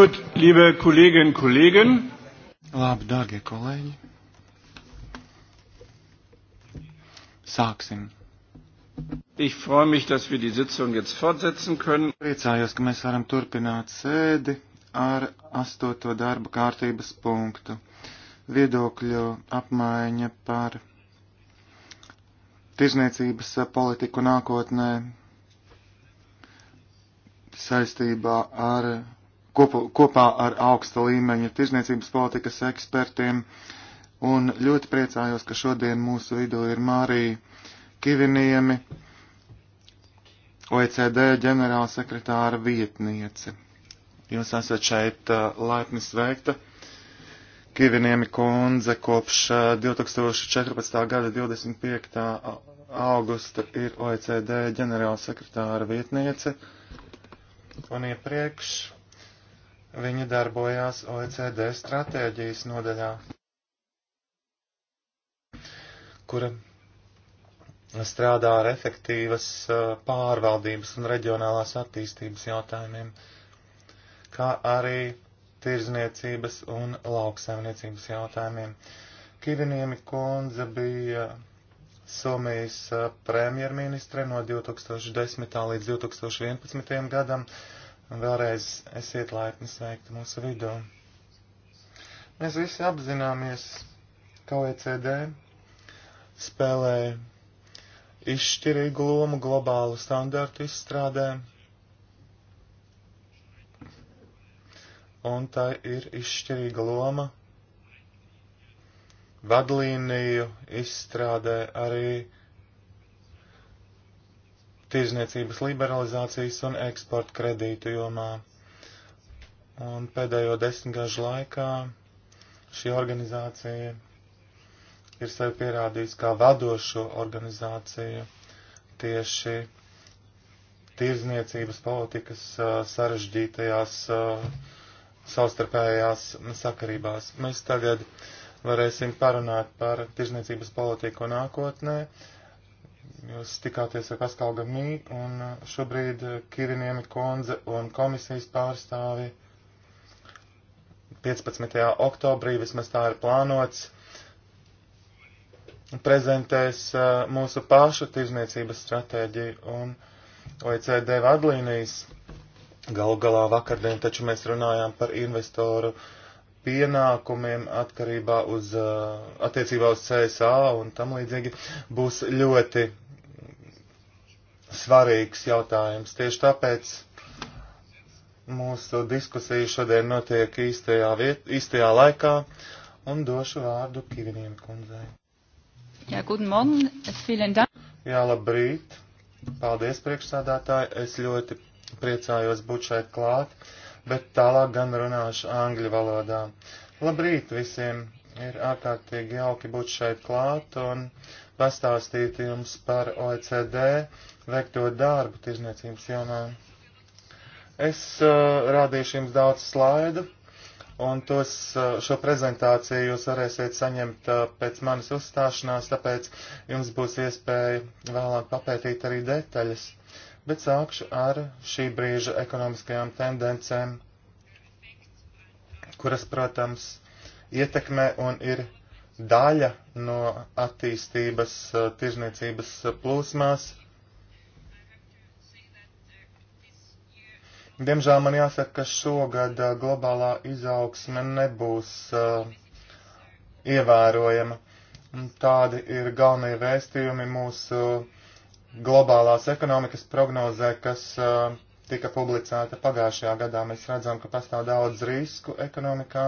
Gut, liebe Kolleginnen und Kollegen. Labi, dārgie kolēģi. Sāksim. Ich freue mich, dass wir die Sitzung jetzt fortsetzen können. Priecājos, ka mēs varam turpināt sēdi ar astoto darba kārtības punktu. Viedokļu apmaiņa par tirzniecības politiku nākotnē saistībā ar kopu, kopā ar augsta līmeņa tirzniecības politikas ekspertiem. Un ļoti priecājos, ka šodien mūsu vidū ir Mārija Kiviniemi, OECD ģenerāla sekretāra vietniece. Jūs esat šeit uh, laipni sveikta. Kiviniemi kundze kopš 2014. Uh, gada 25. augusta ir OECD ģenerāla sekretāra vietniece. Un iepriekš Viņa darbojās OECD stratēģijas nodaļā, kura strādā ar efektīvas uh, pārvaldības un reģionālās attīstības jautājumiem, kā arī tirzniecības un lauksaimniecības jautājumiem. Kiviniemi kundze bija Somijas uh, premjerministre no 2010. līdz 2011. gadam Un vēlreiz esiet laipni sveikti mūsu vidū. Mēs visi apzināmies, ka OECD spēlē izšķirīgu lomu globālu standartu izstrādē, un tā ir izšķirīga loma vadlīniju izstrādē arī tirzniecības liberalizācijas un eksporta kredītu jomā. Un pēdējo desmitgažu laikā šī organizācija ir sevi pierādījusi kā vadošo organizāciju tieši tirzniecības politikas sarežģītajās savstarpējās sakarībās. Mēs tagad varēsim parunāt par tirzniecības politiku nākotnē Jūs tikāties ar Paskalga Mī un šobrīd Kiriniemi Konze un komisijas pārstāvi 15. oktobrī, vismaz tā ir plānots, prezentēs uh, mūsu pašu tirzniecības stratēģiju un OECD vadlīnijas. Galu galā vakardien taču mēs runājām par investoru uh, pienākumiem atkarībā uz, attiecībā uz CSA un tam līdzīgi būs ļoti svarīgs jautājums. Tieši tāpēc mūsu diskusija šodien notiek īstajā, viet, īstajā laikā un došu vārdu Kiviniem kundzei. Jā, guten morgen, vielen dank. Jā, labrīt. Paldies, priekšsādātāji. Es ļoti priecājos būt šeit klāt. Uh, bet tālāk gan runāšu angļu valodā. Labrīt visiem! Ir ārkārtīgi jauki būt šeit klāt un pastāstīt jums par OECD veikto darbu tirzniecības jomā. Es uh, rādīšu jums daudz slaidu, un tos, uh, šo prezentāciju jūs varēsiet saņemt uh, pēc manas uzstāšanās, tāpēc jums būs iespēja vēlāk papētīt arī detaļas. Uh, bet sākšu ar šī brīža ekonomiskajām tendencēm, kuras, protams, ietekmē un ir daļa no attīstības eh, tirzniecības plūsmās. Diemžēl man jāsaka, ka šogad eh, globālā izaugsme nebūs uh, ievērojama. Tādi ir galvenie vēstījumi mūsu uh, globālās ekonomikas prognozē, kas uh, tika publicēta pagājušajā gadā, mēs redzam, ka pastāv daudz risku ekonomikā.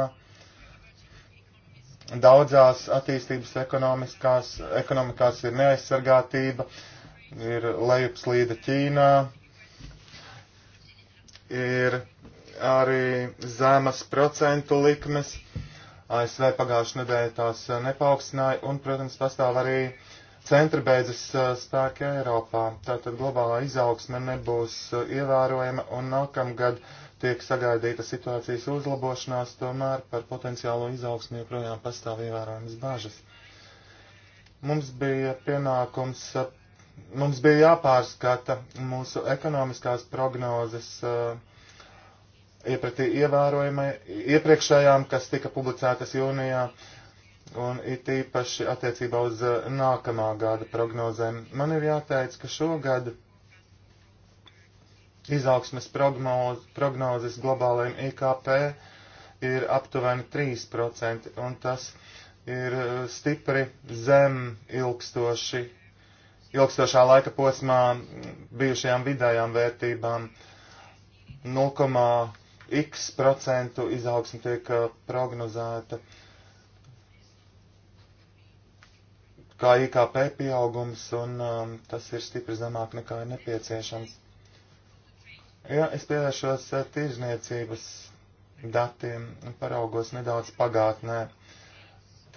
Daudzās attīstības ekonomikās, ekonomikās ir neaizsargātība, ir lejupslīde Ķīnā, ir arī zemas procentu likmes. ASV pagājušajā nedēļā tās uh, nepaugstināja, un, protams, pastāv arī uh, centri beidzas spēki Eiropā, tātad globālā izaugsme nebūs ievērojama un nākamgad tiek sagaidīta situācijas uzlabošanās, tomēr par potenciālo izaugsmi joprojām pastāv ievērojamas bažas. Mums bija pienākums mums bija jāpārskata mūsu ekonomiskās prognozes uh, iepratī ievērojamai iepriekšējām, kas tika publicētas jūnijā un it īpaši attiecībā uz eh, nākamā gada prognozēm. Man ir jāteic, ka šogad izaugsmes prognoz, prognozes globālajiem IKP ir aptuveni 3%, un tas ir eh, stipri zem ilgstoši, ilgstošā laika posmā bijušajām vidējām vērtībām. 0,x procentu izaugsme tiek eh, prognozēta. Uh, kā IKP pieaugums, un um, tas ir stipri zemāk nekā ir nepieciešams. Ja es pievēršos uh, tirzniecības datiem un paraugos nedaudz pagātnē,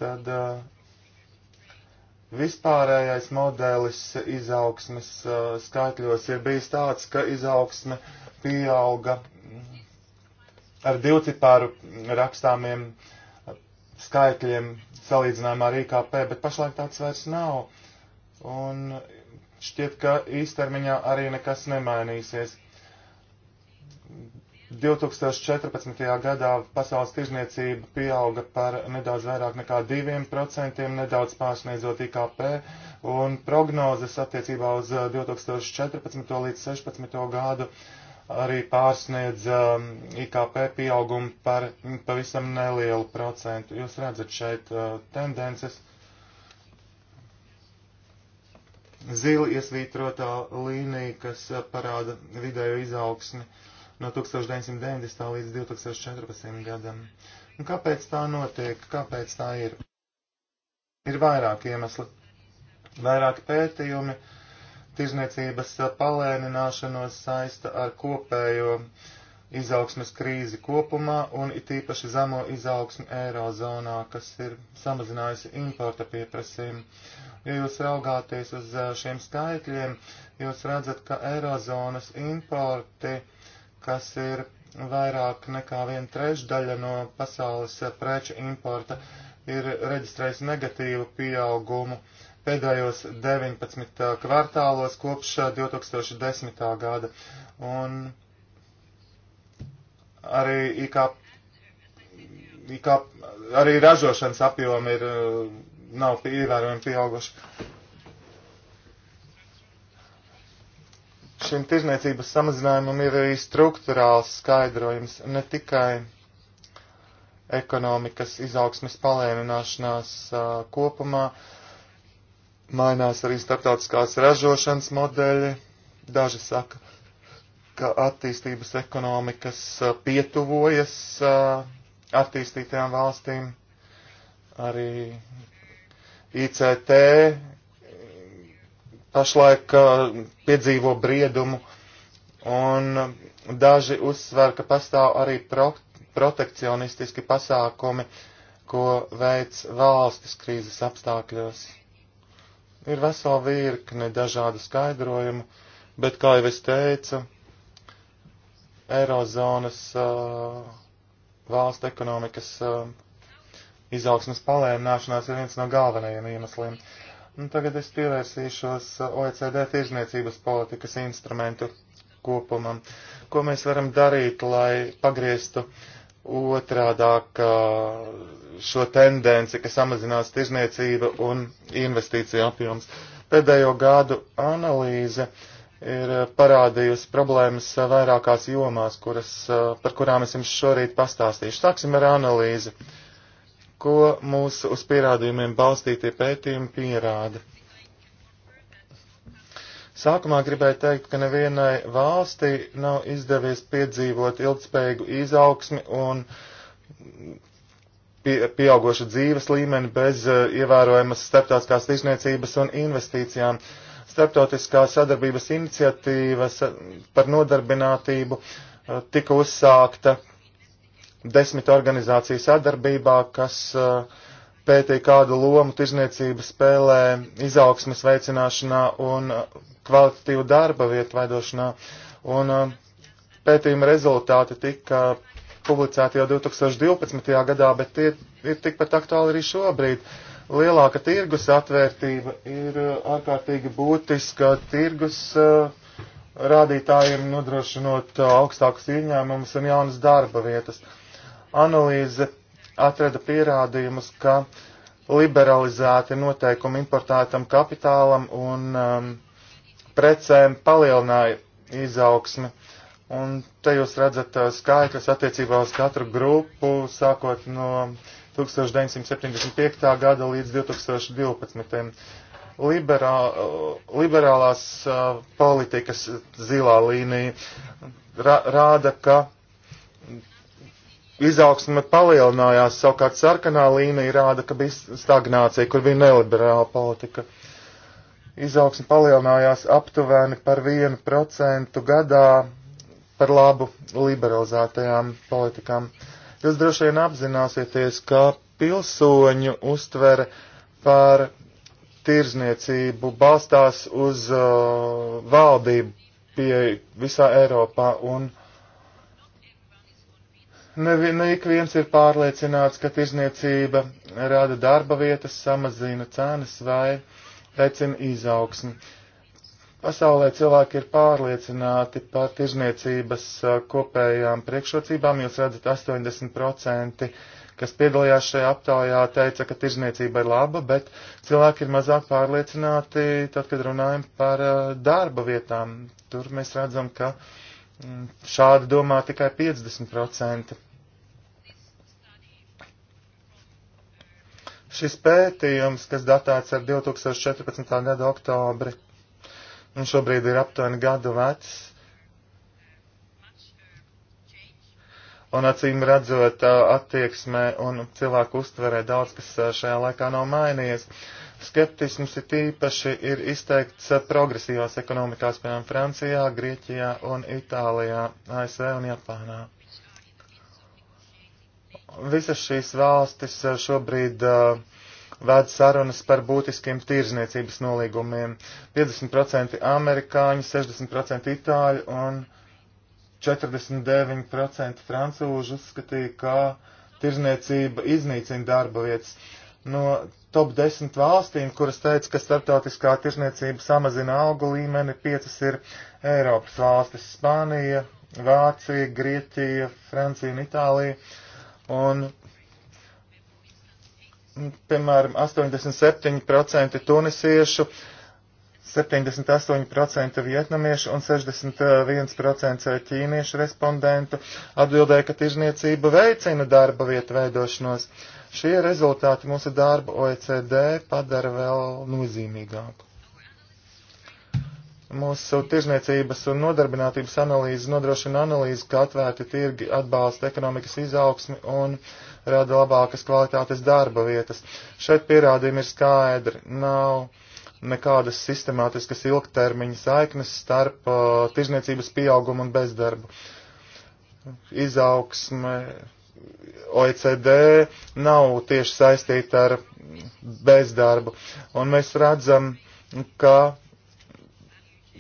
tad uh, vispārējais modelis izaugsmes uh, skaitļos ir bijis tāds, ka izaugsme pieauga ar divcipāru rakstāmiem uh, skaitļiem salīdzinājumā ar IKP, bet pašlaik tāds vairs nav. Un šķiet, ka īstermiņā arī nekas nemainīsies. 2014. gadā pasaules tirzniecība pieauga par nedaudz vairāk nekā 2%, nedaudz pārsniedzot IKP, un prognozes attiecībā uz 2014. līdz 2016. gadu uh, arī pārsniedz um, IKP pieaugumu par pavisam nelielu procentu. Jūs redzat šeit uh, tendences. Zili iesvītrotā līnija, kas uh, parāda vidējo izaugsmi no 1990. līdz 2014. gadam. Un nu, kāpēc tā notiek? Kāpēc tā ir? Ir vairāki iemesli, vairāki pētījumi. Uh, tirzniecības eh, palēnināšanos saista ar kopējo izaugsmes krīzi kopumā un it īpaši zemo izaugsmi eirozonā, kas ir samazinājusi importa pieprasījumu. Ja jūs raugāties uz eh, šiem skaitļiem, jūs redzat, ka eirozonas importi, kas ir vairāk nekā viena trešdaļa no pasaules eh, preču importa, ir reģistrējis negatīvu pieaugumu. Uh, pēdējos 19 kvartālos kopš 2010. gada. Un arī IKP, IKP, arī ražošanas apjomi ir, nav ievērojami pieauguši. šim tirzniecības samazinājumam ir arī struktūrāls skaidrojums, ne tikai ekonomikas izaugsmes palēnināšanās kopumā, mainās arī starptautiskās ražošanas modeļi. Daži saka, ka attīstības ekonomikas pietuvojas attīstītajām valstīm. Arī ICT pašlaik piedzīvo briedumu, un daži uzsver, ka pastāv arī pro protekcionistiski pasākumi, ko veids valstis krīzes apstākļos. Ir vesela virkne dažādu skaidrojumu, bet, kā jau es teicu, Eirozonas uh, valsts ekonomikas uh, izaugsmas palēmināšanās ir viens no galvenajiem iemesliem. Un tagad es pievērsīšos uh, OECD tirzniecības politikas instrumentu kopumam. Ko mēs varam darīt, lai pagrieztu uh, otrādāk šo tendenci, ka samazinās tirzniecība un investīcija apjoms. Pēdējo gadu analīze ir parādījusi problēmas vairākās jomās, kuras, par kurām es jums šorīt pastāstīšu. Sāksim ar analīzi, ko mūsu uz pierādījumiem balstītie pētījumi pierāda. Sākumā gribēju teikt, ka nevienai valstī nav izdevies piedzīvot ilgspējīgu izaugsmi un pie, pieaugošu dzīves līmeni bez uh, ievērojamas starptautiskās tirsniecības un investīcijām. Starptautiskā sadarbības iniciatīva par nodarbinātību uh, tika uzsākta desmit organizāciju sadarbībā, kas uh, pētīja, kādu lomu tirzniecība spēlē izaugsmas veicināšanā un kvalitatīvu darba vietu veidošanā. Un uh, pētījuma rezultāti tika publicēti jau 2012. gadā, bet tie ir tikpat aktuāli arī šobrīd. Lielāka tirgus atvērtība ir uh, ārkārtīgi būtiska tirgus uh, rādītājiem nodrošinot augstākus ieņēmumus un jaunas darba vietas. Analīze atrada pierādījumus, ka liberalizēti noteikumi importētam kapitālam un um, precēm palielināja izaugsmi. Un te jūs redzat uh, skaitļus attiecībā uz katru grupu, sākot no 1975. gada līdz 2012. Liberā, uh, liberālās uh, politikas zilā līnija rāda, ka izaugsme palielinājās, savukārt sarkanā līnija rāda, ka bija stagnācija, kur bija neliberāla politika. Izaugsme palielinājās aptuveni par 1% gadā par labu liberalizētajām politikām. Jūs droši vien apzināsieties, ka pilsoņu uztvere par tirzniecību balstās uz uh, valdību pie visā Eiropā un uh, Ne, ne ik viens ir pārliecināts, ka tirzniecība rada darba vietas, samazina cenas vai veicina izaugsmi. Pasaulē cilvēki ir pārliecināti par tirzniecības kopējām priekšrocībām. Jūs redzat, 80%, kas piedalījās šajā aptaujā, teica, ka tirzniecība ir laba, bet cilvēki ir mazāk pārliecināti tad, kad runājam par darba vietām. Tur mēs redzam, ka uh, Šādi domā tikai 50%. Šis pētījums, kas datēts ar 2014. gada oktobri, un šobrīd ir aptuveni gadu vecs, un acīm redzot attieksmē un cilvēku uztverē daudz, kas šajā laikā nav mainījies. Uh, Skeptisms ir tīpaši ir izteikts eh, progresīvās ekonomikās, piemēram, Francijā, Grieķijā un Itālijā, ASV un Japānā. Visas šīs valstis eh, šobrīd uh, vēd sarunas par būtiskiem tirzniecības nolīgumiem. 50% amerikāņu, 60% itāļu un 49% francūžu uzskatīja, ka tirzniecība iznīcina darba vietas. No top 10 valstīm, kuras teica, ka starptautiskā tirzniecība samazina algu līmeni, piecas ir Eiropas valstis - Spānija, Vācija, Grieķija, Francija un Itālija. Un, mm, piemēram, 87% tunisiešu, 78% vietnamiešu un 61% ķīniešu respondentu atbildēja, ka tirzniecība veicina darba vietu veidošanos. Uh, Šie rezultāti mūsu darbu OECD padara vēl nozīmīgāku. Mūsu tirzniecības un nodarbinātības analīze nodrošina analīzi, ka atvērti tirgi atbalsta ekonomikas izaugsmi un rada labākas kvalitātes darba vietas. Šeit pierādījumi ir skaidri. Nav nekādas sistemātiskas ilgtermiņa saiknes starp uh, tirzniecības pieaugumu un bezdarbu. Izaugsme OECD nav tieši saistīta ar bezdarbu. Un mēs redzam, ka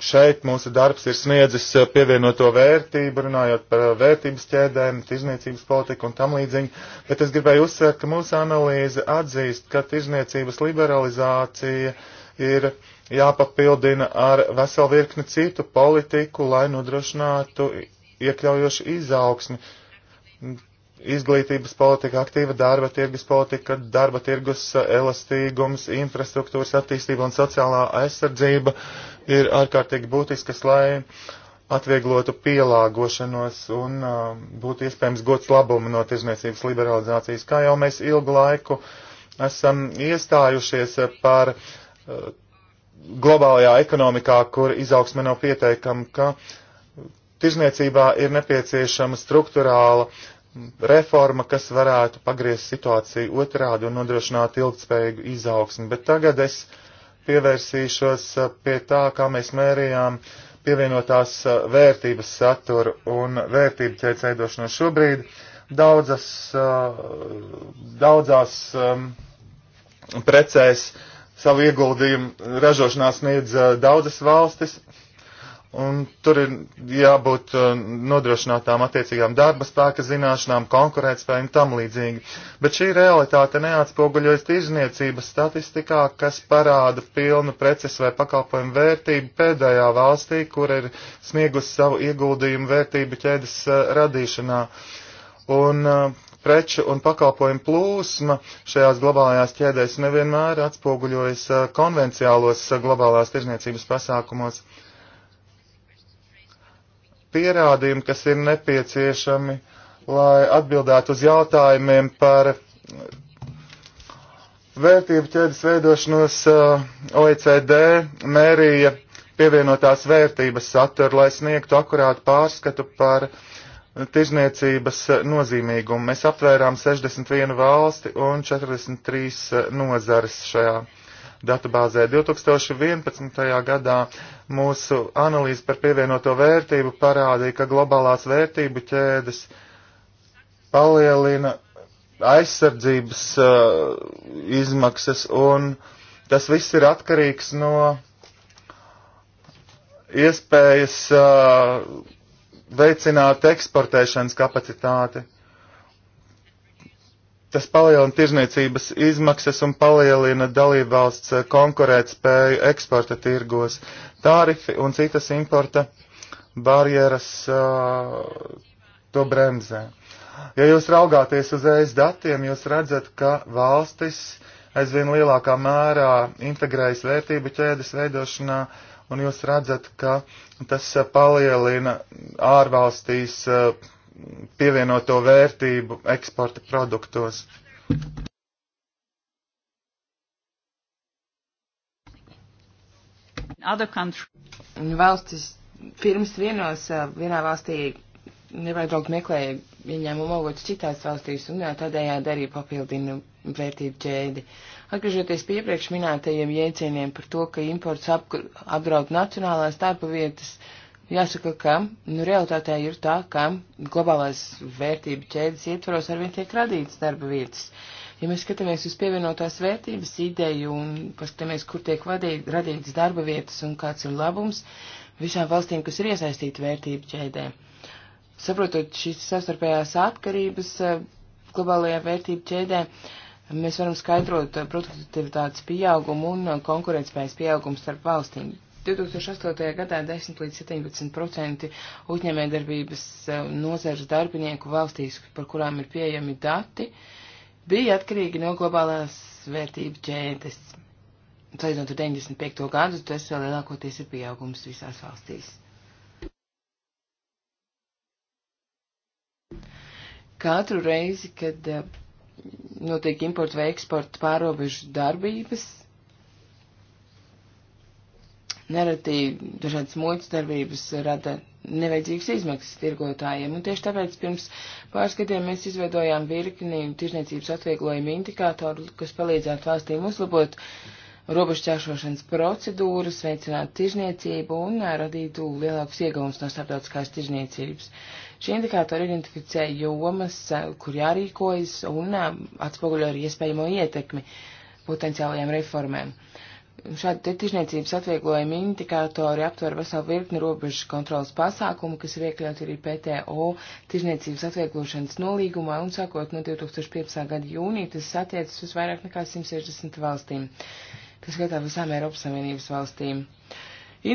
šeit mūsu darbs ir sniedzis pievienoto vērtību, runājot par vērtības ķēdēm, tirzniecības politiku un tam līdzīgi, bet es gribēju uzsvērt, ka mūsu analīze atzīst, ka tirzniecības liberalizācija ir jāpapildina ar veselu virkni citu politiku, lai nodrošinātu iekļaujošu izaugsmi izglītības politika, aktīva darba tirgus politika, darba tirgus eh, elastīgums, infrastruktūras attīstība un sociālā aizsardzība ir ārkārtīgi būtiskas, lai atvieglotu pielāgošanos un uh, būtu iespējams gods labumu no tirzniecības liberalizācijas. Kā jau mēs ilgu laiku esam iestājušies eh, par uh, globālajā ekonomikā, kur izaugsme nav pieteikama, ka tirzniecībā ir nepieciešama struktūrāla uh, reforma, kas varētu pagriezt situāciju otrādi un nodrošināt ilgtspējīgu izaugsmu. Bet tagad es pievērsīšos uh, pie tā, kā mēs mērījām pievienotās uh, vērtības saturu un vērtību ķēdes veidošanu. Šobrīd daudzas, uh, daudzās um, precēs savu ieguldījumu ražošanā sniedz daudzas valstis Un tur ir jābūt uh, nodrošinātām attiecīgām darba spēka zināšanām, konkurētspējām tam līdzīgi. Bet šī realitāte neatspoguļojas tirzniecības statistikā, kas parāda pilnu preces vai pakalpojumu vērtību pēdējā valstī, kur ir sniegus savu ieguldījumu vērtību ķēdes uh, radīšanā. Un uh, preču un pakalpojumu plūsma šajās globālajās ķēdēs nevienmēr atspoguļojas konvenciālos globālās tirzniecības pasākumos pierādījumi, kas ir nepieciešami, lai atbildētu uz jautājumiem par vērtību ķēdes veidošanos eh, OECD mērīja pievienotās vērtības saturu, lai sniegtu akurātu pārskatu par tirzniecības nozīmīgumu. Mēs aptvērām 61 valsti un 43 nozares šajā datubāzē. 2011. gadā mūsu analīze par pievienoto vērtību parādīja, ka globālās vērtību ķēdes palielina aizsardzības uh, izmaksas, un tas viss ir atkarīgs no iespējas uh, veicināt eksportēšanas kapacitāti. Tas palielina tirzniecības izmaksas un palielina dalībvalsts eh, konkurētspēju eksporta tirgos. Tārifi un citas importa barjeras uh, to bremzē. Ja jūs raugāties uz ES datiem, jūs redzat, ka valstis aizvien lielākā mērā integrējas vērtību ķēdes veidošanā, un jūs redzat, ka tas eh, palielina ārvalstīs uh, pievienoto vērtību eksporta produktos. Valstis pirms vienos, vienā valstī nevairāk meklēja ieņēmumu avotus citās valstīs un tādējādi arī papildina vērtību ķēdi. Atgriežoties pie iepriekš minētajiem jēdzieniem par to, ka imports apdraud nacionālās darba vietas, uh, Jāsaka, ka nu, realitātē ir tā, ka globālais vērtību ķēdes ietvaros arvien tiek radīts darba vietas. Ja mēs skatāmies uz pievienotās vērtības ideju un paskatāmies, kur tiek vadīt, radīts darba vietas un kāds ir labums visām valstīm, kas ir iesaistīti vērtību ķēdē. Saprotot šīs savstarpējās atkarības eh, globālajā vērtību ķēdē, mēs varam skaidrot produktivitātes pieaugumu un konkurētspējas pieaugumu starp valstīm. 2008. gadā 10 līdz 17% uzņēmējdarbības eh, nozares darbinieku valstīs, par kurām ir pieejami dati, bija atkarīgi no globālās vērtību ķēdes. Salīdzinot ar 95. gadu, tas vēl lielākoties ir pieaugums visās valstīs. Katru reizi, kad eh, notiek importu vai eksportu pārobežu darbības, nereti dažādas muitas darbības rada nevajadzīgas izmaksas tirgotājiem, un tieši tāpēc pirms pāris gadiem mēs izveidojām virkni tirzniecības atvieglojumu indikātoru, kas palīdzētu valstīm uzlabot robežķēršošanas procedūras, veicināt tirzniecību un radītu lielākus ieguvumus no starptautiskās tirzniecības. Šie indikātori identificē jomas, kur jārīkojas un atspoguļo arī iespējamo ietekmi potenciālajām reformēm. Uh, Šādi tirzniecības atvieglojumi indikātori aptver veselu virkni robežu kontrolas pasākumu, kas ir iekļauti arī PTO tirzniecības atvieglošanas nolīgumā, un sākot no 2015. gada jūnija tas attiecas uz vairāk nekā 160 valstīm, kas skaitā visām Eiropas Savienības valstīm.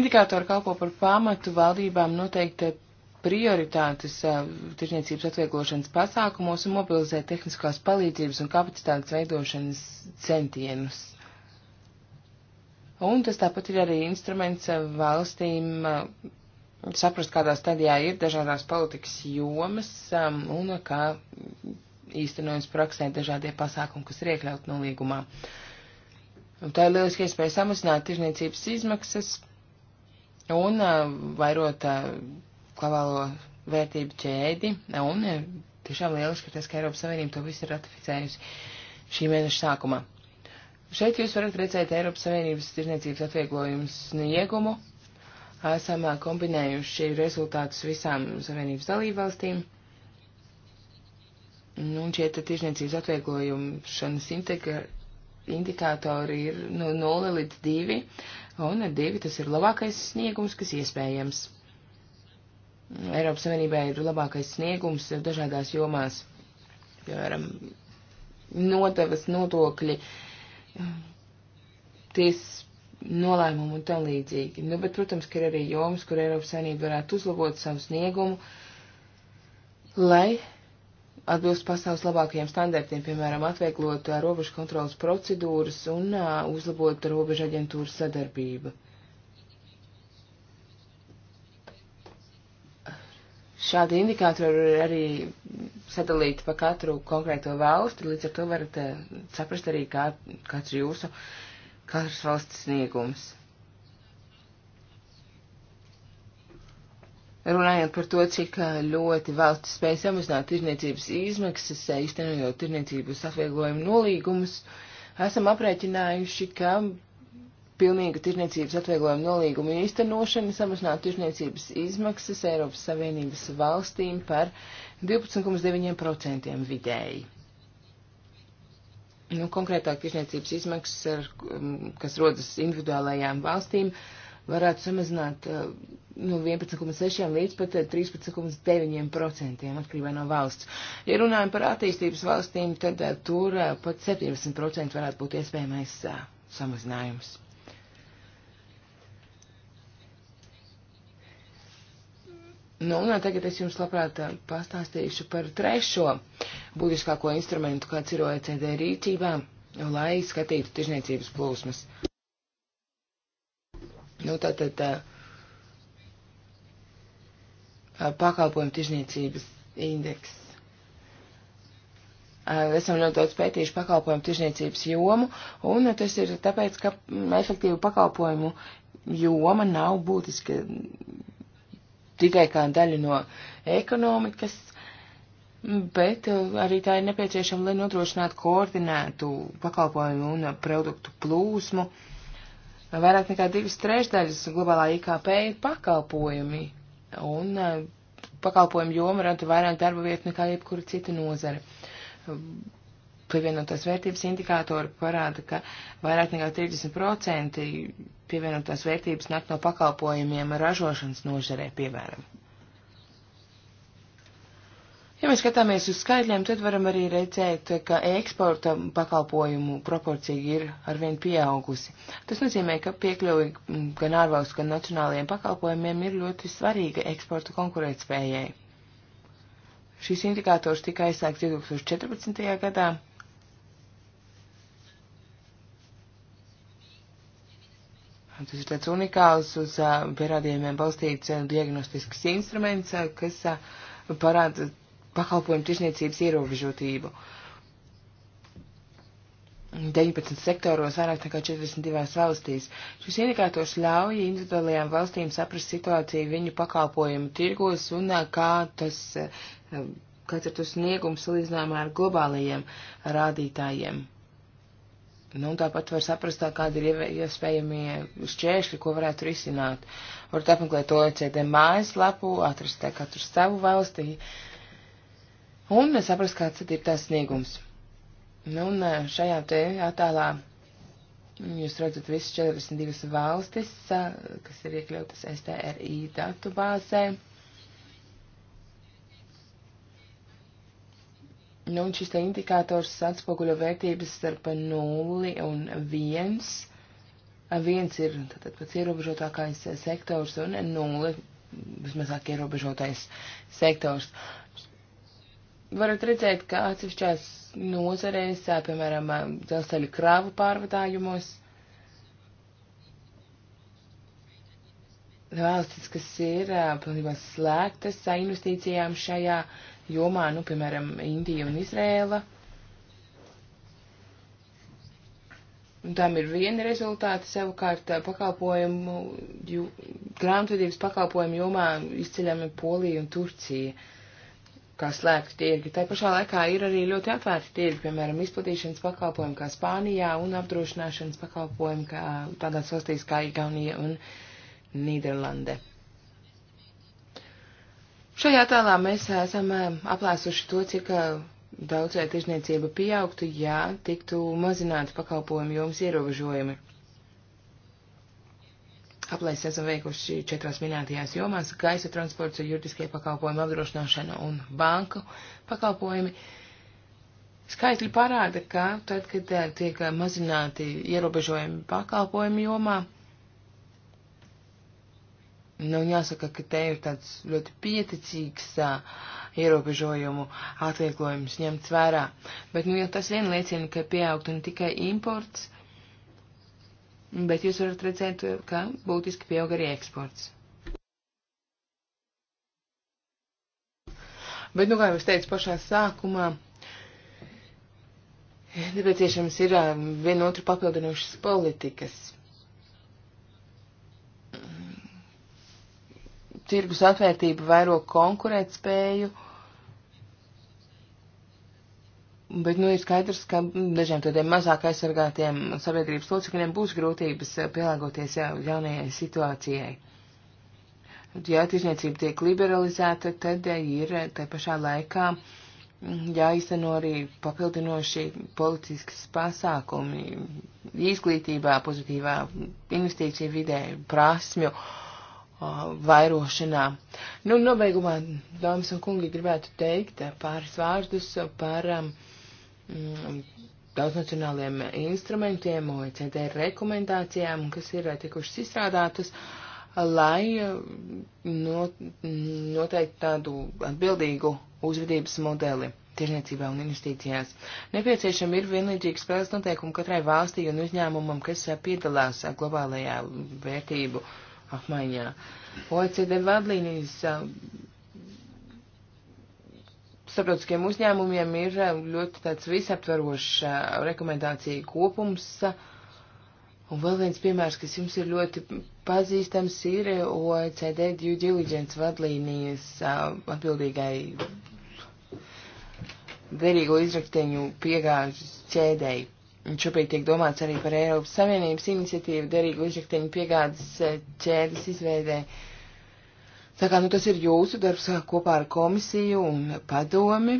Indikātori kalpo par pamatu valdībām noteikti eh, prioritātes eh, tirzniecības atvieglošanas pasākumos un mobilizē tehniskās palīdzības un kapacitātes veidošanas centienus. Un tas tāpat ir arī instruments valstīm uh, saprast, kādā stadijā ir dažādās politikas jomas um, un kā īstenojas praksē dažādie pasākumi, kas ir iekļauti nolīgumā. Un tā ir lieliski iespēja samazināt tirzniecības izmaksas un uh, vairot klavālo uh, vērtību ķēdi. Un tiešām lieliski, ka tas, ka Eiropas Savienība to visu ir ratificējusi šī mēneša sākumā. Šeit jūs varat redzēt Eiropas Savienības tirniecības atvieglojumu sniegumu. Esam kombinējuši rezultātus visām Savienības dalībvalstīm. Nu, un šie tirsniecības atvieglojumšanas indikātori ir no nu, 0 līdz 2, un ar 2 tas ir labākais sniegums, kas iespējams. Eiropas Savienībā ir labākais sniegums dažādās jomās, piemēram, nodevas, nodokļi, uh, tiesas nolēmumu un tam līdzīgi. Nu, bet, protams, ka ir arī jomas, kur Eiropas Savienība varētu uzlabot savu sniegumu, lai atbilst pasaules labākajiem standartiem, piemēram, atvieglot uh, robežu kontrolas procedūras un uh, uzlabot robežu aģentūras sadarbību. Šādi indikātori ir arī sadalīti pa katru konkrēto valsti, līdz ar to varat eh, saprast arī, kā, kāds ir jūsu katras valsts sniegums. Runājot par to, cik eh, ļoti valsts spēja samazināt tirniecības izmaksas, eh, īstenojot tirniecības atvieglojumu nolīgumus, esam aprēķinājuši, ka pilnīgu tirniecības atvieglojumu nolīgumu īstenošana samazinātu tirniecības izmaksas Eiropas Savienības valstīm par 12,9% vidēji. Nu, konkrētāk tirniecības izmaksas, um, kas rodas individuālajām valstīm, varētu samazināt uh, no 11,6 līdz pat 13,9% uh, atkarībā no valsts. Ja runājam par attīstības valstīm, tad uh, tur pat 70% varētu būt iespējamais samazinājums. Nu, un tagad es jums labprāt eh, pastāstīšu par trešo būtiskāko instrumentu, kāds ir OECD rīcībā, lai skatītu tirzniecības plūsmas. Nu, tātad eh, eh, pakalpojumu tirzniecības indeks. Esam ļoti daudz pētījuši pakalpojumu tirzniecības jomu, un tas ir tāpēc, ka mm, efektīvu pakalpojumu joma nav būtiska tikai kā daļa no ekonomikas, bet uh, arī tā ir nepieciešama, lai nodrošinātu koordinētu pakalpojumu un produktu plūsmu. Vairāk nekā divas trešdaļas globālā IKP ir pakalpojumi, un uh, pakalpojumu joma rada vairāk darba vietu nekā jebkura cita nozare pievienotās vērtības indikātori parāda, ka vairāk nekā 30% pievienotās vērtības nāk no pakalpojumiem ražošanas nožarē, piemēram. Ja mēs skatāmies uz skaitļiem, tad varam arī redzēt, ka eksporta pakalpojumu proporcija ir arvien pieaugusi. Tas nozīmē, ka piekļuvi gan ārvalstu, gan nacionālajiem pakalpojumiem ir ļoti svarīga eksporta konkurētspējai. Šis indikators tika aizsākts 2014. gadā. Tas ir tāds unikāls uz pierādījumiem balstīts diagnostisks instruments, kas parāda pakalpojumu tirsniecības ierobežotību. 19 sektoros, vairāk nekā 42 valstīs. Šis indikators ļauj individuālajām valstīm saprast situāciju viņu pakalpojumu tirgos un kā tas, kāds ir tas sniegums salīdzinājumā ar globālajiem rādītājiem. Nu, tāpat var saprast, tā kādi ir iespējamie šķēršļi, ko varētu risināt. Varat apmeklēt OECD mājaslapu, atrast te katru savu valstī un saprast, kāds ir tās sniegums. Nu, un eh, šajā te attēlā jūs redzat visas 42 valstis, eh, kas ir iekļautas STRI datu bāzē. Nu, un šis te indikators atspoguļo vērtības starp 0 un 1. Viens ir tātad pats ierobežotākais sektors un 0 vismazāk ierobežotais sektors. Varat redzēt, ka atsevišķās nozarēs, piemēram, dzelzceļa krāvu pārvadājumos, valstis, kas ir pilnībā slēgtas investīcijām šajā jomā, nu, piemēram, Indija un Izrēla. Un tam ir viena rezultāta, savukārt pakalpojumu, jū, grāmatvedības pakalpojumu jomā izceļami Polija un Turcija, kā slēgti tirgi. Tā pašā laikā ir arī ļoti atvērti tirgi, piemēram, izplatīšanas pakalpojumi kā Spānijā un apdrošināšanas pakalpojumi kā tādās valstīs kā Igaunija un Nīderlande. Šajā tēlā mēs esam eh, aplēsuši to, cik eh, daudz vai eh, tirzniecība pieaugtu, ja tiktu mazināti pakalpojumu jums ierobežojumi. Aplēs esam veikuši četrās minētajās jomās - gaisa transports, juridiskie pakalpojumi, apdrošināšana un banku pakalpojumi. Skaitļi parāda, ka tad, kad tiek mazināti ierobežojumi pakalpojumu jomā, Nu, jāsaka, ka te ir tāds ļoti pieticīgs uh, ierobežojumu atvieglojums ņemts vērā. Bet, nu, jau tas vien liecina, ka pieaugtu ne tikai imports, bet jūs varat redzēt, ka būtiski pieaug arī eksports. Bet, nu, kā jau es teicu pašā sākumā, nepieciešams ir uh, vienotru papildinošas politikas. tirgus atvērtība vairo konkurētspēju, bet, nu, ir skaidrs, ka dažiem tādiem mazāk aizsargātiem sabiedrības locekļiem būs grūtības eh, pielāgoties jau jaunajai situācijai. Ja tirzniecība tiek liberalizēta, tad ir eh, tai pašā laikā mm, jāizteno arī papildinoši politiskas pasākumi izglītībā, pozitīvā investīcija vidē, prasmju. Uh, vairošanā. Nu, nobeigumā, dāmas un kungi, gribētu teikt pāris vārdus par um, mm, daudznacionāliem instrumentiem, OECD rekomendācijām, kas ir tikušas izstrādātas, lai mm, no, mm, noteikti tādu atbildīgu uzvedības modeli tirzniecībā un investīcijās. Nepieciešami ir vienlīdzīgi spēles noteikumi katrai valstī un uzņēmumam, kas piedalās globālajā vērtību uh, apmaiņā. OECD vadlīnijas starptautiskiem uzņēmumiem ir ļoti tāds visaptvarošs rekomendācija kopums. Un vēl viens piemērs, kas jums ir ļoti pazīstams, ir OECD due diligence vadlīnijas atbildīgai derīgo izrakteņu piegāžu ķēdēji Un šobrīd tiek domāts arī par Eiropas Savienības iniciatīvu derīgu izrakteņu piegādes eh, ķēdes izveidē. Tā kā nu, tas ir jūsu darbs eh, kopā ar komisiju un padomi.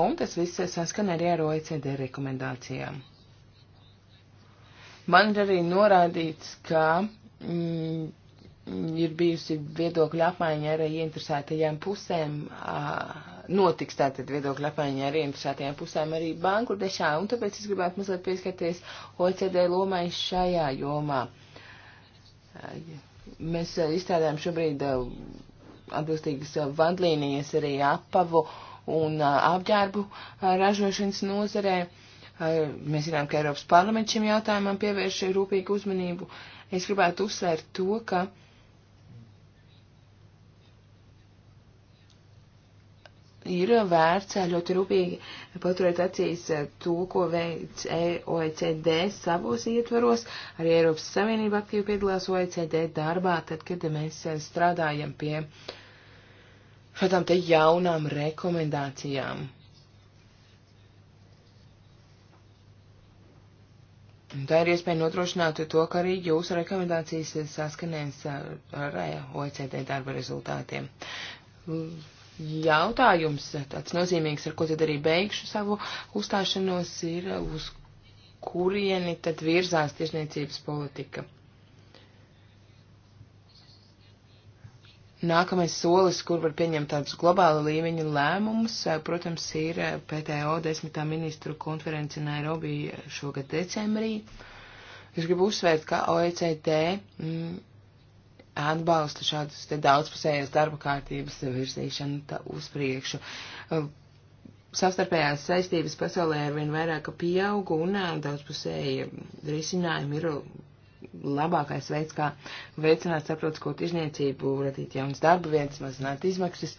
Un tas viss saskan arī ar OECD rekomendācijām. Man ir arī norādīts, ka mm, ir bijusi viedokļa apmaiņa ar ieinteresētajām pusēm, notiks tātad viedokļa apmaiņa ar ieinteresētajām pusēm arī Bangladešā, un tāpēc es gribētu mazliet pieskarties OECD lomai šajā jomā. Mēs izstrādājam šobrīd atbilstīgas vadlīnijas arī apavu un apģērbu ražošanas nozarē. Mēs zinām, ka Eiropas parlaments šim jautājumam pievērš rūpīgu uzmanību. Es gribētu uzsvērt to, ka uh, ir vērts ļoti rūpīgi paturēt acīs to, ko veic e e OECD savos ietvaros. Arī Eiropas Savienība aktīvi piedalās OECD darbā, tad, kad mēs strādājam pie šādām te jaunām rekomendācijām. Tā ir iespēja nodrošināt to, ka arī jūsu rekomendācijas saskanēs ar e OECD darba rezultātiem jautājums, tāds nozīmīgs, ar ko tad arī beigšu savu uzstāšanos, ir uz kurieni tad virzās tiešniecības politika. Nākamais solis, kur var pieņemt tādus globāla līmeņa lēmumus, protams, ir PTO desmitā ministru konference Nairobi šogad decembrī. Es gribu uzsvērt, ka OECD mm, atbalstu šādus te daudzpusējās darba kārtības virzīšanu uz priekšu. Uh, Savstarpējās saistības pasaulē ar vien vairāk pieaugu un uh, daudzpusēji risinājumi ir uh, labākais veids, kā veicināt saprotisko tirzniecību, radīt jaunas darba vietas, mazināt izmaksas.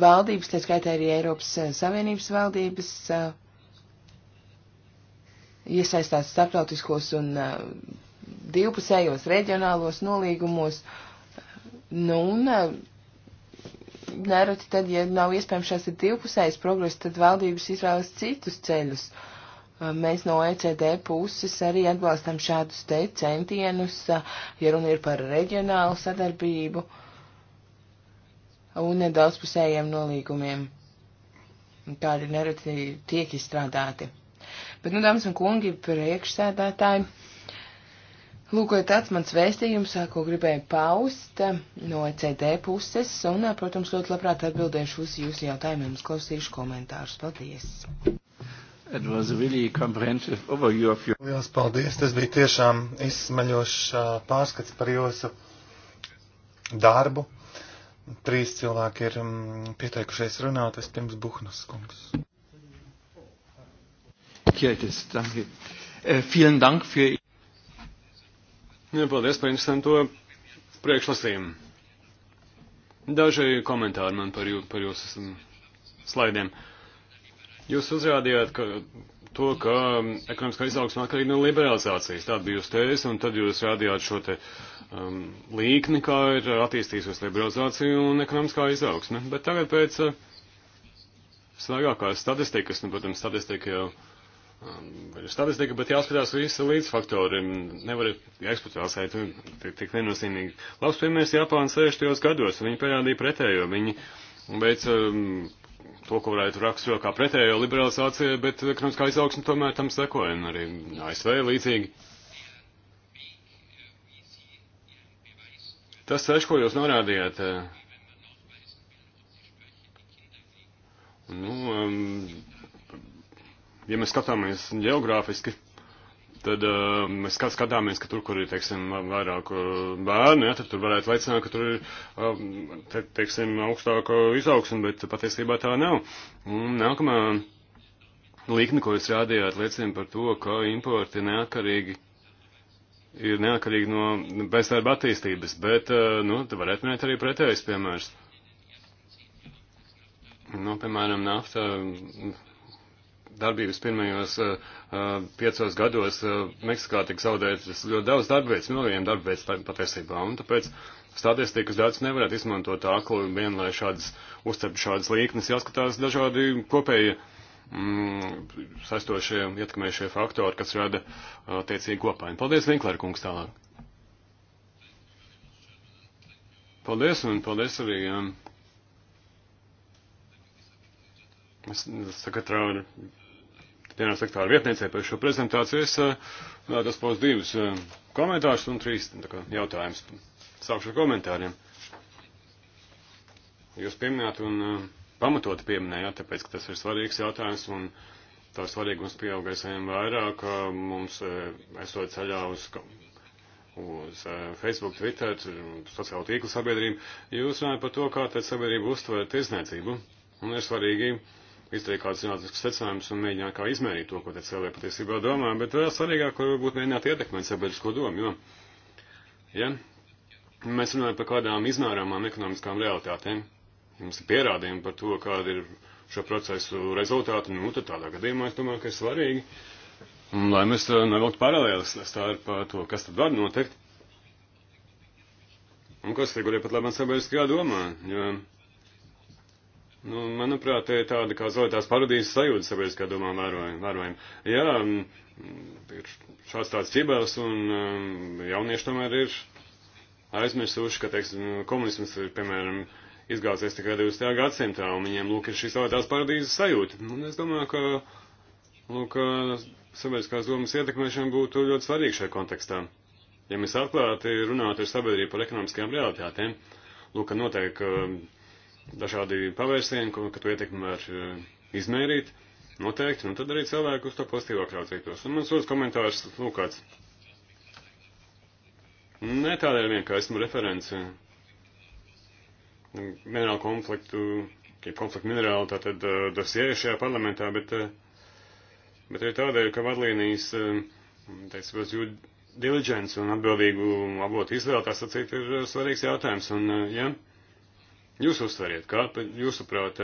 Valdības, tā skaitā arī Eiropas Savienības valdības, iesaistās starptautiskos un divpusējos reģionālos nolīgumos. Nu, un, eh, nereti tad, ja nav iespējams šāds divpusējs progress, tad valdības izvēlas citus ceļus. Eh, mēs no ECD puses arī atbalstam šādus te centienus, eh, ja runa ir par reģionālu sadarbību un daudzpusējiem nolīgumiem, kādi nereti tiek izstrādāti. Bet, nu, dāmas un kungi, priekšsēdētāji. Lūk, tāds mans vēstījums, ko gribēju paust no CD puses, un, protams, ļoti labprāt atbildēšu uz jūsu jautājumiem, uzklausīšu komentārus. Paldies! Really your... Lielas paldies! Tas bija tiešām izsmaļošs pārskats par jūsu darbu. Trīs cilvēki ir mm, pieteikušies runāt, vispirms Buhnas kungs. Kirtis, danke. Äh, vielen Dank für Paldies par interesanto priekšlasījumu. Daži komentāri man par, jū, par jūsu slaidiem. Jūs uzrādījāt, ka to, ka ekonomiskā izaugsme atkarīga no liberalizācijas. Tāda bija jūsu tēze, un tad jūs rādījāt šo te um, līkni, kā ir attīstījusies liberalizācija un ekonomiskā izaugsme. Bet tagad pēc uh, svaigākās statistikas, nu, protams, statistika jau Um, ir statistika, bet jāskatās visi līdzfaktori. Nevar eksploatācēt tik, tik nenozīmīgi. Labs piemērs Japāna 60. gados, viņi parādīja pretējo. Viņi veic um, to, ko varētu raksturot kā pretējo liberalizāciju, bet ekonomiskā izaugsme tomēr tam sekoja, un arī ASV līdzīgi. Tas ceļš, ko jūs norādījāt, uh, nu, um, ja mēs skatāmies geogrāfiski, tad uh, mēs skatāmies, ka tur, kur ir, teiksim, vairāk eh, bērnu, ja, tad tur varētu veicināt, ka tur ir, uh, te, teiksim, augstāka izaugsme, bet patiesībā tā nav. Un nākamā likme, ko jūs rādījāt, liecina par to, ka importi neatkarīgi ir neatkarīgi no bezdarba attīstības, bet, uh, nu, te varētu minēt arī pretējais piemērs. Nu, piemēram, nafta darbības pirmajos uh, piecos gados uh, Meksikā tika zaudētas ļoti daudz darbvietas, miljoniem darbvietas patiesībā, un tāpēc statistikas datus nevarētu izmantot akli vien, lai šādas uzcep šādas līknes jāskatās dažādi kopēji mm, saistošie, ietekmējušie faktori, kas rada attiecīgi uh, kopaini. Paldies, Vinklēra kungs, tālāk. Paldies, un paldies arī. Um, Es, es saku, ka ģenerāla sektāra vietniecei par šo prezentāciju. Es eh, vēlētos paust divus eh, komentārus un trīs kā, jautājumus. Sākšu ar komentāriem. Jūs pieminējāt un eh, pamatot pieminējāt, tāpēc, ka tas ir svarīgs jautājums un tā svarīgums pieaugais vien vairāk, mums esot ceļā uz uz Facebook, Twitter, sociālo tīklu sabiedrību. Jūs runājat par to, kā tad sabiedrība uztver tiesniecību. Un ir svarīgi izdarīt kādus zinātniskus secinājumus un mēģināt kā izmērīt to, ko te cilvēki patiesībā domā, bet vēl svarīgāk varbūt mēģināt ietekmēt sabiedrisko domu, jo, ja mēs runājam par kādām izmērāmām ekonomiskām realitātēm, ja mums ir pierādījumi par to, kāda ir šo procesu rezultāti, nu, tad tādā gadījumā es domāju, ka ir svarīgi, un, lai mēs uh, nevilktu paralēlis starp uh, to, kas tad var notikt, un kas figurē pat labam sabiedriskajā domā, jo, ja, Nu, manuprāt, ir tāda kā zolotās paradīzes sajūta sabiedriskā domā vērojam. vērojam. Jā, mm, ir šāds tāds ķibels, un mm, jaunieši tomēr ir aizmirsuši, ka, teiksim, komunisms ir, piemēram, izgāzies tikai 20. gadsimtā, un viņiem, lūk, ir šī zolotās paradīzes sajūta. Un nu, es domāju, ka, lūk, sabiedriskās domas ietekmēšana būtu ļoti svarīga šajā kontekstā. Ja mēs atklāti runātu ar sabiedrību par ekonomiskajām realitātēm, lūk, noteikti mm, dažādi pavērsieni, ko, ka to ietekmi var eh, izmērīt, noteikti, un tad arī cilvēki uz to pozitīvāk raudzītos. Un mans otrs komentārs, nu kāds. Nē, tādēļ vien, ka esmu referents eh, minerālu konfliktu, konfliktu minerālu, tātad dosie eh, šajā parlamentā, bet, bet arī tādēļ, ka vadlīnijas, teiksim, uz jūt diligence un atbildīgu avotu izvēle, tas, acīt, ir svarīgs jautājums. Un, ja, jūs uztveriet, kā jūsuprāt,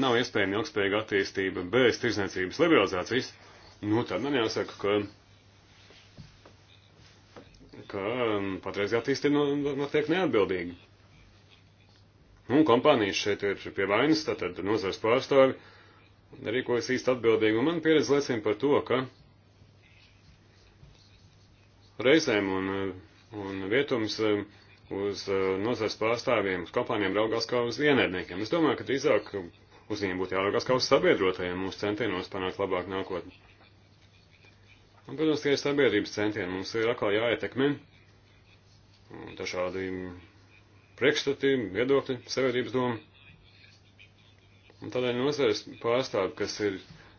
nav iespējama ilgspējīga attīstība bez tirzniecības liberalizācijas, nu tad man jāsaka, ka, ka um, patreiz attīstība notiek neatbildīgi. Nu, un kompānijas šeit ir pie vainas, tātad nozars pārstāvi rīkojas īsti atbildīgi, un man pieredze liecina par to, ka reizēm un, un vietums um, uz uh, nozars pārstāvjiem, uz kompānijām raugās kā uz vienēdniekiem. Es domāju, ka drīzāk uz viņiem būtu jāraugās kā uz sabiedrotajiem mūsu centienos panākt labāku nākotni. Un, protams, tie ir sabiedrības centieni. Mums ir atkal jāietekmē dažādi priekšstati, viedokļi, sabiedrības doma. Un tādēļ nozares pārstāvi, kas ir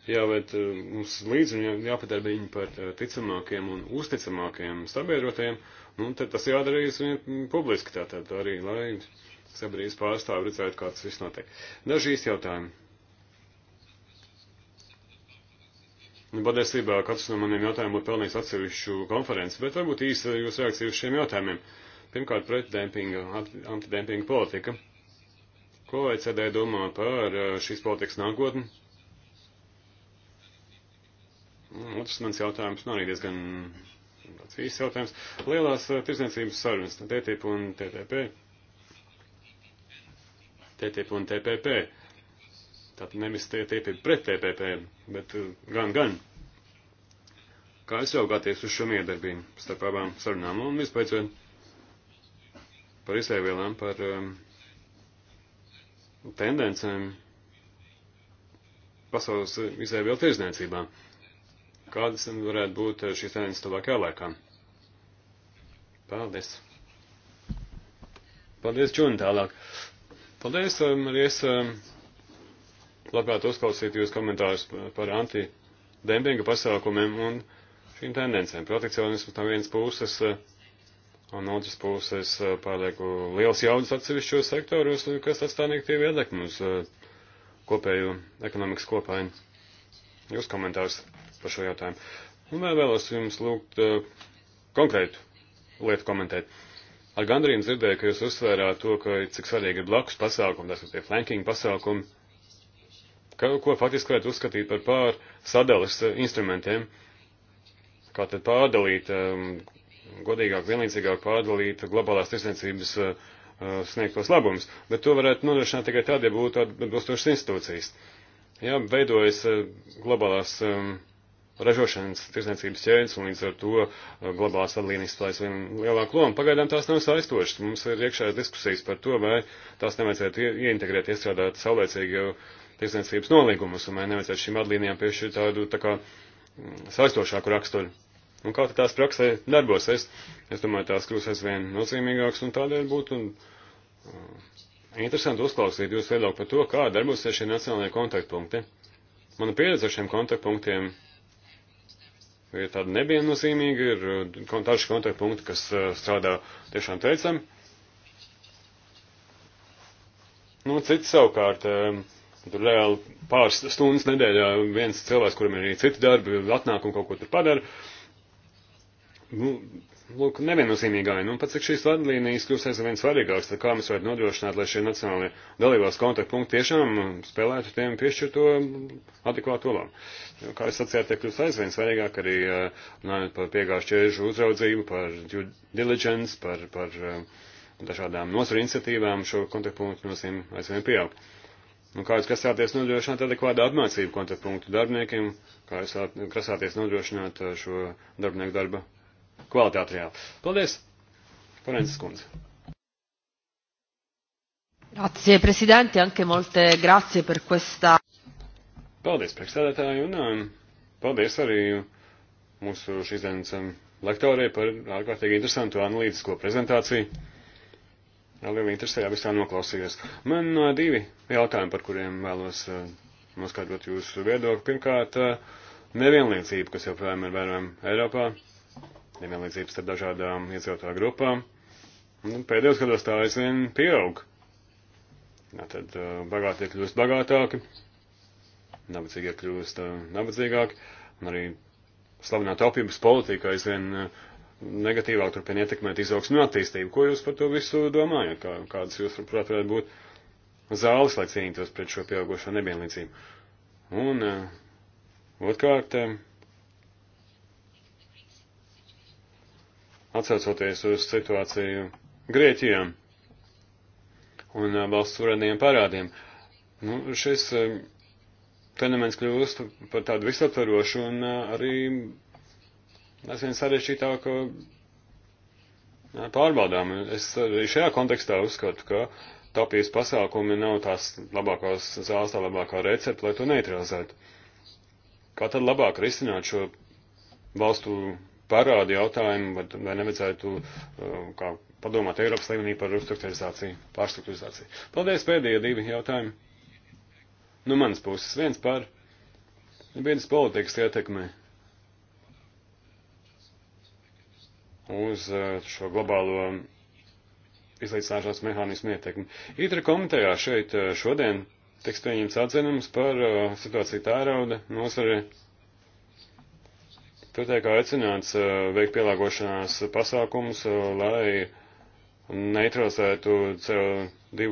jāved uh, mums līdzi un jāpadara viņu par uh, ticamākiem un uzticamākiem sabiedrotajiem, uh, Nu, tad tas jādara arī publiski, tātad arī, lai sabiedrības pārstāvi redzētu, kā tas viss notiek. Daži īsti jautājumi. Nu, patiesībā katrs no maniem jautājumiem būtu pelnījis atsevišķu konferenci, bet varbūt īsi jūs reakcija uz šiem jautājumiem. Pirmkārt, pretdempinga, antidempinga politika. Ko OECD domā par eh, šīs politikas nākotni? Nu, otrs mans jautājums nav arī diezgan tāds īsts jautājums. Lielās eh, tirdzniecības sarunas, TTIP un TTP. TTIP un TPP. Tātad nevis TTIP pret TPP, bet eh, gan, gan. Kā es raugāties uz šo miedarbību starp abām sarunām un vispēcot par izēvielām, par um, tendencēm pasaules izēvielu tirdzniecībām kādas varētu būt eh, šīs tendences tuvākajā laikā. Paldies! Paldies, Čuni, tālāk! Paldies, um, arī es um, labprāt uzklausītu jūs komentārus par antidempinga pasākumiem un šīm tendencēm. Protekcionisms no vienas puses eh, un no otras puses eh, pārlieku liels jaudas atsevišķos sektoros, kas atstāja negatīvu ietekmi uz kopēju ekonomikas kopainu. Jūs komentārs par šo jautājumu. Un vēl vēlos jums lūgt uh, konkrētu lietu komentēt. Ar gandrību dzirdēju, ka jūs uzsvērāt to, ka cik svarīgi ir blakus pasākumi, tas ir tie flanking pasākumi, ka, ko faktiski varētu uzskatīt par pār sadalas eh, instrumentiem, kā tad pārdalīt, um, godīgāk, vienlīdzīgāk pārdalīt globālās tirsniecības uh, sniegtos labumus, bet to varētu nodrošināt tikai tad, ja būtu atbilstošas institūcijas. Jā, veidojas uh, globālās um, ražošanas tirsniecības ķēdes un līdz ar to uh, globālās vadlīnijas spēlēs vien lielāku lomu. Pagaidām tās nav saistošas. Mums ir iekšējās diskusijas par to, vai tās nevajadzētu ieintegrēt, iestrādāt saulēcīgi jau tirsniecības nolīgumus, un vai nevajadzētu šīm vadlīnijām piešķirt tādu tā kā mm, saistošāku raksturu. Un kā tās praksē darbosies, es domāju, tās kļūs aizvien nozīmīgākas un tādēļ būtu un, mm, uh, interesanti uzklausīt jūsu viedokli par to, kā darbosies šie nacionālajie kontaktpunkti. Mana pieredze ar šiem kontaktpunktiem ir tāda neviennozīmīga, ir uh, daži kontaktpunkti, kas uh, strādā tiešām teicami. Nu, cits savukārt, um, tur reāli pāris stundas nedēļā viens cilvēks, kuram ir arī citi darbi, atnāk un kaut ko tur padara. Nu, lūk, neviennozīmīgāja. Nu, pat cik šīs vadlīnijas kļūst aizvien svarīgākas, tad kā mēs varētu nodrošināt, lai šie nacionālie dalībās kontaktpunkti tiešām spēlētu tiem piešķirto adekvātu lomu. Kā es sacīju, tiek kļūst aizvien svarīgāk arī nā, par piegāžu ķēžu uzraudzību, par due diligence, par, par dažādām nozaru iniciatīvām šo kontaktpunktu nozīme aizvien pieaug. Un nu, kā jūs grasāties nodrošināt adekvātu apmācību kontaktpunktu darbiniekiem, kā jūs grasāties nodrošināt šo darbinieku darba kvalitāti jā. Paldies, Forenses kundze. Grazie, prezidenti, anche molte grazie per questa. Paldies, priekšstādātāji, un um, paldies arī mūsu šīs dienas um, lektorē par ārkārtīgi interesantu analītisko prezentāciju. Ar lielu interesē visā noklausījos. Man uh, divi jautājumi, par kuriem vēlos uh, noskaidrot jūsu viedokli. Pirmkārt, uh, nevienlīdzība, kas joprojām ir vērojama Eiropā nevienlīdzības starp dažādām iedzīvotāju grupām. Un pēdējos gados tā aizvien pieaug. Jā, tad bagātie kļūst bagātāki, nabadzīgie kļūst nabadzīgāki, un arī slavenā taupības politika aizvien negatīvāk turpina ietekmēt izaugsmu un attīstību. Ko jūs par to visu domājat? Kā, kādas jūs, prāt, varētu būt zāles, lai cīnītos pret šo pieaugošo nevienlīdzību? Un otrkārt, uh, atsaucoties uz situāciju Grieķijā un valsts suverēniem parādiem. Nu, šis fenomens kļūst par tādu visaptvarošu un arī aizvien sarežģītāku pārbaudām. Es arī šajā kontekstā uzskatu, ka tapijas pasākumi nav tās labākās zāles, tā labākā recepte, lai to neutralizētu. Kā tad labāk risināt šo valstu parādu jautājumu, vai nevajadzētu uh, kā padomāt Eiropas līmenī par restruktūrizāciju, pārstruktūrizāciju. Paldies, pēdējie divi jautājumi. Nu, manas puses viens par vienas politikas ietekmi uz uh, šo globālo izlīdzināšanās mehānismu ietekmi. Itra komitejā šeit uh, šodien tiks pieņemts atzinums par situāciju tērauda nozare. No Tur tiek aicināts eh, veikt pielāgošanās pasākumus, eh, lai neutralizētu CO2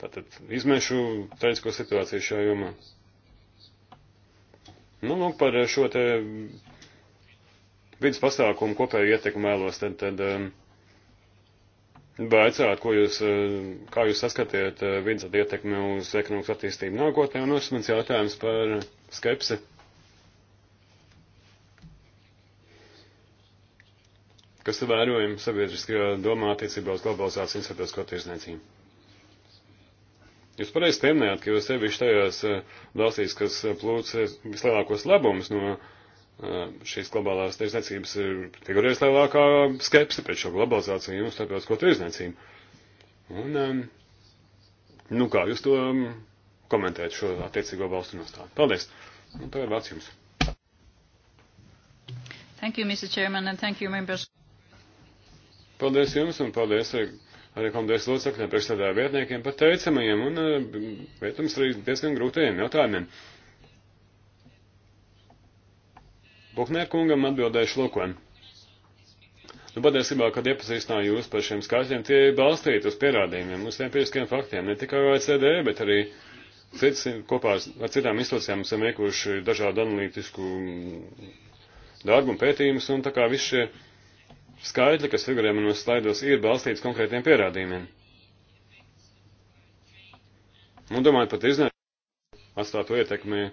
tātad, izmešu traģisko situāciju šajā jomā. Nu, lūk, par šo te vidas pasākumu kopēju ietekmu vēlos, tad, tad eh, baicāt, ko jūs, kā jūs saskatiet vidas ietekmi uz ekonomikas attīstību nākotnē, un uzmans jautājums par skepsi. kas ir vērojami sabiedriskajā domā attiecībā uz globalizāciju un starptautisko tirsniecību. Jūs pareizi pieminējāt, ka jūs sevišķi tajās eh, valstīs, kas eh, plūc eh, vislielākos labumus no šīs globālās tirsniecības, ir figurēs lielākā skepse pret šo globalizāciju un starptautisko tirsniecību. Un, nu kā jūs to mm, komentēt šo attiecīgo valstu nostāju? Paldies! Un tagad vārds jums. Thank you, Mr. Chairman, and thank you, members. Paldies jums un paldies arī komitejas locekļiem, priekšstādāju vietniekiem par teicamajiem un, protams, eh, arī diezgan grūtajiem jautājumiem. Buhnē kungam atbildēšu lūkojumu. Nu, patiesībā, kad iepazīstināju jūs par šiem skaitļiem, tie ir balstīti uz pierādījumiem, uz empiriskiem faktiem, ne tikai OECD, bet arī cits, kopā ar citām institūcijām esam iekuši dažādu analītisku darbu un pētījumus, un tā kā visi šie skaidri, kas figurē manos slaidos, ir balstīts konkrētiem pierādījumiem. Un domāju, pat izniec atstāto ietekmi,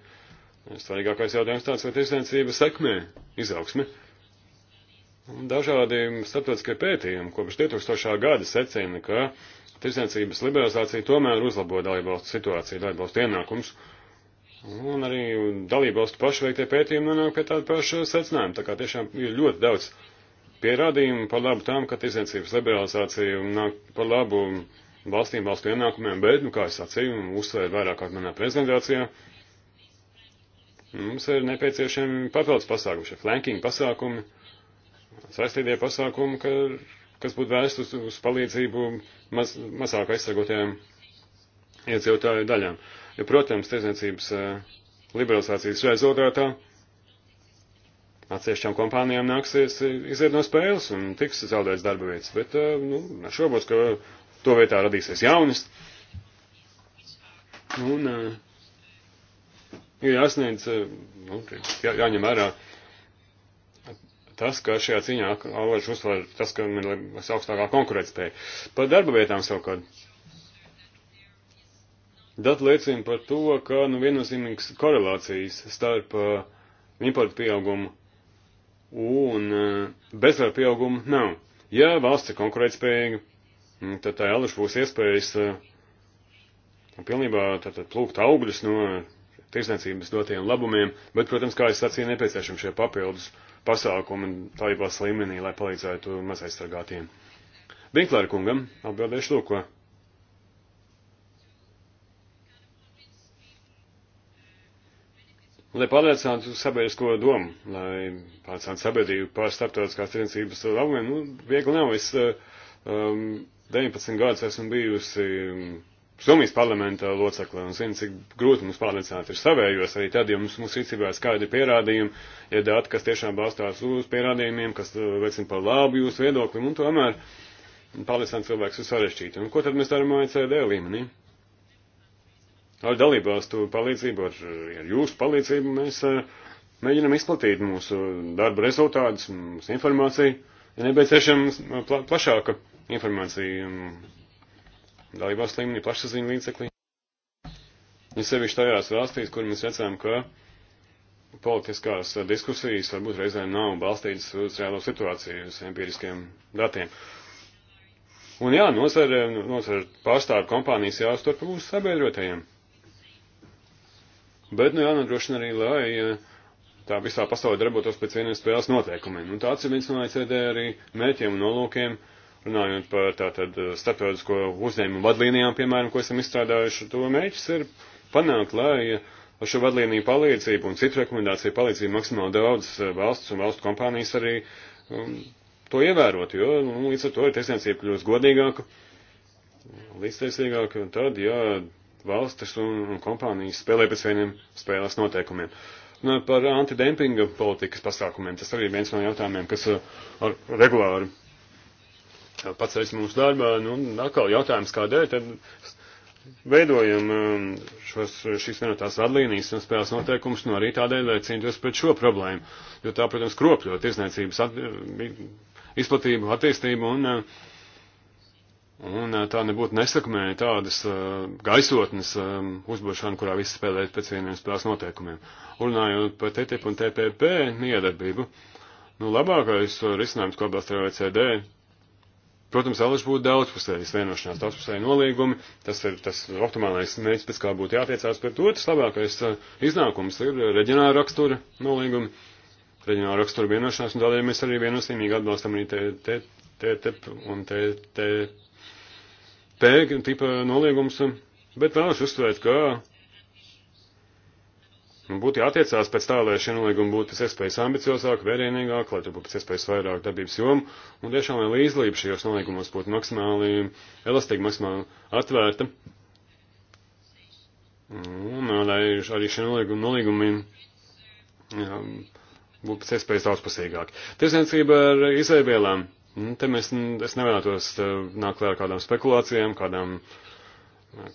svarīgākais jautājums tāds, vai tirsniecība sekmē izaugsmi. Dažādi starptautiskie pētījumi kopš 2000. gada secina, ka tirsniecības liberalizācija tomēr uzlabo dalībvalstu situāciju, dalībvalstu ienākums. Un arī dalībvalstu pašveiktie pētījumi nonāk pie tāda paša secinājuma. Tā kā tiešām ir ļoti daudz pierādījumi par labu tam, ka tirdzniecības liberalizācija nāk par labu valstīm, valstu ienākumiem, bet, nu, kā es sacīju, uzsvēru vairāk kārt manā prezentācijā, mums ir nepieciešami papildus pasākumi, šie flanking pasākumi, saistītie pasākumi, ka, kas būtu vērst uz, uz palīdzību maz, mazāk aizsargotiem iedzīvotāju daļām. Jo, protams, tirdzniecības eh, liberalizācijas rezultātā Atsevišķām kompānijām nāksies iziet no spēles un tiks zaudēts darba vietas, bet eh, nu, šobos, ka to vietā radīsies jaunas. Un eh, ir jāsniedz, eh, nu, jā, jāņem vērā tas, ka šajā cīņā alaži uzsver tas, ka man ir augstākā konkurētspēja. Par darba vietām savukārt. Dati liecina par to, ka nu, viennozīmīgas korelācijas starp uh, importu pieaugumu un eh, bezdarba pieauguma nav. Ja valsts ir konkurētspējīga, mm, tad tā eliša būs iespējas eh, pilnībā tātad plūkt augļus no tirsniecības dotiem labumiem, bet, protams, kā es sacīju, nepieciešam šie papildus pasākumi tādībā līmenī, lai palīdzētu mazaizsargātiem. Vinklēra kungam atbildēšu lūko. lai pārliecinātu sabiedrisko domu, lai pārliecinātu sabiedrību par starptautiskās tirdzniecības labumiem, nu, viegli nav. Es um, 19 gadus esmu bijusi um, Somijas parlamenta locekle un zinu, cik grūti mums pārliecināt ir savējos, arī tad, ja mums, mums rīcībā ir skaidri pierādījumi, ja dati, kas tiešām balstās uz pierādījumiem, kas uh, veicina par labu jūsu viedoklim, un tomēr pārliecināt cilvēks ir sarežģīti. Un ko tad mēs darām OECD līmenī? Ja? ar dalībvalstu palīdzību, ar, ar jūsu palīdzību mēs eh, mēģinam izplatīt mūsu darba rezultātus, mūsu informāciju. Ir ja nepieciešama eh, pla plašāka informācija um, dalībvalstu līmenī, plašsaziņu līdzeklī. Un sevišķi tajās valstīs, kur mēs redzam, ka politiskās diskusijas varbūt reizēm nav balstītas uz reālo situāciju, uz empiriskiem datiem. Un jā, nozara, nozara pārstāvu kompānijas jāuztur par mūsu sabiedrotajiem. Bet, nu, jānodrošina arī, lai eh, tā visā pasaulē darbotos pēc vieniem spēles noteikumiem. Un tāds ir viens no ICD arī mērķiem un nolūkiem, runājot par tātad eh, starptautisko uzņēmumu vadlīnijām, piemēram, ko esam izstrādājuši. To mērķis ir panākt, lai eh, ar šo vadlīniju palīdzību un citu rekomendāciju palīdzību maksimāli daudz valsts un valstu kompānijas arī um, to ievērot, jo nu, līdz ar to ir tiesniecība kļūst godīgāka, līdztiesīgāka, un tad, jā, valstis un, un kompānijas spēlē pēc vieniem spēles noteikumiem. Un nu, par antidempinga politikas pasākumiem, tas arī viens no jautājumiem, kas uh, ar regulāri uh, paceļas mūsu darbā. Nu, atkal jautājums, kādēļ tad veidojam um, šos, šīs vienotās vadlīnijas un spēles noteikumus, nu no arī tādēļ, lai cīnītos pret šo problēmu. Jo tā, protams, kropļo tirsniecības at, uh, izplatību, attīstību un uh, Un eh, tā nebūtu nesakmēja tādas uh, gaisotnes um, eh, uzbūšana, kurā viss spēlē pēc vieniem spēles noteikumiem. Runājot par TTIP un TPP miedarbību, nu labākais risinājums, ko atbalsta OECD, protams, alaši būtu daudzpusējas vienošanās, daudzpusēji nolīgumi, tas ir tas optimālais mērķis, pēc kā būtu jātiecās, bet otrs labākais uh, iznākums ir reģionāla rakstura nolīgumi, reģionāla rakstura vienošanās, un tādēļ mēs arī viennozīmīgi atbalstam arī TTIP un TTP P tipa noliegums, bet vēlos uzsvērt, ka būtu jātiecās pēc tā, lai šie noliegumi būtu pēc iespējas ambiciozāk, vērienīgāk, lai tur būtu pēc iespējas vairāk darbības jomu, un tiešām, lai līdzlība šajos noliegumos būtu maksimāli elastīga, maksimāli atvērta. Un lai arī šie noliegumi, noliegumi jā, būtu pēc iespējas daudzpusīgāki. Tiesniecība ar izēvielām. Un nu, te mēs, es nevēlētos eh, nākt klāt ar kādām spekulācijām, kādām,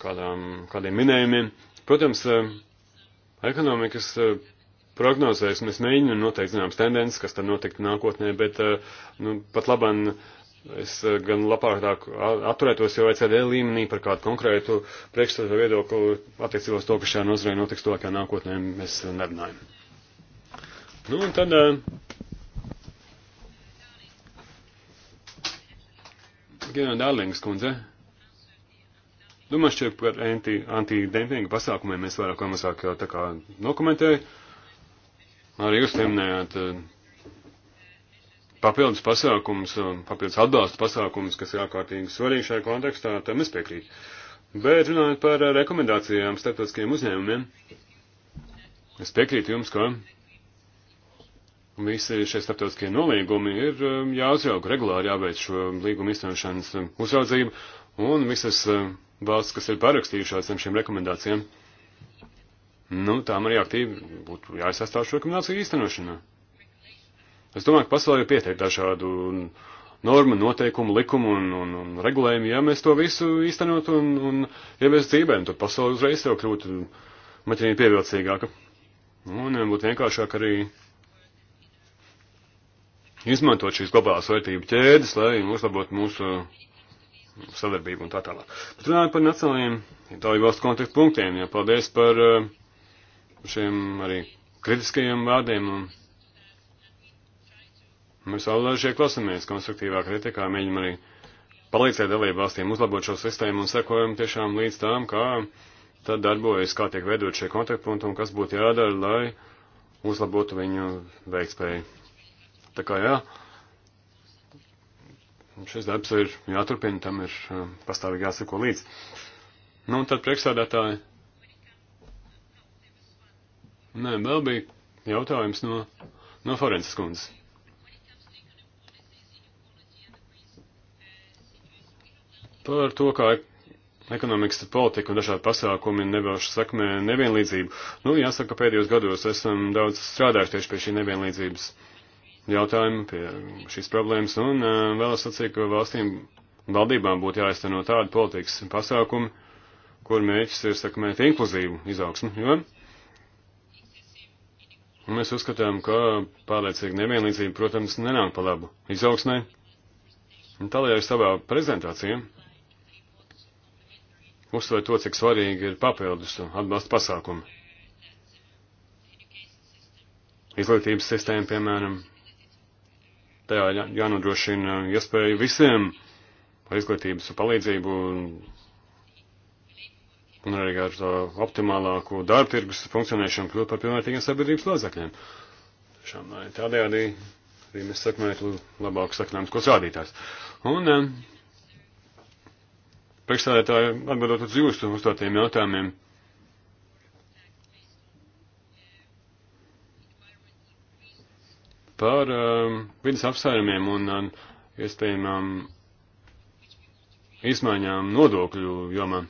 kādām, kādiem minējumiem. Protams, eh, ekonomikas eh, prognozēs mēs mēģinām noteikt zināmas tendences, kas tad notiktu nākotnē, bet nu, pat labam es gan labāk atturētos jau ECD līmenī par kādu konkrētu priekšstatu viedokli attiecībā uz to, ka šajā nozarē notiks to, kā nākotnē mēs nerunājam. Nu, un tad Gina Dārlings kundze. Domāju, šķiet par anti, antidempinga pasākumiem mēs vairāk vai mazāk jau tā kā dokumentēju. Arī jūs pieminējāt eh, papildus pasākums, eh, papildus atbalsta pasākums, kas ir ārkārtīgi svarīgi šajā kontekstā, tam es piekrītu. Bet runājot par eh, rekomendācijām starptautiskiem uzņēmumiem, es piekrītu jums, ka Visi šie starptautiskie nolīgumi ir um, jāuzrauga regulāri, jāveic šo līgumu izcenošanas um, uzraudzību, un visas um, valsts, kas ir parakstījušās zem šīm rekomendācijām, nu, tām arī aktīvi būtu jāizsastāv šo rekomendāciju īstenošanā. Es domāju, ka pasaulē ir pietiek dažādu normu, noteikumu, likumu un, un, un regulējumu, ja mēs to visu īstenot un, un ieviestu dzīvē, nu, tad pasaule uzreiz jau kļūtu maķinīgi pievilcīgāka. Un būtu vienkāršāk arī izmantot šīs globālās vērtību ķēdes, lai uzlabotu mūsu sadarbību un tā tālāk. Bet runājot par nacionālajiem Itāliju valstu kontaktu punktiem, jā, paldies par eh, šiem arī kritiskajiem vārdiem. Mēs vēlēšie klasamies konstruktīvā kritikā, mēģinam arī palīdzēt dalību valstīm uzlabot šo sistēmu un sekojam tiešām līdz tām, kā tad darbojas, kā tiek veidot šie kontaktpunkti un kas būtu jādara, lai uzlabotu viņu veikspēju. Tā kā jā, šis darbs ir jāturpina, tam ir pastāvīgi jāsako līdz. Nu, un tad priekšsādātāji. Nē, vēl bija jautājums no, no Forenses kundzes. Par to, kā ekonomikas politika un dažādi pasākumi nevēlši sakmē nevienlīdzību. Nu, jāsaka, pēdējos gados esam daudz strādājuši tieši pie šī nevienlīdzības. Uh, jautājumu, pie šīs problēmas, un uh, vēl es sacīju, ka valstīm valdībām būtu jāizteno tādi politikas pasākumi, kur mērķis ir sakmēt inkluzīvu izaugsmu, jo mēs uzskatām, ka pārliecīga nevienlīdzība, protams, nenāk pa labu izaugsmai. Un tālāk ar savā prezentācijā uzsver to, cik svarīgi ir papildus atbalsta pasākumi. Izglītības sistēma, piemēram, tajā jā, jānodrošina iespēja visiem ar izglītības palīdzību un, un arī ar to optimālāku darbtirgus funkcionēšanu kļūt par pilnvērtīgiem sabiedrības lozakļiem. Šām eh, tādējādi arī mēs sakmētu labākus ekonomiskos rādītājus. Un um, eh, priekšstādētāji atbildot uz jūsu uzdotiem jautājumiem, par uh, vidas apsvērumiem un uh, iespējamām izmaiņām nodokļu jomā.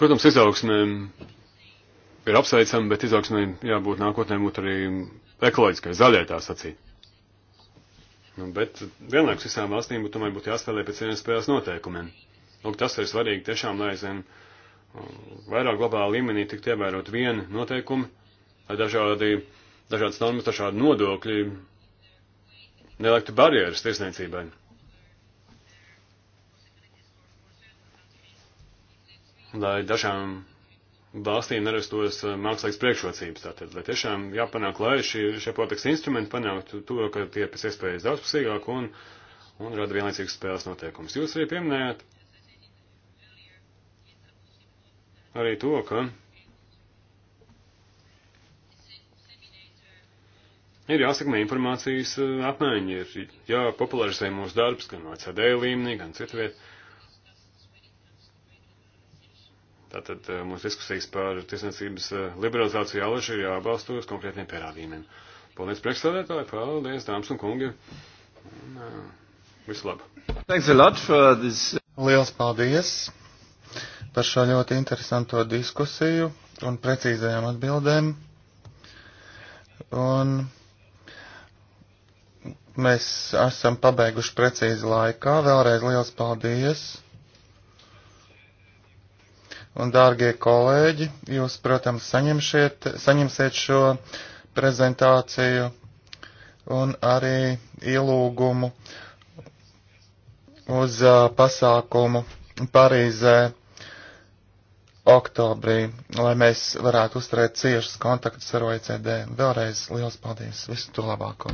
Protams, izaugsmē ir apsveicama, bet izaugsmē jābūt nākotnē būt arī ekoloģiskai, zaļai tā sacīt. Nu, bet vienlaikus visām valstīm tomēr būtu jāspēlē pēc vienas spēles noteikumiem. Lūk, tas ir svarīgi tiešām, lai zinātu vairāk globālā līmenī tikt ievērot vieni noteikumi, lai dažādi, dažādas normas, dažādi nodokļi neliktu barjeras tiesniecībai. Lai dažām valstīm nerastos eh, mākslīgas priekšrocības. Tātad, lai tiešām jāpanāk, lai šie, šie politikas instrumenti panāktu to, ka tie pēc iespējas daudzpusīgāk un, un rada vienlaicīgas spēles noteikumus. Jūs arī pieminējāt arī to, ka ir jāsakmē informācijas eh, apmaiņa, ir jāpopularizē mūsu darbs, gan OCD līmenī, gan citviet. Tātad eh, mūsu diskusijas par tiesniecības eh, liberalizāciju jālaši ir jābalsta uz konkrētiem pierādījumiem. Paldies priekšsādētāji, paldies, dāmas un kungi. Visu labu. Thanks a lot for this. Liels paldies par šo ļoti interesanto diskusiju un precīzajām atbildēm. Un mēs esam pabeiguši precīzi laikā. Vēlreiz liels paldies! Un, dārgie kolēģi, jūs, protams, saņemšiet, saņemsiet šo prezentāciju un arī ielūgumu uz uh, pasākumu Parīzē oktobrī, lai mēs varētu uzturēt ciešas kontaktus ar OECD. Vēlreiz liels paldies! Visu to labāko!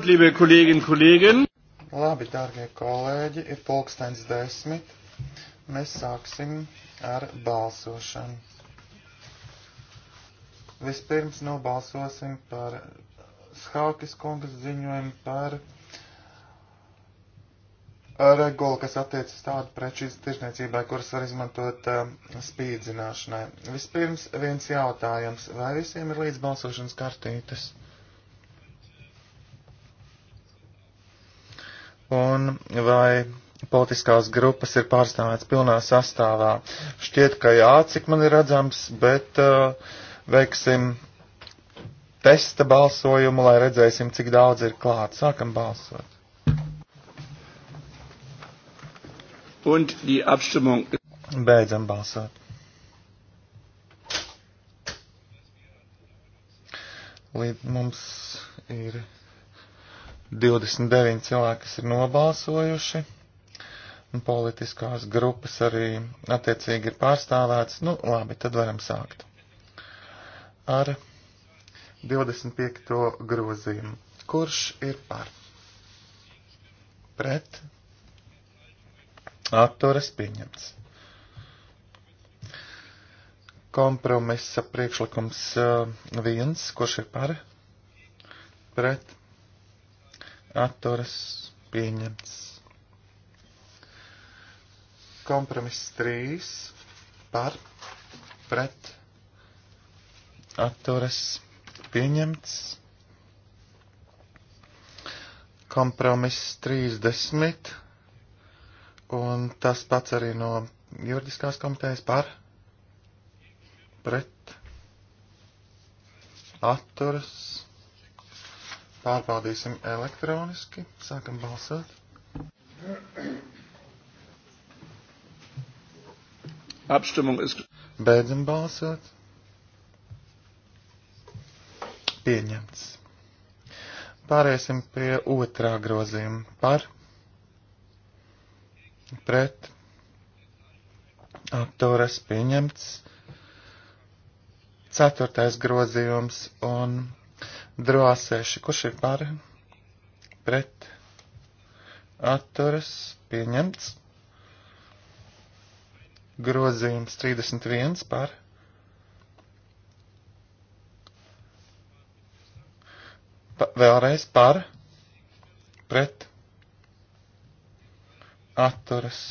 Gut, liebe Kolleginnen und Kollegen. Labi, dārgie kolēģi, ir pulkstens desmit. Mēs sāksim ar balsošanu. Vispirms nobalsosim par Schaukis kungas ziņojumu par regulu, kas attiecas tādu preču tirzniecībai, kuras var izmantot uh, spīdzināšanai. Vispirms viens jautājums. Vai visiem ir līdz balsošanas kartītes? vai politiskās grupas ir pārstāvēts pilnā sastāvā. Šķiet, ka jā, cik man ir redzams, bet uh, veiksim testa balsojumu, lai redzēsim, cik daudz ir klāt. Sākam balsot. Und die Abstimmung. Beidzam balsot. Līdz mums ir 29 cilvēki, kas ir nobalsojuši, un politiskās grupas arī attiecīgi ir pārstāvēts. Nu, labi, tad varam sākt. Ar 25. grozījumu. Kurš ir par? Pret? Atturas pieņemts. Kompromisa priekšlikums uh, viens, kurš ir par? Pret? atturas pieņemts. Kompromiss 3 par pret atturas pieņemts. Kompromiss 30 un tas pats arī no juridiskās komitejas par pret atturas Pārbaudīsim elektroniski. Sākam balsot. Abstimmung ist. Beidzam balsot. Pieņemts. Pāriesim pie otrā grozījuma par, pret, autoras pieņemts, ceturtais grozījums un Droāsēši, kurš ir par, pret, atturas, pieņemts. Grozījums 31 par. Pa, vēlreiz par, pret, atturas.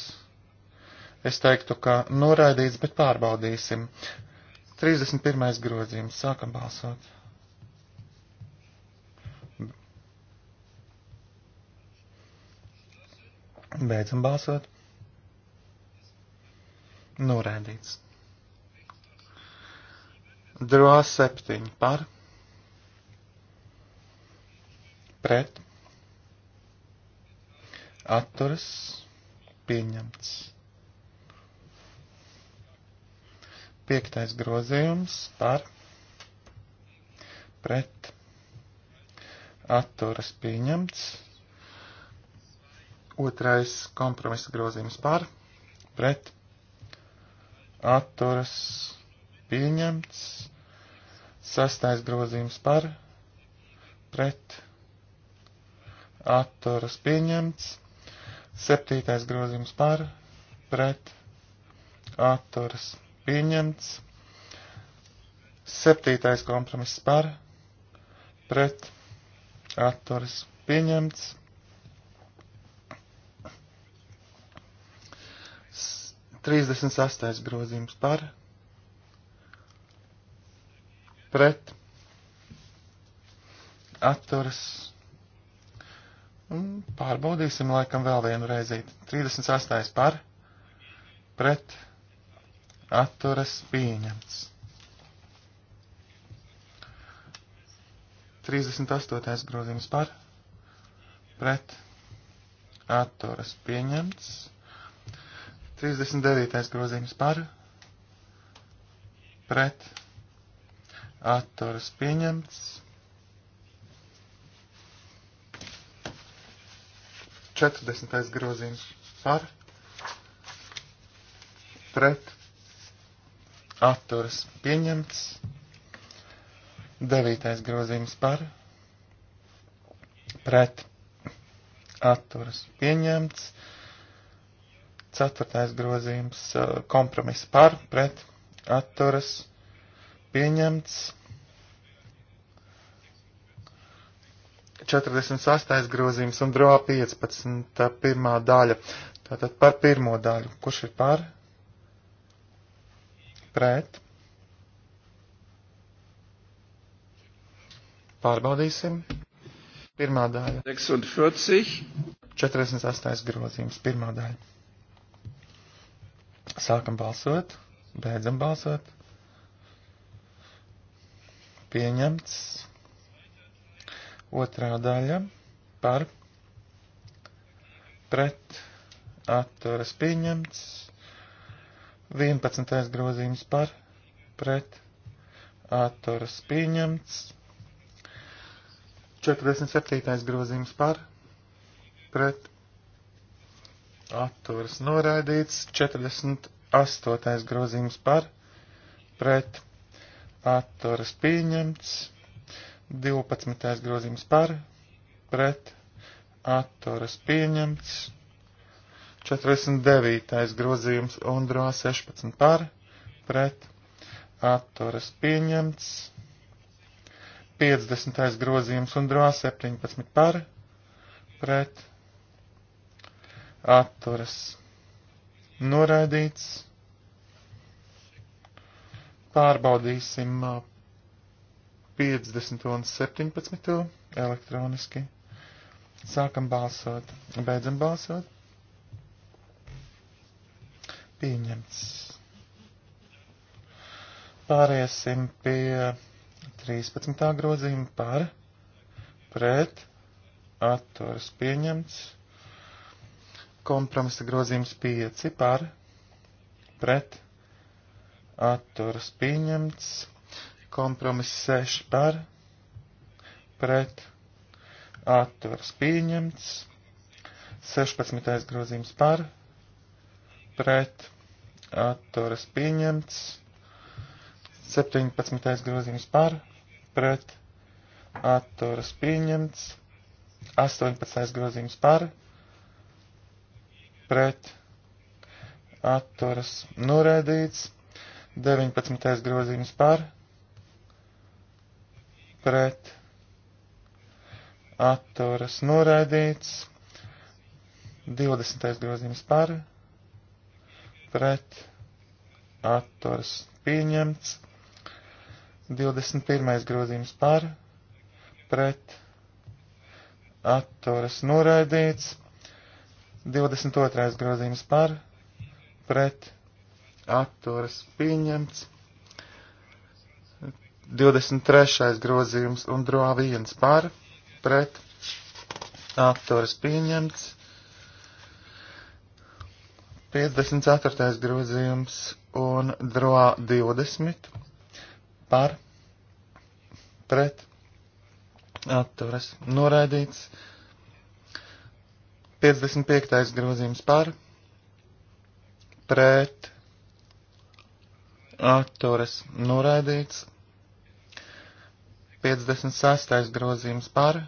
Es teiktu, ka noraidīts, bet pārbaudīsim. 31. grozījums. Sākam balsot. Beidzam balsot. Norēdīts. Dro septiņi par. Pret. Atturas. Pieņemts. Piektais grozījums par. Pret. Atturas pieņemts. Otrais kompromisa grozījums par, pret, atturas pieņemts. Sastais grozījums par, pret, atturas pieņemts. Septītais grozījums par, pret, atturas pieņemts. Septītais kompromiss par, pret, atturas pieņemts. 38. grozījums par pret atturas. Un pārbaudīsim laikam vēl vienu reizīt. 38. par pret atturas pieņemts. 38. grozījums par pret atturas pieņemts. 39. grozījums par, pret, atturas pieņemts. 40. grozījums par, pret, atturas pieņemts. 9. grozījums par, pret, atturas pieņemts. Ceturtais grozījums kompromiss par, pret, atturas, pieņemts. 48. grozījums un droā 15. pirmā daļa. Tātad par pirmo daļu. Kurš ir par? Pret. Pārbaudīsim. Pirmā daļa. 46. 48. grozījums. Pirmā daļa. Sākam balsot, beidzam balsot. Pieņemts. Otrā daļa par pret atturas pieņemts. 11. grozījums par pret atturas pieņemts. 47. grozījums par pret atturas noraidīts, 48. grozījums par, pret, atturas pieņemts, 12. grozījums par, pret, atturas pieņemts, 49. grozījums un dro 16 par, pret, atturas pieņemts, 50. grozījums un dro 17 par, pret, atturas noraidīts. Pārbaudīsim 50 un 17 elektroniski. Sākam balsot, beidzam balsot. Pieņemts. Pāriesim pie 13. grozījuma par, pret, atturas pieņemts. Kompromisa grozījums 5 par pret atturas pieņemts. Kompromiss 6 par pret atturas pieņemts. 16. grozījums par pret atturas pieņemts. 17. grozījums par, pret, atturas pieņemts, 18. grozījums par, pret atturas norēdīts, 19. grozījums par pret atturas norēdīts, 20. grozījums par pret atturas pieņemts, 21. grozījums par pret atturas norēdīts, 22. grozījums par, pret, atturas pieņemts. 23. grozījums un drā viens par, pret, atturas pieņemts. 54. grozījums un drā 20 par, pret, atturas noraidīts. 55. grozījums par, pret, atturas noraidīts. 56. grozījums par,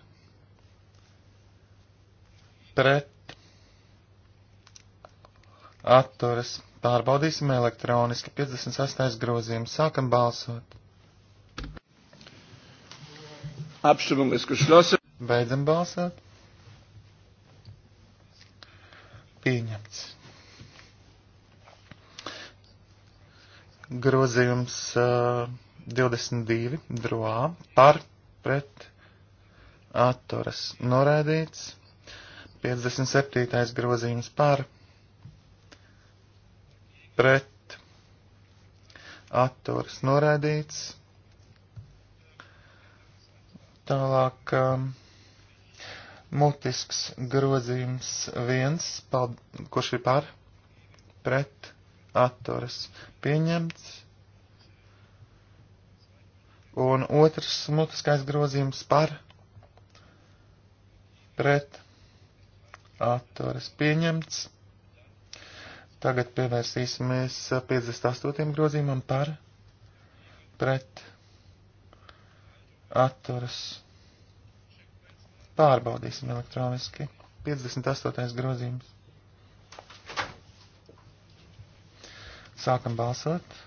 pret, atturas. Pārbaudīsim elektroniski 56. grozījums. Sākam balsot. Abstimmung ist geschlossen. Beidzam balsot. pieņemts. Grozījums uh, 22 droā par pret atturas norēdīts. 57. grozījums par pret atturas norēdīts. Tālāk. Uh, Mutisks grozījums viens, pald, kurš ir par, pret, atturas, pieņemts. Un otrs mutiskais grozījums par, pret, atturas, pieņemts. Tagad pievērsīsimies 58. grozījumam par, pret, atturas, pieņemts Pārbaudīsim elektroniski. 58. grozījums. Sākam balsot.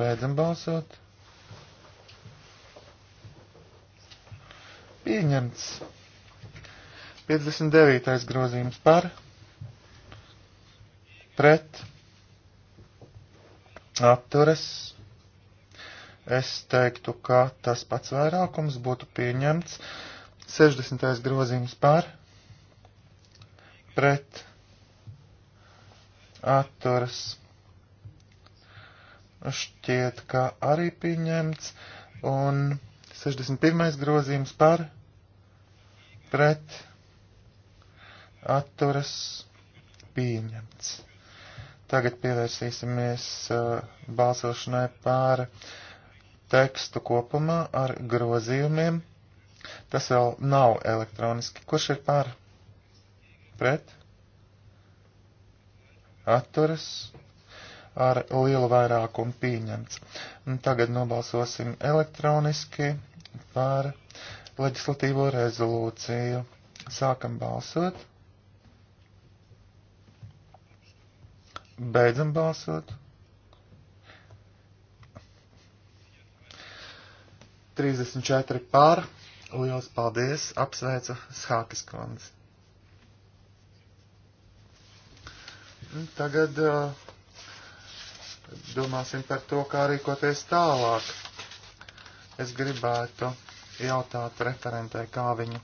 Beidzam balsot. Pieņemts. 59. grozījums par. Pret. Atturas. Es teiktu, ka tas pats vairākums būtu pieņemts. 60. grozījums par pret atturas šķiet, ka arī pieņemts, un 61. grozījums par pret atturas pieņemts. Tagad pievērsīsimies uh, balsošanai pār tekstu kopumā ar grozījumiem. Tas vēl nav elektroniski. Kurš ir par? Pret? Atturas? Ar lielu vairākumu pieņemts. Un tagad nobalsosim elektroniski par leģislatīvo rezolūciju. Sākam balsot. Beidzam balsot. 34 pār, Lielas paldies, apsveicu Skākas kundzi. Tagad uh, domāsim par to, kā rīkoties tālāk. Es gribētu jautāt referentē, kā viņa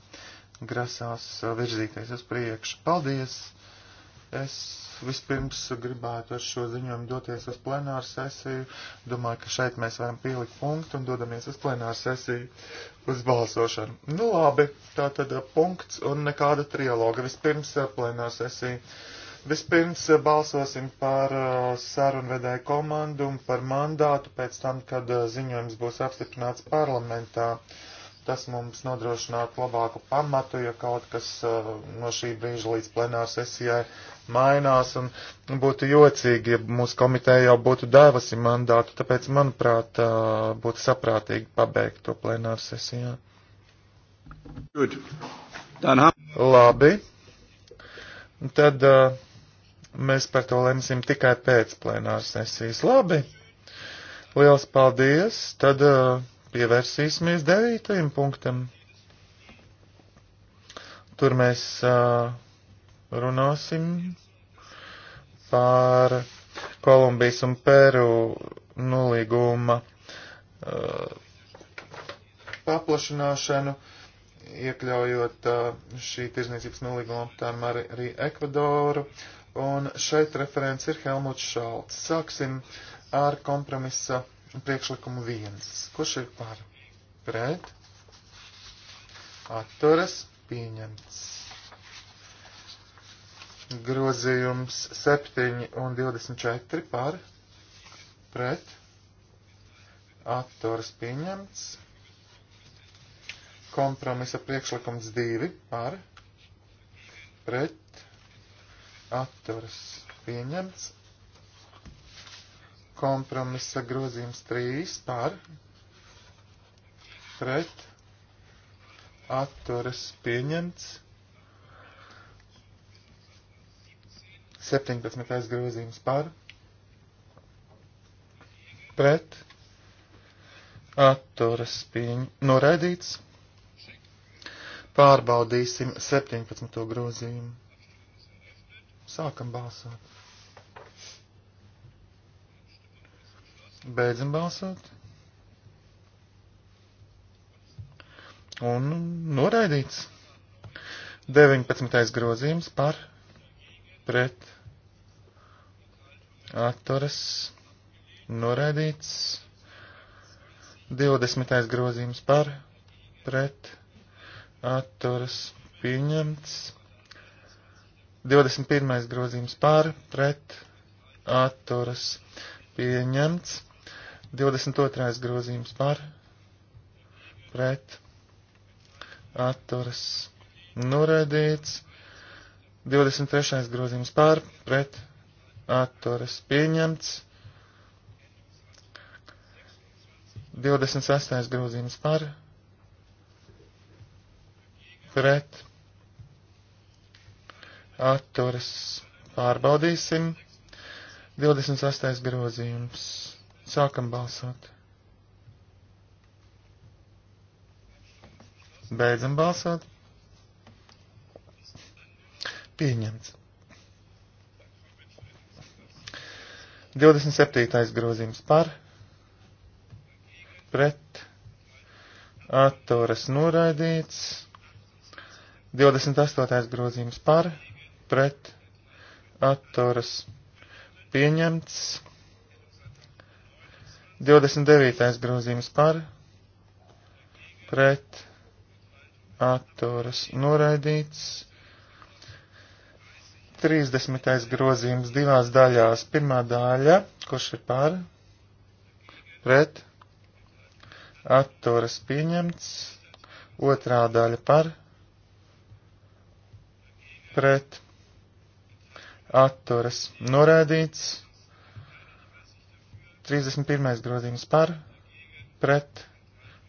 grasās uh, virzīties uz priekšu. Paldies! Es Vispirms gribētu ar šo ziņojumu doties uz plenāru sesiju. Domāju, ka šeit mēs varam pielikt punktu un dodamies uz plenāru sesiju uz balsošanu. Nu labi, tā tad uh, punkts un nekāda trialoga. Vispirms uh, plenāru sesiju. Vispirms uh, balsosim par sarunvedēju komandu un par mandātu pēc tam, kad ziņojums būs apstiprināts parlamentā. Uh, Tas mums nodrošinātu labāku pamatu, ja kaut kas uh, no šī brīža līdz plenāra sesijai mainās, un būtu jocīgi, ja mūsu komiteja jau būtu devusi mandātu, tāpēc, manuprāt, uh, būtu saprātīgi pabeigt to plenāra sesijā. Good. Labi. Tad uh, mēs par to lemsim tikai pēc plenāra sesijas. Labi. Liels paldies. Tad. Uh, pievērsīsimies devītajam punktam. Tur mēs uh, runāsim par Kolumbijas un Peru nolīguma uh, paplašināšanu, iekļaujot uh, šī tirzniecības nolīguma aptērumu arī, arī Ekvadoru. Un šeit referents ir Helmuts Šalts. Sāksim ar kompromisa priekšlikumu viens. Kurš ir par? Pret. Atturas. Pieņemts. Grozījums 7 un 24 par. Pret. Atturas. Pieņemts. Kompromisa priekšlikums 2 par. Pret. Atturas. Pieņemts kompromisa grozījums 3 par pret atturas pieņemts. 17. grozījums par pret atturas pieņ... noraidīts. Pārbaudīsim 17. grozījumu. Sākam balsot. Beidzam balsot. Un noraidīts. 19. grozījums par pret atturas noraidīts. 20. grozījums par pret atturas pieņemts. 21. grozījums par pret atturas pieņemts. 22. grozījums par pret atturas noraidīts. 23. grozījums par pret atturas pieņemts. 26. grozījums par pret atturas pārbaudīsim. 28. grozījums. Sākam balsot. Beidzam balsot. Pieņemts. 27. grozījums par, pret, atturas noraidīts, 28. grozījums par, pret, atturas pieņemts, 29. grozījums par, pret, atturas noraidīts. 30. grozījums divās daļās. Pirmā daļa, kurš ir par, pret, atturas pieņemts. Otrā daļa par, pret, atturas noraidīts. 31. grozījums par, pret,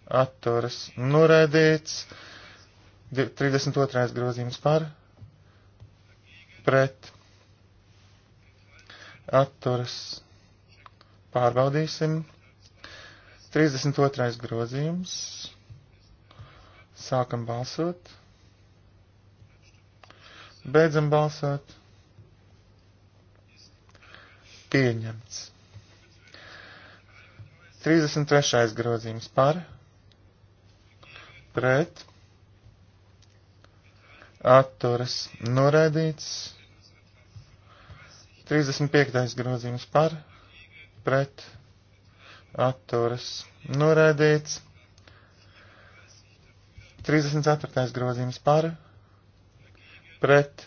atturas noraidīts. 32. grozījums par, pret, atturas pārbaudīsim. 32. grozījums. Sākam balsot. Beidzam balsot. Pieņemts. 33. grozījums par, pret, atturas noraidīts, 35. grozījums par, pret, atturas noraidīts, 34. grozījums par, pret,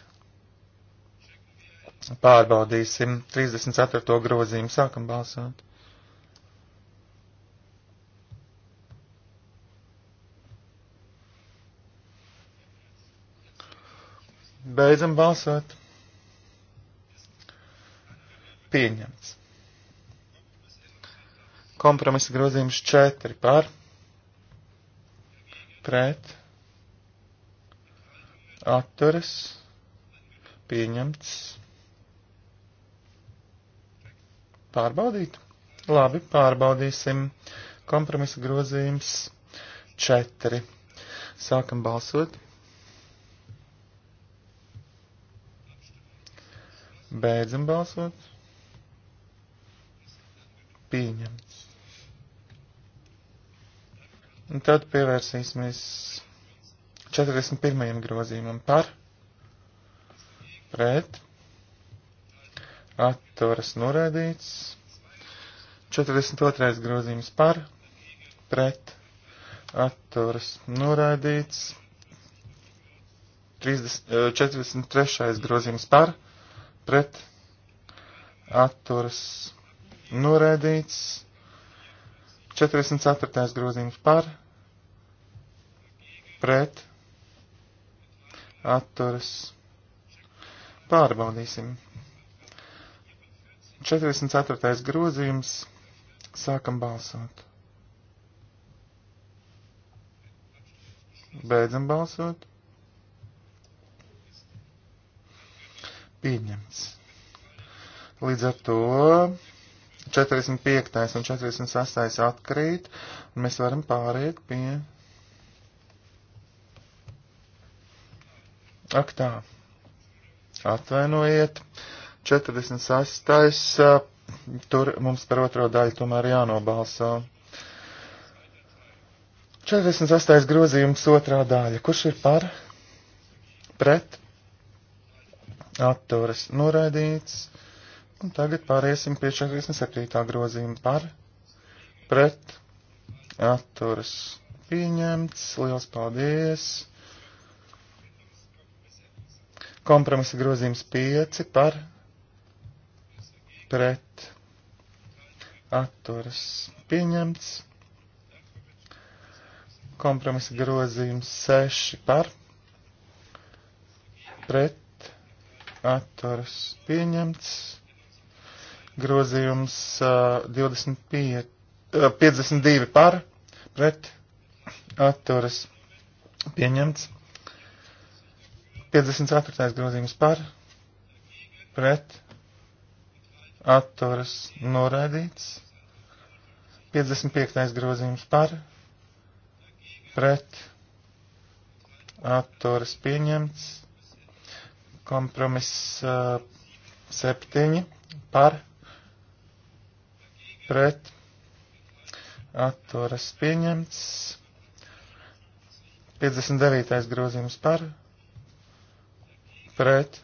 pārbaudīsim 34. grozījumu, sākam balsot. Beidzam balsot. Pieņemts. Kompromisa grozījums 4 par, pret, atturas, pieņemts. Pārbaudīt? Labi, pārbaudīsim. Kompromisa grozījums 4. Sākam balsot. Beidzam balsot. Pieņemts. Un tad pievērsīsimies 41. grozījumam par, pret, atturas norēdīts, 42. grozījums par, pret, atturas norēdīts, 30, 43. grozījums par, pret, pret atturas noraidīts. 44. grozījums par pret atturas pārbaudīsim. 44. grozījums sākam balsot. Beidzam balsot. Pieņemts. Līdz ar to 45. un 46. atkrīt, un mēs varam pāriet pie. Ak tā, atvainojiet, 46. tur mums par otro daļu tomēr jānobalso. 48. grozījums otrā daļa. Kurš ir par? Pret? atturas noraidīts. Un tagad pāriesim pie 47. grozījuma par pret atturas pieņemts. Liels paldies! Kompromisa grozījums 5 par pret atturas pieņemts. Kompromisa grozījums 6 par pret atturas pieņemts. Grozījums uh, 25, uh, 52 par pret atturas pieņemts. 54. grozījums par pret atturas noraidīts. 55. grozījums par pret atturas pieņemts. Kompromiss uh, septiņi par pret atturas pieņemts. 59. grozījums par pret.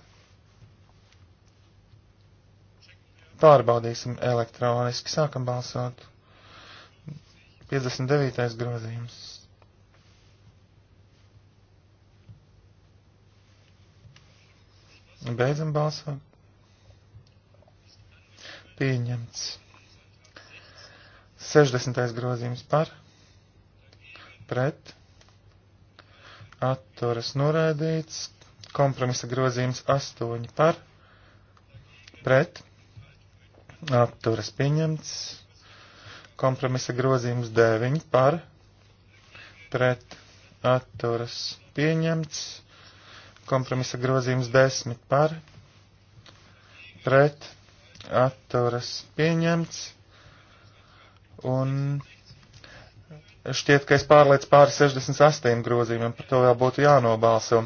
Pārbaudīsim elektroniski. Sākam balsot. 59. grozījums. Beidzam balsot. Pieņemts. 60. grozījums par, pret, atturas noraidīts, kompromisa grozījums 8 par, pret, atturas pieņemts, kompromisa grozījums 9 par, pret, atturas pieņemts, Kompromisa grozījums 10 par pret atturas pieņemts. Un šķiet, ka es pārliecu pāri 68 grozījumiem, par to vēl būtu jānobalso.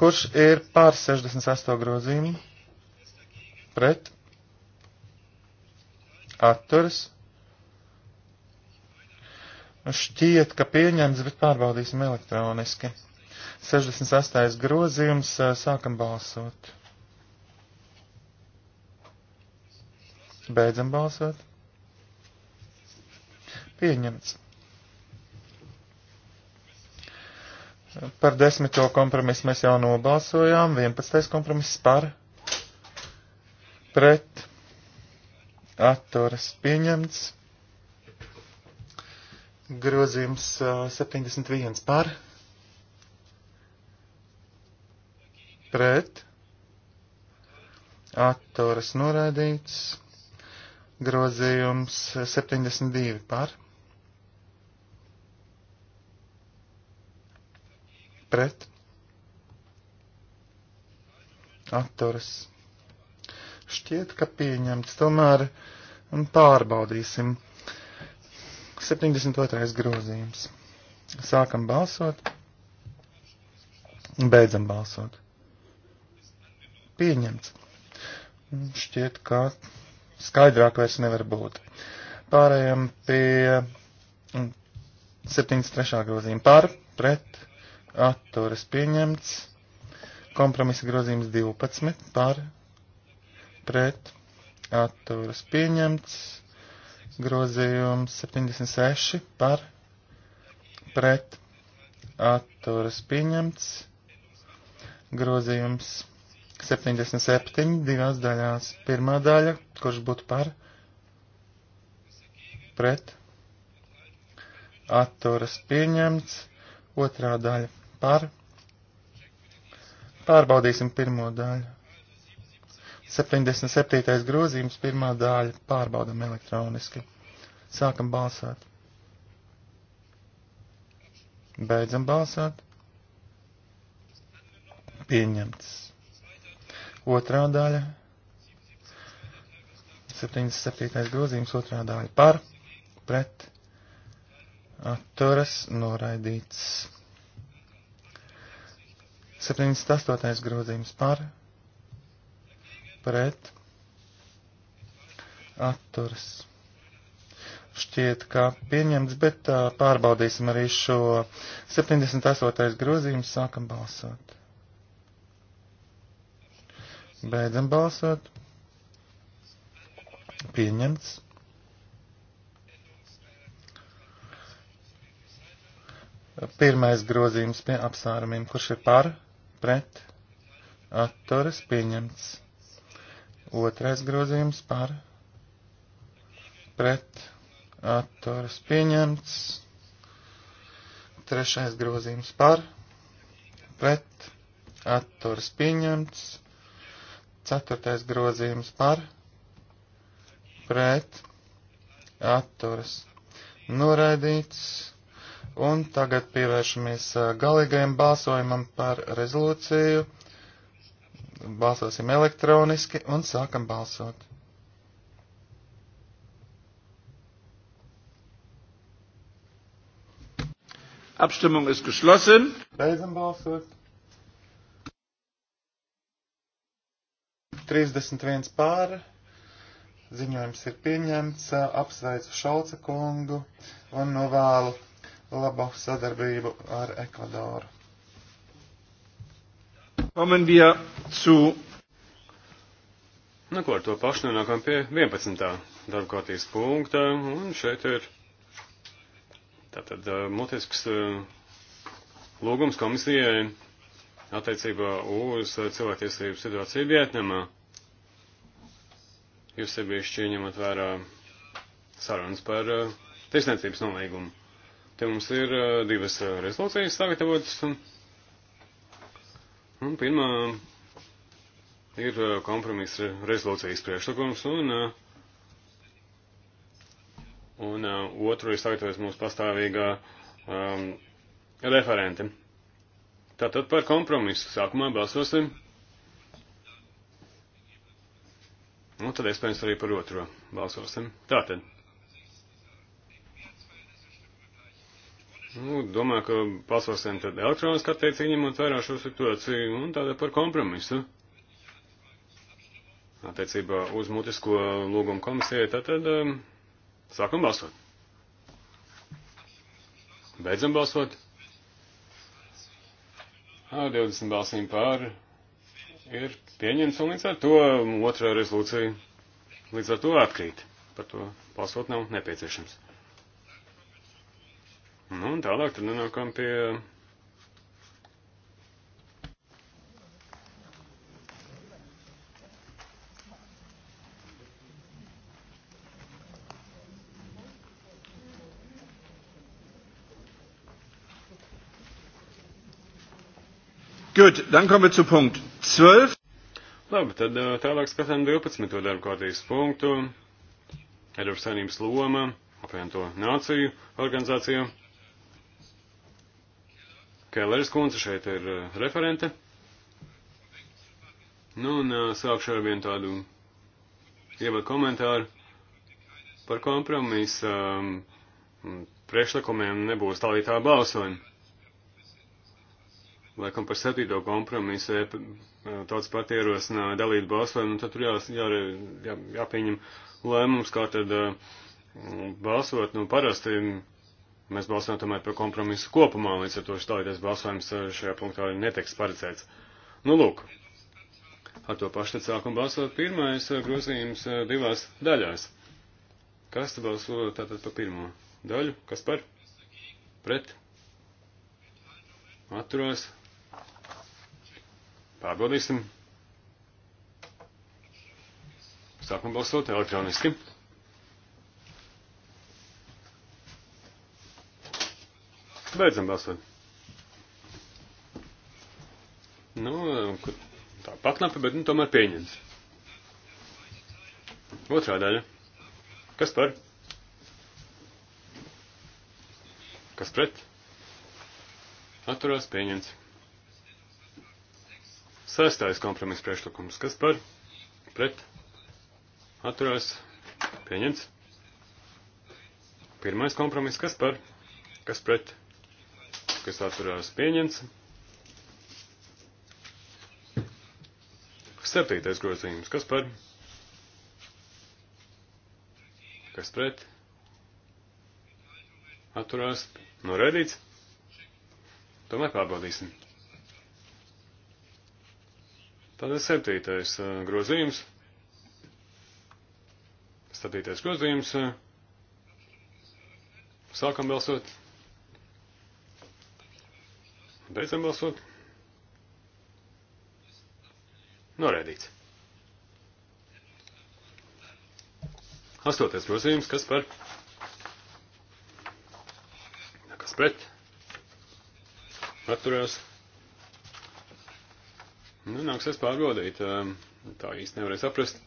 Kurš ir pāri 68 grozījumu? Pret? Atturas? Šķiet, ka pieņemts, bet pārbaudīsim elektroniski. 68. grozījums. Sākam balsot. Beidzam balsot. Pieņemts. Par desmito kompromisu mēs jau nobalsojām. 11. kompromiss par pret atturas pieņemts. Grozījums 71 par pret pret, atturas noraidīts, grozījums 72 par, pret, atturas. Šķiet, ka pieņemts, tomēr pārbaudīsim. 72. grozījums. Sākam balsot, beidzam balsot pieņemts. Šķiet, ka skaidrāk vairs nevar būt. Pārējām pie 73. grozījuma par, pret, atturas pieņemts, kompromisa grozījums 12 par, pret, atturas pieņemts, grozījums 76 par, pret, atturas pieņemts, grozījums 77 divās daļās. Pirmā daļa, kurš būtu par, pret, atturas pieņemts, otrā daļa par. Pārbaudīsim pirmo daļu. 77. grozījums, pirmā daļa, pārbaudam elektroniski. Sākam balsāt. Beidzam balsāt. Pieņemts. Otrā daļa. 77. grozījums otrā daļa par, pret, atturas, noraidīts. 78. grozījums par, pret, atturas. Šķiet, ka pieņemts, bet uh, pārbaudīsim arī šo 78. grozījumu, sākam balsot. Beidzam balsot. Pieņemts. Pirmais grozījums pie apsvērumiem, kurš ir par, pret, atturas pieņemts. Otrais grozījums par, pret, atturas pieņemts. Trešais grozījums par, pret, atturas pieņemts. Ceturtais grozījums par pret atturas noraidīts. Un tagad pievēršamies galīgajam balsojumam par rezolūciju. Balsosim elektroniski un sākam balsot. Abstimmung ist geschlossen. Beidzam balsot. 31 pār. Ziņojums ir pieņemts. Apsveicu Šalca kungu un novēlu labu sadarbību ar Ekvadoru. Kommen wir zu. Nu, ko ar to pašu nonākam pie 11. darba kārtības punkta, un šeit ir tātad mutisks lūgums komisijai attiecībā uz cilvēktiesību situāciju Vietnamā jūs sevišķi ņemot vērā sarunas par uh, tirsniecības nolīgumu. Te mums ir uh, divas uh, rezolūcijas sagatavotas, un, un pirmā ir uh, kompromisa rezolūcijas priekšlikums, un, uh, un uh, otru ir sagatavojis mūsu pastāvīgā um, referente. Tātad par kompromisu sākumā balsosim. Un nu, tad, iespējams, arī par otro balsosim. Tātad. Nu, domāju, ka balsosim tad elektroniski attiecīgi ņemot vērā šo situāciju un tādā par kompromisu. Attiecībā uz mutisko lūgumu komisijai, tad, tad um, sākam balsot. Beidzam balsot. Ar 20 balsīm pār ir pieņemts, un līdz ar to otrā rezolūcija līdz ar to atkrīt. Par to balsot nav nepieciešams. Nu, un tālāk tad nonākam pie. Gut, dann kommen wir zu Punkt 12. Labi, tad tālāk skatām 12. darba kārtības punktu. Eiropas Savienības loma, apvienoto nāciju organizāciju. Kēlērs kundze šeit ir referente. Nu, un sākšu ar vienu tādu ievadu komentāru par kompromisu. Um, priekšlikumiem nebūs tālītā balsojuma laikam par septīto kompromisu, ja eh, tāds pat ierosināja dalību balsojumu, tad tur jā, jā, jā, jāpieņem lēmums, kā tad uh, balsot. Nu, parasti mēs balsojam tomēr par kompromisu kopumā, līdz ar to stājoties balsojums eh, šajā punktā netiks paredzēts. Nu, lūk, ar to pašu sākumu balsot pirmais grozījums divās daļās. Kas te balso tātad par pirmo daļu? Kas par? Pret? Atturās? Pārbaudīsim. Sākam balsot elektroniski. Beidzam balsot. Nu, tā paknapa, bet nu, tomēr pieņems. Otrā daļa. Kas par? Kas pret? Atturās pieņems. Sestais kompromiss priekšlikums. Kas par? Pret? Atturās? Pieņemts? Pirmais kompromiss. Kas par? Kas pret? Kas atturās? Pieņemts? Septītais grozījums. Kas par? Kas pret? Atturās? Noraidīts? Tomēr pārbaudīsim. Tātad septītais eh, grozījums. Statītais grozījums. Eh. Sākam balsot. Beidzam balsot. Norēdīts. Astotais grozījums, kas par? Kas pret? Atturās. Nu, nāksies pārbaudīt. Um, tā īsti nevarēja saprast.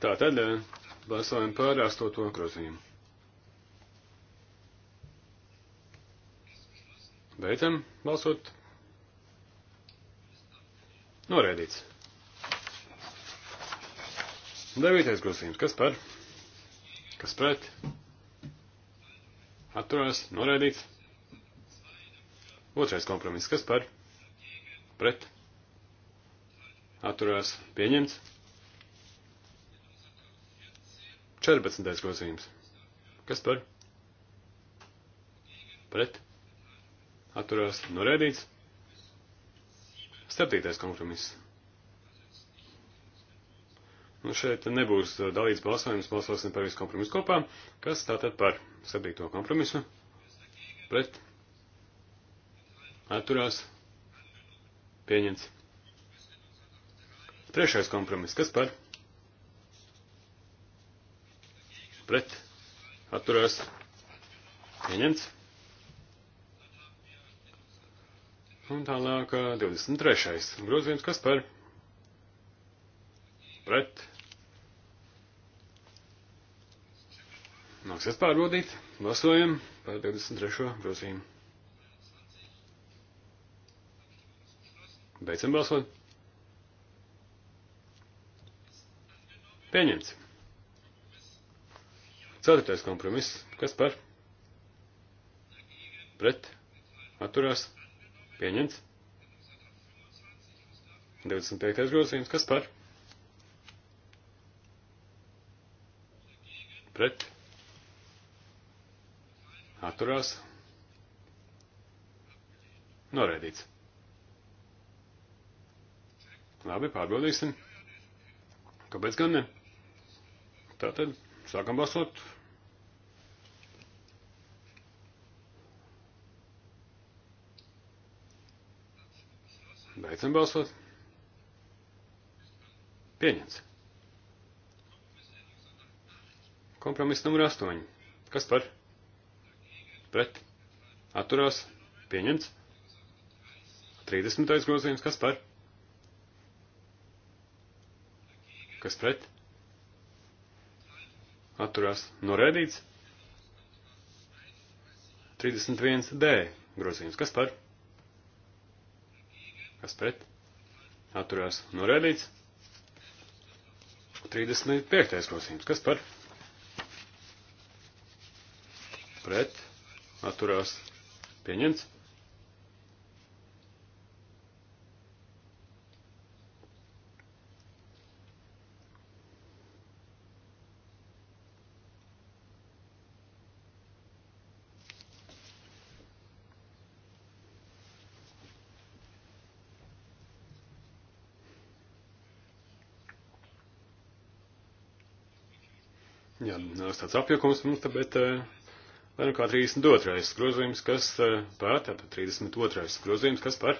Tā tad uh, balsojam par astoto grozījumu. Beidzam balsot. Norēdīts. Devītais grozījums. Kas par? Kas pret? Atturās. Norēdīts. Otrais kompromiss. Kas par? pret, atturās pieņemts. 14. grozījums. Kas par? Pret, atturās norēdīts. 7. kompromiss. Nu, šeit nebūs dalīts balsojums, balsosim par visu kompromisu kopā. Kas tātad par 7. kompromisu? Pret, atturās norēdīts Pieņemts. Trešais kompromiss. Kas par? Pret. Atturās. Pieņemts. Un tālāk 23. grozījums, kas par pret. Nāksies pārbaudīt. Balsojam par 23. grozījumu. Beidzam balsot. Pieņemts. Ceturtais kompromiss. Kas par? Pret. Atturās. Pieņemts. 25. grozījums. Kas par? Pret. Atturās. Noraidīts. Labi, pārbaudīsim. Kāpēc gan ne? Tātad sākam balsot. Beidzam balsot. Pieņemts. Kompromiss numur 8. Kas par? Pret. Atturās. Pieņemts. 30. grozījums. Kas par? kas pret, atturās norēdīts. 31 D grozījums, kas par, kas pret, atturās norēdīts. 35. grozījums, kas par, pret, atturās pieņemts. nedaudz tāds apjukums mums, tā, bet eh, vai nu kā 32. grozījums, kas eh, par, tātad 32. grozījums, kas par?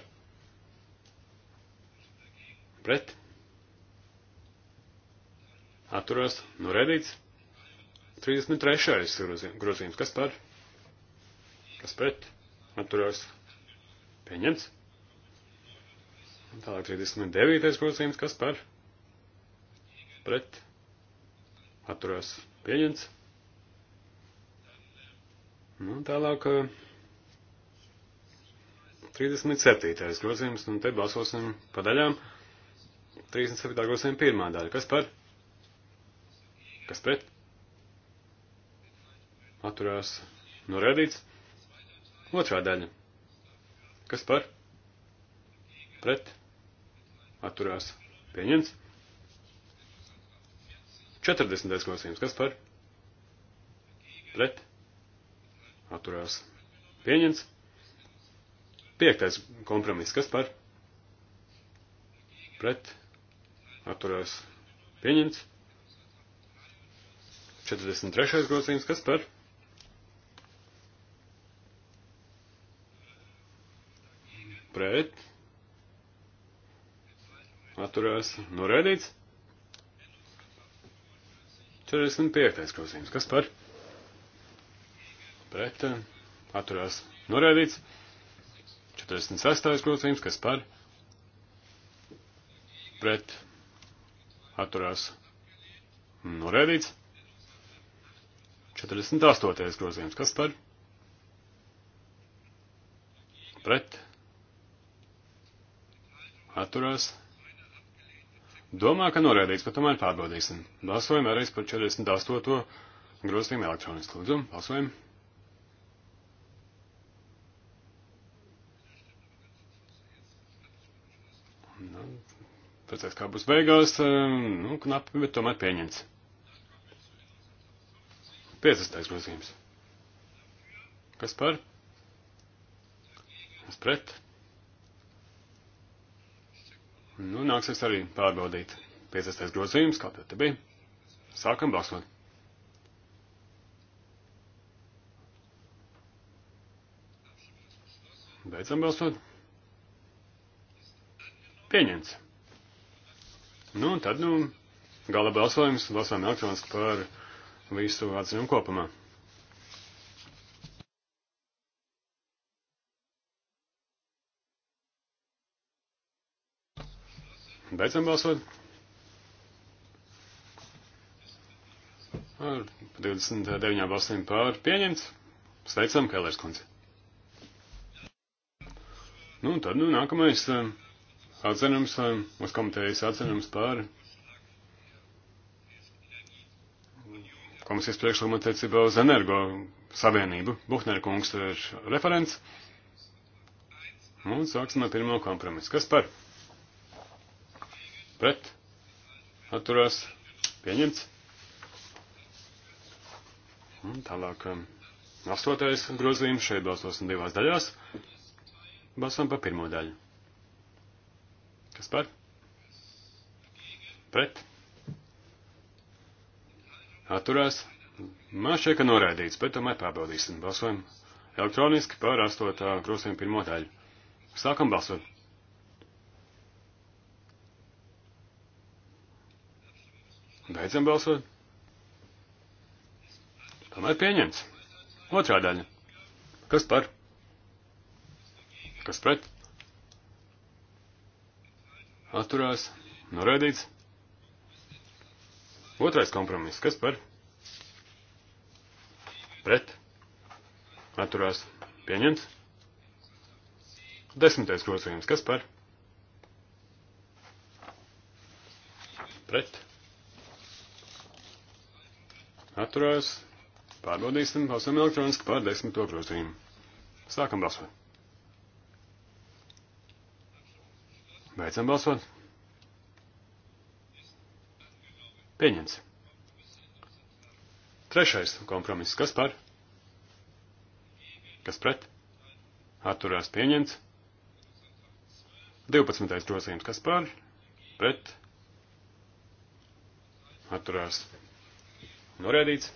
Pret? Atturās, nu redīts. 33. grozījums, kas par? Kas pret? Atturās. Pieņemts. Tālāk 39. grozījums, kas par? Pret? Atturās. Pieņemts. Nu, tālāk 37. Eh, grozījums, un te balsosim pa daļām. 37. grozījuma pirmā daļa. Kas par? Kas pret? Atturās norādīts. Otrā daļa. Kas par? Pret? Atturās pieņemts. 40. grozījums. Kas par? Pret. Atturās. Pieņemts. 5. kompromiss. Kas par? Pret. Atturās. Pieņemts. 43. grozījums. Kas par? Pret. Atturās. Noraidīts. 45. Eh, grozījums. Kas par? Pret. Atturās noraidīts. 46. grozījums. Kas par? Pret. Atturās noraidīts. 48. grozījums. Kas par? Pret. Atturās noraidīts Domā, ka noraidīts, bet tomēr pārbaudīsim. Balsojam vēlreiz par 48. grozījumu elektroniski. Lūdzu, balsojam. Nu, pēc kā būs beigās, nu, knapi, bet tomēr pieņemts. 50. grozījums. Kas par? Kas pret? Nu, nāksies arī pārbaudīt 50. grozījums, kā tad te bija. Sākam balsot. Beidzam balsot. Pieņemts. Nu, un tad, nu, gala balsojums, balsojam elektroniski par visu atzinumu kopumā. Beidzam balsot. Ar 29 balsīm pār pieņemts. Sveicam, Kēlērs kundze. Nu, tad, nu, nākamais um, atzinums, uz um, komitejas atzinums pār komisijas priekšlikuma attiecībā uz energo savienību. Buhner kungs ir referents. Un sāksim ar pirmo kompromisu. Kas par? pret, atturās, pieņemts. Un tālāk, um, astotais grozījums šeit balsosim divās daļās. Balsam par pirmo daļu. Kas par? Pret. Atturās. Man šeit, ka noraidīts, bet tomēr pārbaudīsim. Balsojam elektroniski par astotā grozījuma pirmo daļu. Sākam balsot. Beidzam balsot. Tomēr pieņemts. Otrā daļa. Kas par? Kas pret? Atturās. Noraidīts. Otrais kompromiss. Kas par? Pret. Atturās. Pieņemts. Desmitais grozījums. Kas par? Pret atturās, pārbaudīsim, balsam elektroniski par desmito grozījumu. Sākam balsot. Beidzam balsot. Pieņemts. Trešais kompromiss. Kas par? Kas pret? Atturās pieņemts. 12. grozījums. Kas par? Pret? Atturās Norēdīts.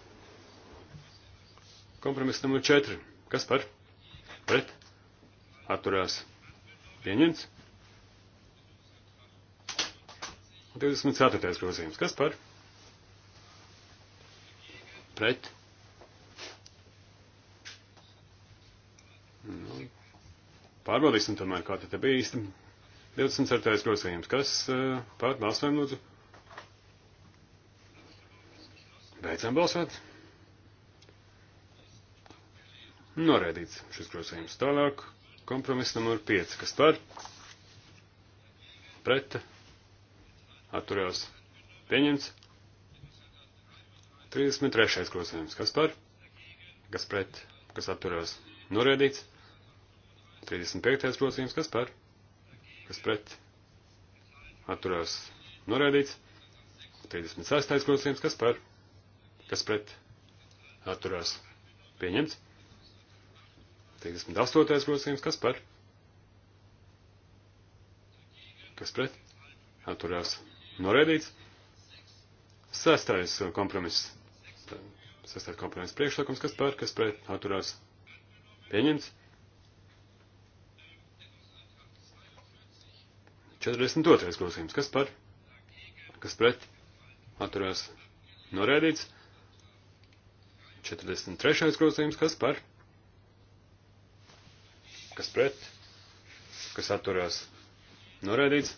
Kompromiss numur 4. Kas par? Pret. Atturās. Pieņemts. 24. grozījums. Kas par? Pret. Nu, pārbaudīsim tomēr, kā te bija īsti. 24. grozījums. Kas uh, eh, pārt balsojumu lūdzu? Beidzam balsot. Noraidīts šis grozījums tālāk. Kompromiss numur 5, kas par pret atturējās pieņemts. 33. grozījums, kas par, kas pret, kas atturējās noraidīts. 35. grozījums, kas par, kas pret, atturējās noraidīts. 36. grozījums, kas par, kas pret atturās pieņemts. 38. grozījums, kas par? Kas pret? Atturās norēdīts. Sestais kompromiss. Sestais kompromiss priekšlikums, kas par? Kas pret? Atturās pieņemts. 42. grozījums, kas par? Kas pret? Atturās norēdīts. 43. grozījums, kas par? Kas pret? Kas atturās? Norēdīts.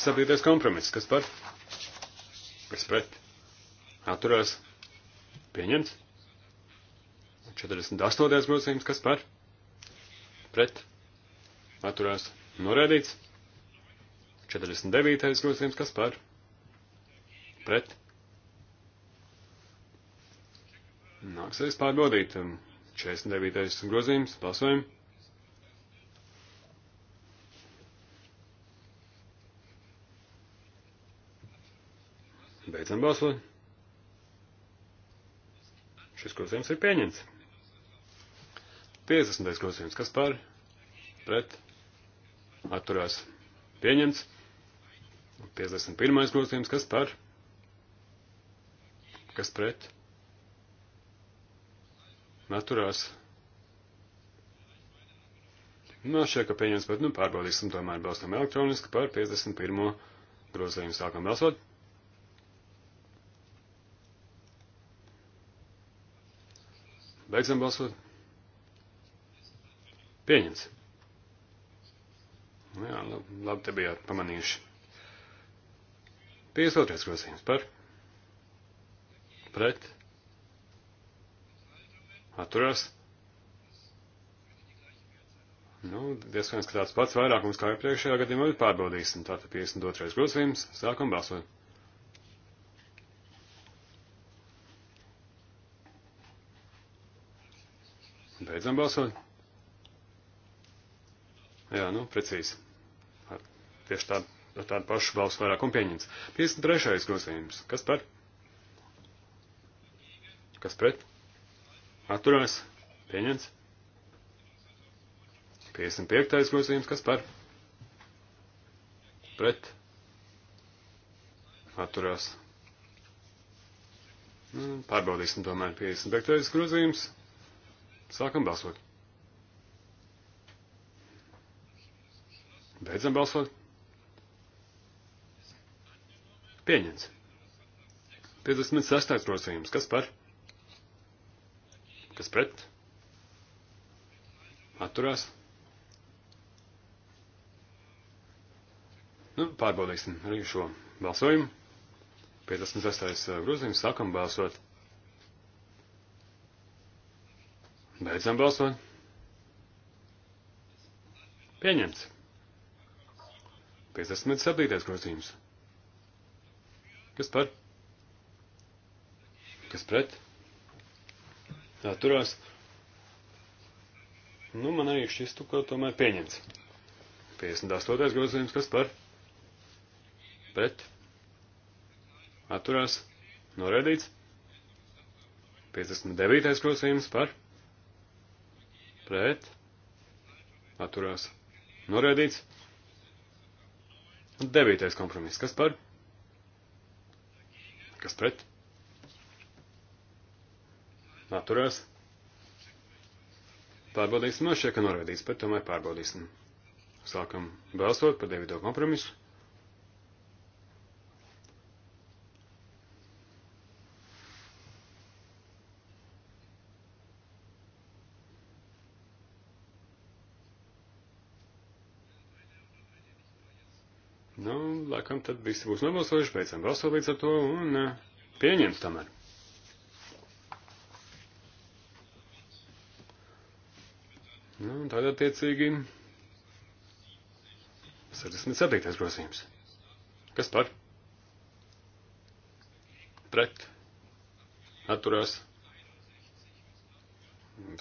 Sabiedrēs kompromiss, kas par? Kas pret? Atturās? Pieņemts. 48. grozījums, kas par? Pret? Atturās? Norēdīts. 49. grozījums, kas par? Pret? Nāksies pārbaudīt. 49. Um, grozījums. Balsojam. Beidzam balsot. Šis grozījums ir pieņemts. 50. grozījums. Kas par? Pret. Atturās. Pieņemts. 51. grozījums. Kas par? Kas pret? atturās. No nu, šie, ka pieņems, bet nu pārbaudīsim tomēr balstam elektroniski par 51. grozījumu sākam balsot. Beidzam balsot. Pieņems. Nu jā, labi, nu, labi te bijāt pamanījuši. 52. grozījums par. Pret atturās. Nu, diezgan skatās pats vairākums kā iepriekšējā gadījumā, bet pārbaudīsim. Tātad 52. grozījums, sākam balsot. Beidzam balsot. Jā, nu, precīzi. Ar tieši tā, ar tādu pašu balsu vairākumu pieņemts. 53. grozījums, kas par? Kas pret? atturās, pieņemts. 55. grozījums, kas par? Pret. Atturās. Nu, pārbaudīsim tomēr 55. grozījums. Sākam balsot. Beidzam balsot. Pieņemts. 56. grozījums, kas par? Kas pret? Atturās. Nu, pārbaudīsim arī šo balsojumu. 56. Uh, grozījums sākam balsot. Beidzam balsot. Pieņemts. 57. grozījums. Kas par? Kas pret? tā turās. Nu, man arī šķistu, ka tomēr pieņemts. 58. grozījums, kas par? Pret. Atturās. Noraidīts. 59. grozījums par? Pret. Atturās. Noraidīts. 9. kompromiss, kas par? Kas pret? Atturās. Pārbaudīsim, no šeit, ka noraidīts, bet tomēr pārbaudīsim. Sākam balsot par Davido kompromisu. Nu, laikam tad visi būs nobalsojuši, beidzam balsot līdz ar to un eh, pieņemt tomēr. Nu, tad attiecīgi 67. grozījums. Kas par? Pret. Atturās.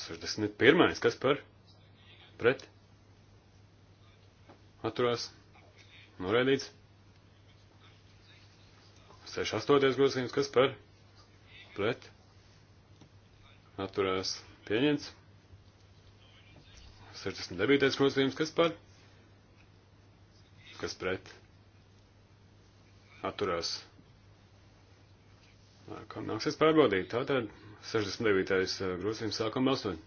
61. Kas par? Pret. Atturās. Noraidīts. 68. grozījums. Kas par? Pret. Atturās. Pieņemts. 69. grozījums, kas par? Kas pret? Atturās. Kam nāksies pārbaudīt? Tātad 69. Eh, grozījums sākam balsot.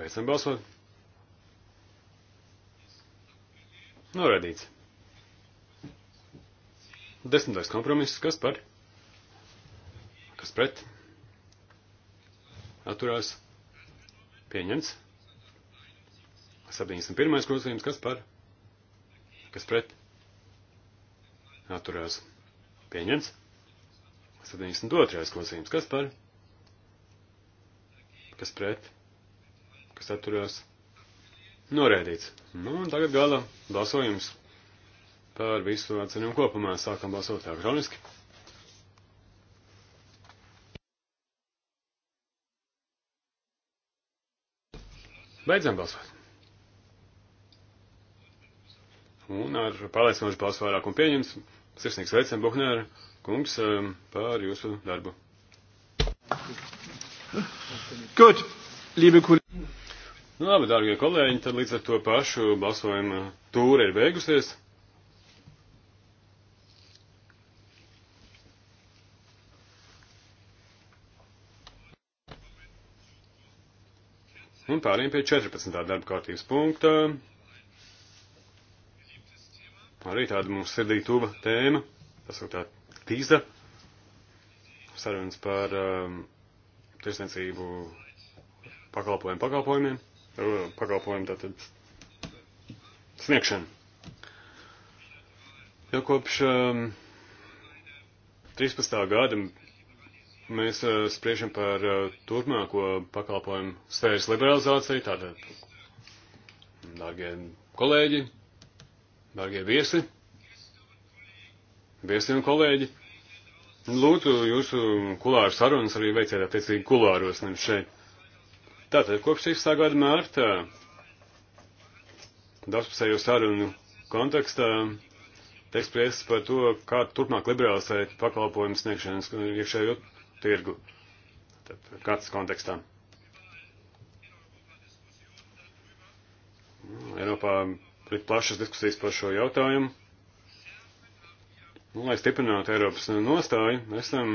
Beidzam balsot. Noraidīts. Desmitais kompromiss, kas par? Kas pret? Atturās. Pieņemts. 71. grozījums. Kas par? Kas pret? Atturās. Pieņemts. 72. grozījums. Kas par? Kas pret? Kas atturās? Norēdīts. Nu, un tagad gala balsojums par visu atceņumu kopumā. Sākam balsot elektroniski. Beidzam balsot. Un ar pārliecinošu balsu vairākumu pieņems. Sirsnīgs veicam, Buhner, kungs, um, par jūsu darbu. Good, liebe kolēģi. Nu labi, dārgie kolēģi, tad līdz ar to pašu balsojuma tūri ir beigusies. Un pārējiem pie 14. darba kārtības punkta. Arī tāda mums sirdī tuva tēma, tas ir tā tīza, sarunas par um, tirsniecību pakalpojumu pakalpojumiem, pakalpojumu tātad sniegšanu. Jau kopš um, 13. gada mēs uh, spriežam par uh, turpmāko pakalpojumu sfēras liberalizāciju, tātad, dārgie kolēģi, dārgie viesi, viesi un kolēģi, lūdzu jūsu kulāru sarunas arī veiciet attiecīgi kulāros, nevis šeit. Tātad, kopš 16. gada mārta, daudzpusējo sarunu kontekstā, teksts priests par to, kā turpmāk liberalizēt pakalpojumu sniegšanas iekšējo. Ja tirgu kāds kontekstā. Nu, Eiropā ir plašas diskusijas par šo jautājumu. Un, nu, lai stiprinātu Eiropas nostāju, esam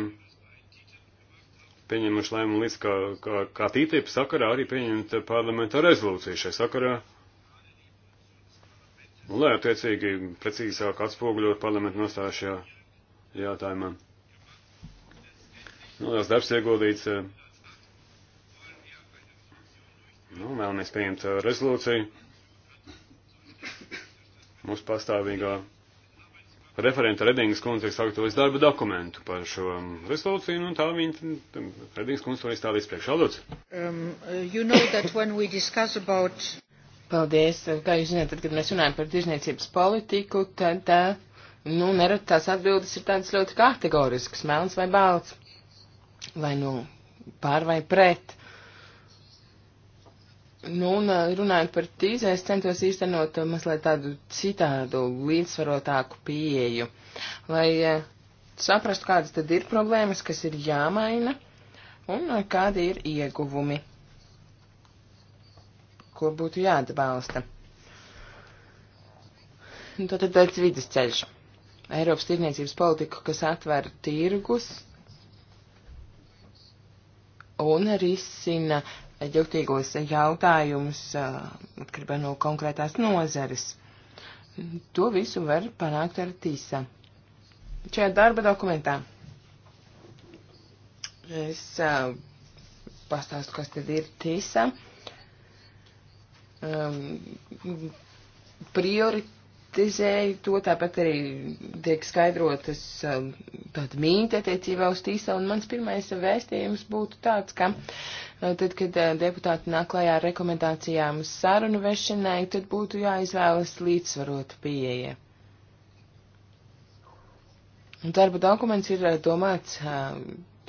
pieņemuši lēmumu līdz kā, kā, kā tītība sakarā arī pieņemt parlamentā rezolūciju šai sakarā. Un, nu, lai attiecīgi precīzāk atspoguļot parlamentu nostāju šajā jautājumā. Jā, Nu, liels darbs ieguldīts. Eh, nu, vēlamies pieņemt eh, rezolūciju. Mūsu pastāvīgā referenta Redingas kundze ir sagatavojis darba dokumentu par šo um, rezolūciju, un nu, tā viņa Redingas kundze var izstādīt priekšā lūdzu. Um, you know about... Paldies. Kā jūs zināt, tad, kad mēs runājam par tirzniecības politiku, tad, uh, nu, nerad tās atbildes ir tādas ļoti kategoriskas, melns vai balts vai nu pār vai pret. Nu, un eh, runājot par tīzē, es centos īstenot eh, mazliet tādu citādu, līdzsvarotāku pieeju, lai eh, saprastu, kādas tad ir problēmas, kas ir jāmaina un kādi ir ieguvumi, ko būtu jāatbalsta. Tātad nu, tāds vidusceļš. Eiropas tirniecības politika, kas atver tirgus, un risina ģiltīgos jautājumus uh, atkarībā no konkrētās nozares. To visu var panākt ar tīsa. Šajā darba dokumentā es uh, pastāstu, kas tad ir tīsa. Um, prioritāte kritizēju to, tāpat arī tiek skaidrotas um, tāda mīte attiecībā uz tīsa, un mans pirmais vēstījums būtu tāds, ka uh, tad, kad uh, deputāti nāk klajā ar rekomendācijām uz sarunu vešanai, tad būtu jāizvēlas līdzsvarota pieeja. Darba dokuments ir uh, domāts,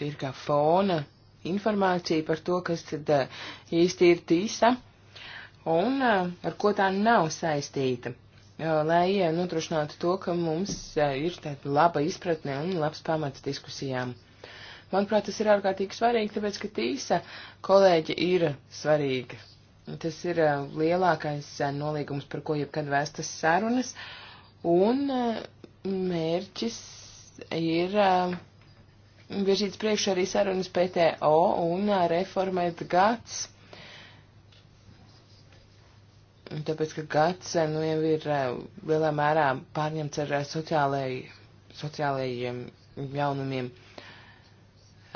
ir kā fona informācija par to, kas tad īsti ir tīsa un ar ko tā nav saistīta lai nodrošinātu to, ka mums ir tāda laba izpratne un labs pamats diskusijām. Manuprāt, tas ir ārkārtīgi svarīgi, tāpēc, ka tīsa kolēģi ir svarīga. Tas ir lielākais nolīgums, par ko jebkad vēstas sarunas, un mērķis ir virzīt priekš arī sarunas PTO un reformēt gads tāpēc, ka gads eh, nu, jau ir eh, lielā mērā pārņemts ar eh, sociālai, sociālajiem jaunumiem.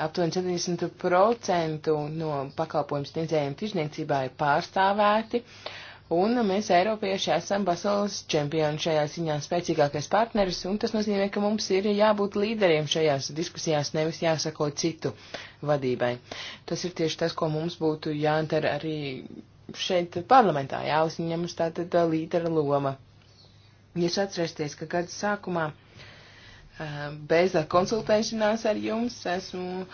Aptuveni 70% no pakalpojumu sniedzējiem tirzniecībā ir pārstāvēti, un mēs Eiropieši esam pasaules čempioni šajā ziņā spēcīgākais partneris, un tas nozīmē, ka mums ir jābūt līderiem šajās diskusijās, nevis jāsako citu vadībai. Tas ir tieši tas, ko mums būtu jādara arī šeit parlamentā jāuzņemas tātad līdera loma. Jūs atcerēsieties, ka gada sākumā bez konsultēšanās ar jums esmu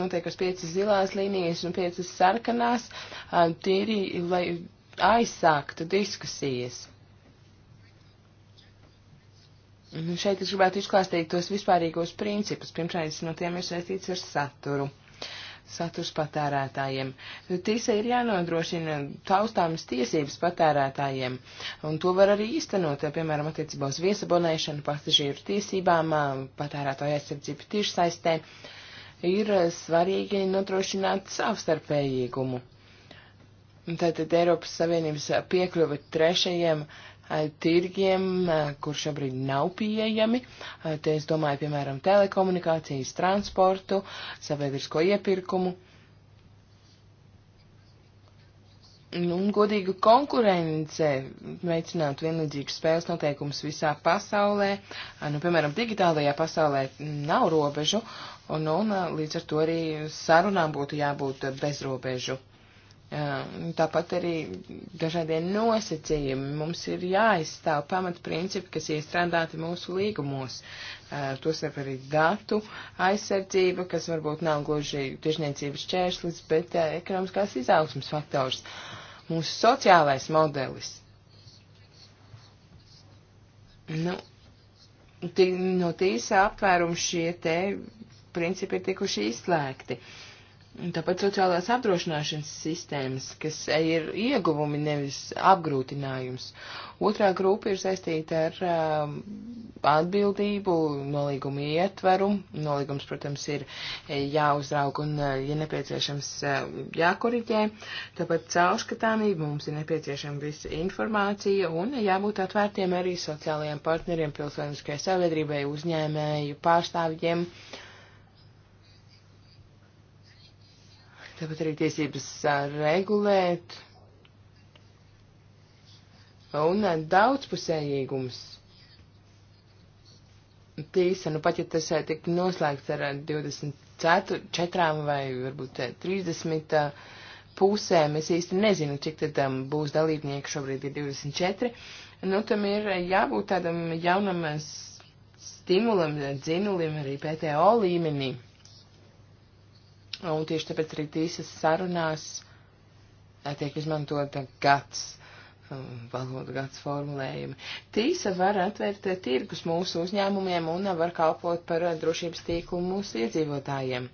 noteikusi piecas zilās līnijas un piecas sarkanās, tīri, lai aizsāktu diskusijas. Un šeit es gribētu izklāstīt tos vispārīgos principus. Pirmkārt, no tiem ir saistīts ar saturu saturs patērētājiem. Tīsē ir jānodrošina taustāmas tiesības patērētājiem, un to var arī īstenot, piemēram, attiecībā uz viesabonēšanu, pasažīru tiesībām, patērētāju aizsardzību tiešsaistē. Ir svarīgi nodrošināt savstarpējīgumu. Tātad Eiropas Savienības piekļuva trešajiem uh, tirgiem, eh, kur šobrīd nav pieejami. Te es domāju, piemēram, telekomunikācijas, transportu, sabiedrisko iepirkumu. Nu, godīga konkurence, veicināt vienlīdzīgas spēles noteikumus visā pasaulē. Nu, piemēram, digitālajā pasaulē nav robežu, un, un eh, līdz ar to arī sarunām būtu jābūt bez robežu. Ehm, tāpat arī dažādie nosacījumi. Mums ir jāizstāv pamatprincipi, kas iestrādāti mūsu līgumos. Ehm, Tostarp arī datu aizsardzība, kas varbūt nav gluži tiešniecības čēršlis, bet eh, ekonomiskās izaugsmas faktors. Mūsu sociālais modelis. Nu, no tīsa aptvēruma šie te principi ir tikuši izslēgti. Uh, Tāpat sociālās apdrošināšanas sistēmas, kas ir ieguvumi, nevis apgrūtinājums. Otrā grupa ir saistīta ar uh, atbildību, nolīgumu ietveru. Nolīgums, protams, ir eh, jāuzrauga un, eh, ja nepieciešams, eh, jākoriģē. Tāpat caurskatāmība mums ir nepieciešama visa informācija un jābūt atvērtiem arī sociālajiem partneriem, pilsoniskajai sabiedrībai, uzņēmēju pārstāvjiem. Uh, tāpat arī tiesības regulēt un daudzpusējīgums. Tīsa, nu pat ja tas eh, tik noslēgts ar 24 eh, vai varbūt 30 eh, pusēm, es īsti nezinu, cik tad um, būs dalībnieki, šobrīd ir 24, nu tam ir jābūt tādam jaunam stimulam, dzinulim arī PTO līmenī. Un tieši tāpēc arī tīsas sarunās eh, tiek izmantota gads um, valodu gads formulējumi. Tīsa var atvērt tirgus mūsu uzņēmumiem un var kalpot par eh, drošības tīklu mūsu iedzīvotājiem.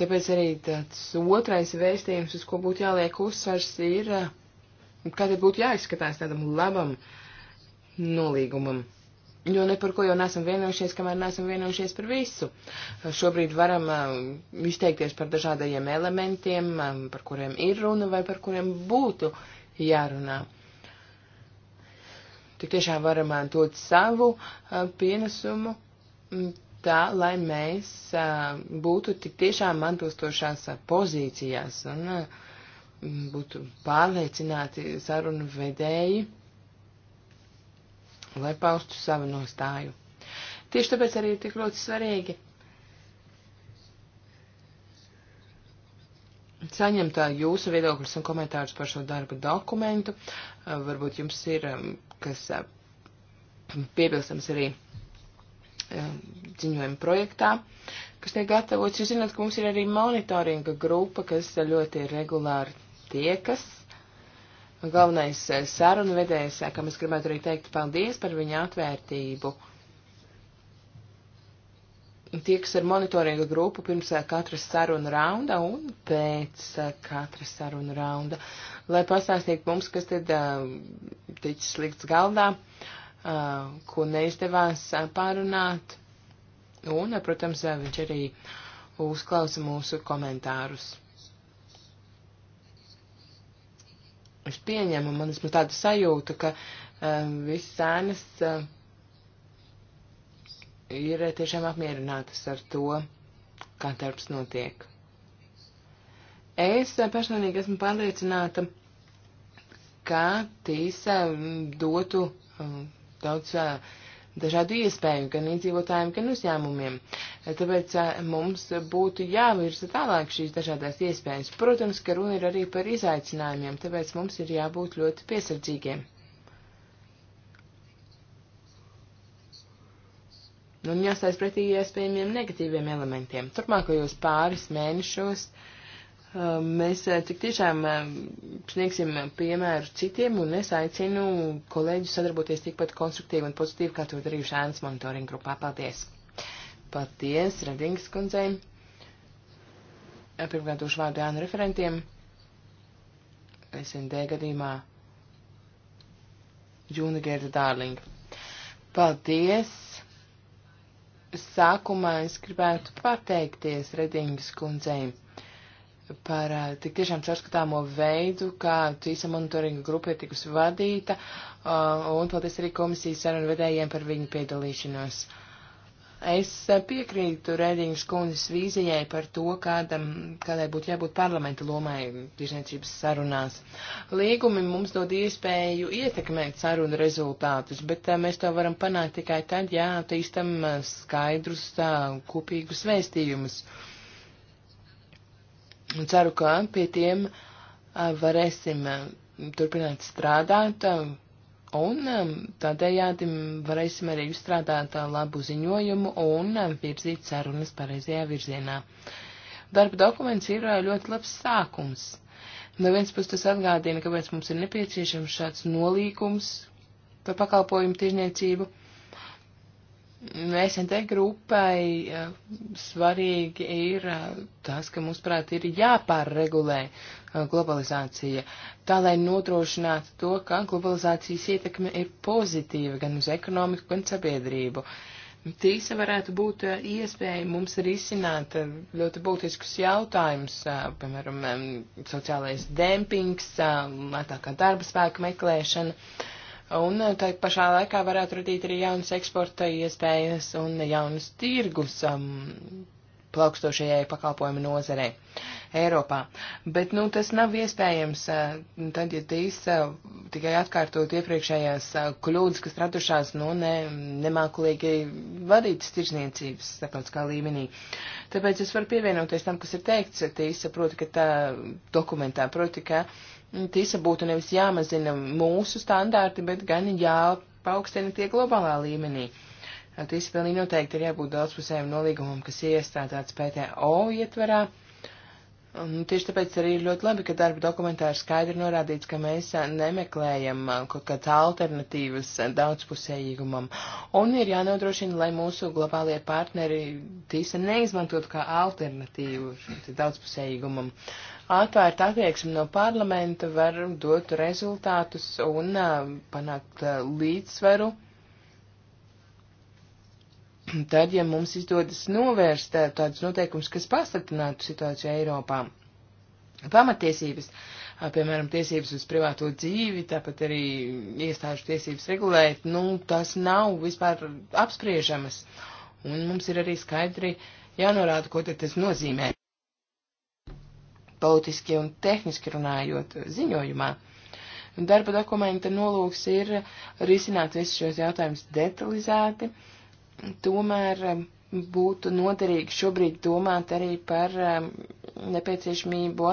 Tāpēc arī tāds otrais vēstījums, uz ko būtu jāliek uzsvars, ir, eh, kā te būtu jāizskatās tādam labam nolīgumam. Jo ne par ko jau nesam vienojušies, kamēr nesam vienojušies par visu. Šobrīd varam eh, izteikties par dažādajiem elementiem, eh, par kuriem ir runa vai par kuriem būtu jārunā. Tik tiešām varam dot savu eh, pienesumu mm, tā, lai mēs būtu tik tiešām atbilstošās pozīcijās un būtu pārliecināti sarunu vedēji lai paustu savu nostāju. Tieši tāpēc arī ir tik ļoti svarīgi saņemt uh, jūsu viedokļus un komentārus par šo darba dokumentu. Uh, varbūt jums ir um, kas uh, piebilstams arī um, ziņojuma projektā, kas tiek gatavots. Jūs zināt, ka mums ir arī monitoringa grupa, kas ļoti regulāri tiekas galvenais eh, sarunu vedējs, eh, kam es gribētu arī teikt paldies par viņa atvērtību. Tie, kas ir monitoringa grupu pirms eh, katras saruna raunda un pēc katras saruna raunda, lai pastāstītu mums, kas tad ticis likts galdā, ko neizdevās pārunāt. Un, protams, viņš arī uzklausa mūsu komentārus. es pieņemu, man esmu tāda sajūta, ka uh, visas ēnas uh, ir tiešām apmierinātas ar to, kā darbs notiek. Es uh, personīgi esmu pārliecināta, ka tīsa dotu uh, daudz uh, dažādu iespēju gan iedzīvotājiem, gan uzņēmumiem. Tāpēc eh, mums būtu jāvirza tālāk šīs dažādās iespējas. Protams, ka runa ir arī par izaicinājumiem, tāpēc mums ir jābūt ļoti piesardzīgiem. Un jāstājas pretī iespējamiem negatīviem elementiem. Turpmākajos pāris mēnešos uh, Ehm, mēs eh, tik tiešām ehm, sniegsim piemēru citiem, un es aicinu kolēģus sadarboties tikpat konstruktīvi un pozitīvi, kā to darījuši ēnas monitoringa grupā. Paldies! Paldies, Redings kundzei! Pirmkārt, došu vārdu ēnu referentiem. SND gadījumā Džūna Gerda Dārlinga. Paldies! Sākumā es gribētu pateikties Redings kundzei par eh, tik tiešām caurskatāmo veidu, kā TISA monitoringa grupa ir tikusi vadīta, eh, un paldies arī komisijas sarunvedējiem par viņu piedalīšanos. Es eh, piekrītu Rēdīņas kundzes vīzijai par to, kādam, kādai būtu jābūt parlamenta lomai tiešniecības sarunās. Līgumi mums dod iespēju ietekmēt sarunu rezultātus, bet mēs to varam panākt tikai tad, ja attīstam skaidrus, tā, kopīgus vēstījumus. Uh, Ceru, ka pie tiem varēsim turpināt strādāt, un tādējādi varēsim arī izstrādāt labu ziņojumu un virzīt sarunas pareizajā virzienā. Darba dokuments ir ļoti labs sākums. No viens puses tas atgādina, kāpēc mums ir nepieciešams šāds nolīkums par pakalpojumu tirzniecību. SNT grupai eh, svarīgi ir eh, tas, ka mums prāt ir jāpārregulē eh, globalizācija, tā lai nodrošinātu to, ka globalizācijas ietekme ir pozitīva gan uz ekonomiku, gan sabiedrību. Tīsa varētu būt iespēja mums arī izsināt ļoti būtiskus jautājumus, piemēram, sociālais dempings, lētākā darba spēka meklēšana Un eh, tā pašā laikā varētu radīt arī jaunas eksporta iespējas un jaunas tirgus um, plaukstošajai pakalpojumu nozarei Eiropā. Bet, nu, tas nav iespējams, eh, tad, ja tīs eh, tikai atkārtot iepriekšējās kļūdas, kas radušās, nu, ne, nemākulīgi vadītas tirzniecības starptautiskā līmenī. Tāpēc es varu pievienoties tam, kas ir teikts, tīs, proti, ka tā dokumentā, proti, ka Tisa būtu nevis jāmazina mūsu standārti, bet gan jāpaukstina tie globālā līmenī. Tisa pilnīgi noteikti ir jābūt daudzpusējiem nolīgumam, kas iestrādāts PTO ietverā. Un tieši tāpēc arī ir ļoti labi, ka darba dokumentā ir skaidri norādīts, ka mēs nemeklējam kaut kādas alternatīvas daudzpusējīgumam. Un ir jānodrošina, lai mūsu globālie partneri tīsa neizmantot kā alternatīvu daudzpusējīgumam. Uh, atvērta attieksme no parlamenta var dot rezultātus un panākt līdzsvaru. Tad, ja mums izdodas novērst tādus noteikumus, kas pasliktinātu situāciju Eiropā, pamatiesības, piemēram, tiesības uz privāto dzīvi, tāpat arī iestāžu tiesības regulēt, nu, tas nav vispār apspriežamas. Un mums ir arī skaidri jānorāda, ko tad tas nozīmē politiski un tehniski runājot ziņojumā. Darba dokumenta nolūks ir risināt visus šos jautājumus detalizēti, tomēr um, būtu noderīgi šobrīd domāt arī par um, nepieciešamību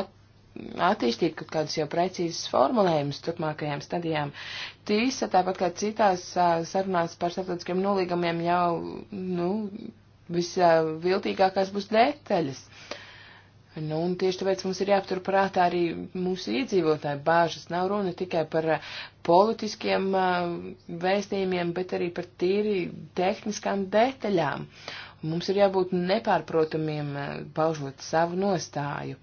attīstīt kaut kādus jau precīzus formulējumus turpmākajām stadijām. Tīsa, tāpat kā citās uh, sarunās par starptautiskiem nolīgumiem, jau, nu, visviltīgākās būs detaļas. Uh, Nu, un tieši tāpēc mums ir jāaptur prātā arī mūsu iedzīvotāju bāžas. Nav runa tikai par eh, politiskiem eh, vēstījumiem, bet arī par tīri tehniskām detaļām. Mums ir jābūt nepārprotamiem, eh, paužot savu nostāju.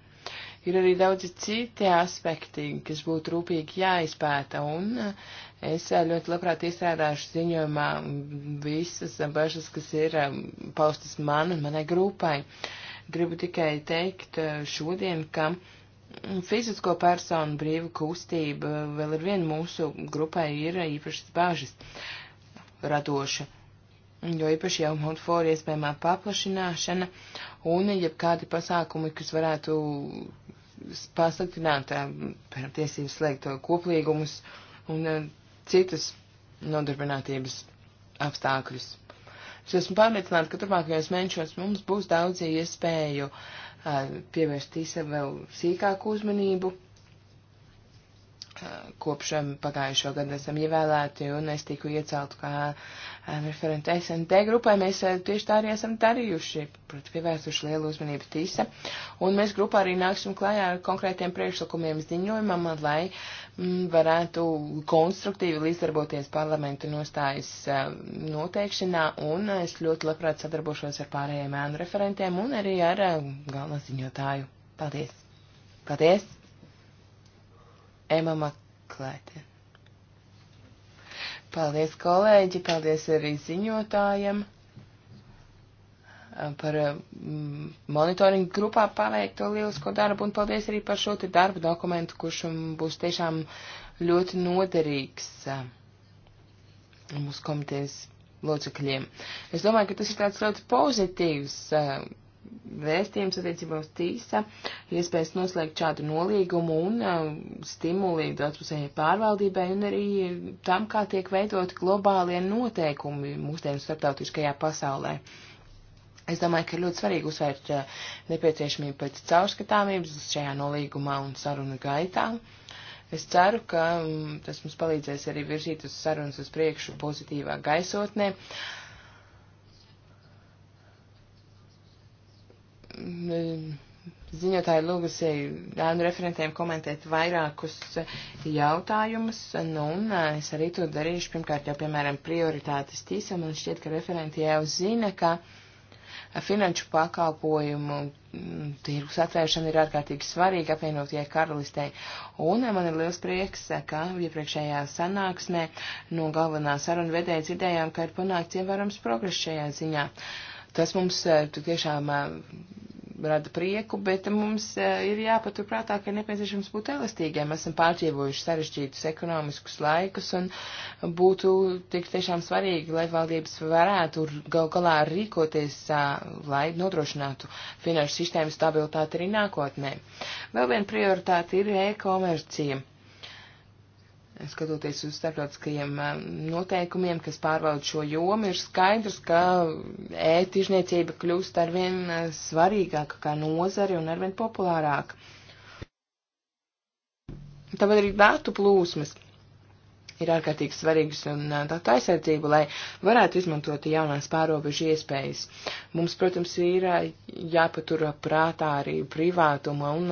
Ir arī daudzi citi aspekti, kas būtu rūpīgi jāizpēta, un es ļoti labprāt iestrādāšu ziņojumā visas bažas, kas ir paustas man un manai grupai. Uh, Gribu tikai teikt eh, šodien, ka mm, fizisko personu brīva kustība vēl ar vienu mūsu grupai ir īpašas bāžas radoša jo īpaši jau Montfori iespējamā paplašināšana un jebkādi pasākumi, kas varētu pasliktināt, eh, piemēram, tiesību slēgt koplīgumus un eh, citas nodarbinātības apstākļus. Es esmu pārliecināta, ka turpmākajos mēnešos mums būs daudz iespēju uh, pievērst īsa vēl sīkāku uzmanību kopš pagājušo gadu esam ievēlēti un es tiku iecelt kā um, referenta SNT grupai. Mēs uh, tieši tā arī esam darījuši, proti pievērsuši lielu uzmanību tīsa. Un mēs grupā arī nāksim klājā ar konkrētiem priekšlikumiem ziņojumam, lai m, mm, varētu konstruktīvi līdzdarboties parlamenta nostājas um, noteikšanā. Un es ļoti labprāt sadarbošos ar pārējiem ēnu referentiem un arī ar um, galvenā ziņotāju. Paldies! Paldies! Ema Maklēte. Paldies, kolēģi, paldies arī ziņotājiem eh, par eh, monitoringu grupā paveikto lielisko darbu un paldies arī par šo te darbu dokumentu, kurš būs tiešām ļoti noderīgs eh, mūsu komitejas locekļiem. Es domāju, ka tas ir tāds ļoti pozitīvs vēstījums attiecībā uz tīsa, iespējas noslēgt šādu nolīgumu un uh, stimuli daudzpusējai pārvaldībai un arī tam, kā tiek veidoti globālie noteikumi mūsdienu starptautiskajā pasaulē. Es domāju, ka ir ļoti svarīgi uzsvērt uh, nepieciešamību pēc caurskatāmības šajā nolīgumā un sarunu gaitā. Es ceru, ka um, tas mums palīdzēs arī virzīt uz sarunas uz priekšu pozitīvā gaisotnē. Uh, Mm, ziņotāji lūgusi ēnu referentiem komentēt vairākus jautājumus, nu, un es arī to darīšu, pirmkārt jau, piemēram, prioritātes tīsam, un šķiet, ka referenti jau zina, ka finanšu pakalpojumu mm, tirgus atvēršana ir ārkārtīgi svarīga apvienotie karalistē. Un man ir liels prieks, ka iepriekšējā sanāksmē no galvenā saruna vedēja dzirdējām, ka ir panākts ievērams progress šajā ziņā. Uh, Tas mums eh, tiešām eh, rada prieku, bet mums eh, ir jāpaturprātā, ka ir nepieciešams būt elastīgiem. Esam pārdzīvojuši sarežģītus ekonomiskus laikus un būtu tik tiešām svarīgi, lai valdības varētu gal galā rīkoties, lai nodrošinātu finanšu sistēmu stabilitāti arī nākotnē. Vēl viena prioritāte ir e-komercija skatoties uz starptautiskajiem um, noteikumiem, kas pārvalda šo jomu, ir skaidrs, ka ētižniecība e kļūst arvien uh, svarīgāka kā nozari un arvien populārāka. Tāpat arī datu plūsmas ir ārkārtīgi svarīgas un uh, tā aizsardzība, lai varētu izmantot jaunās pārobežu iespējas. Mums, protams, ir uh, jāpatur prātā arī privātuma un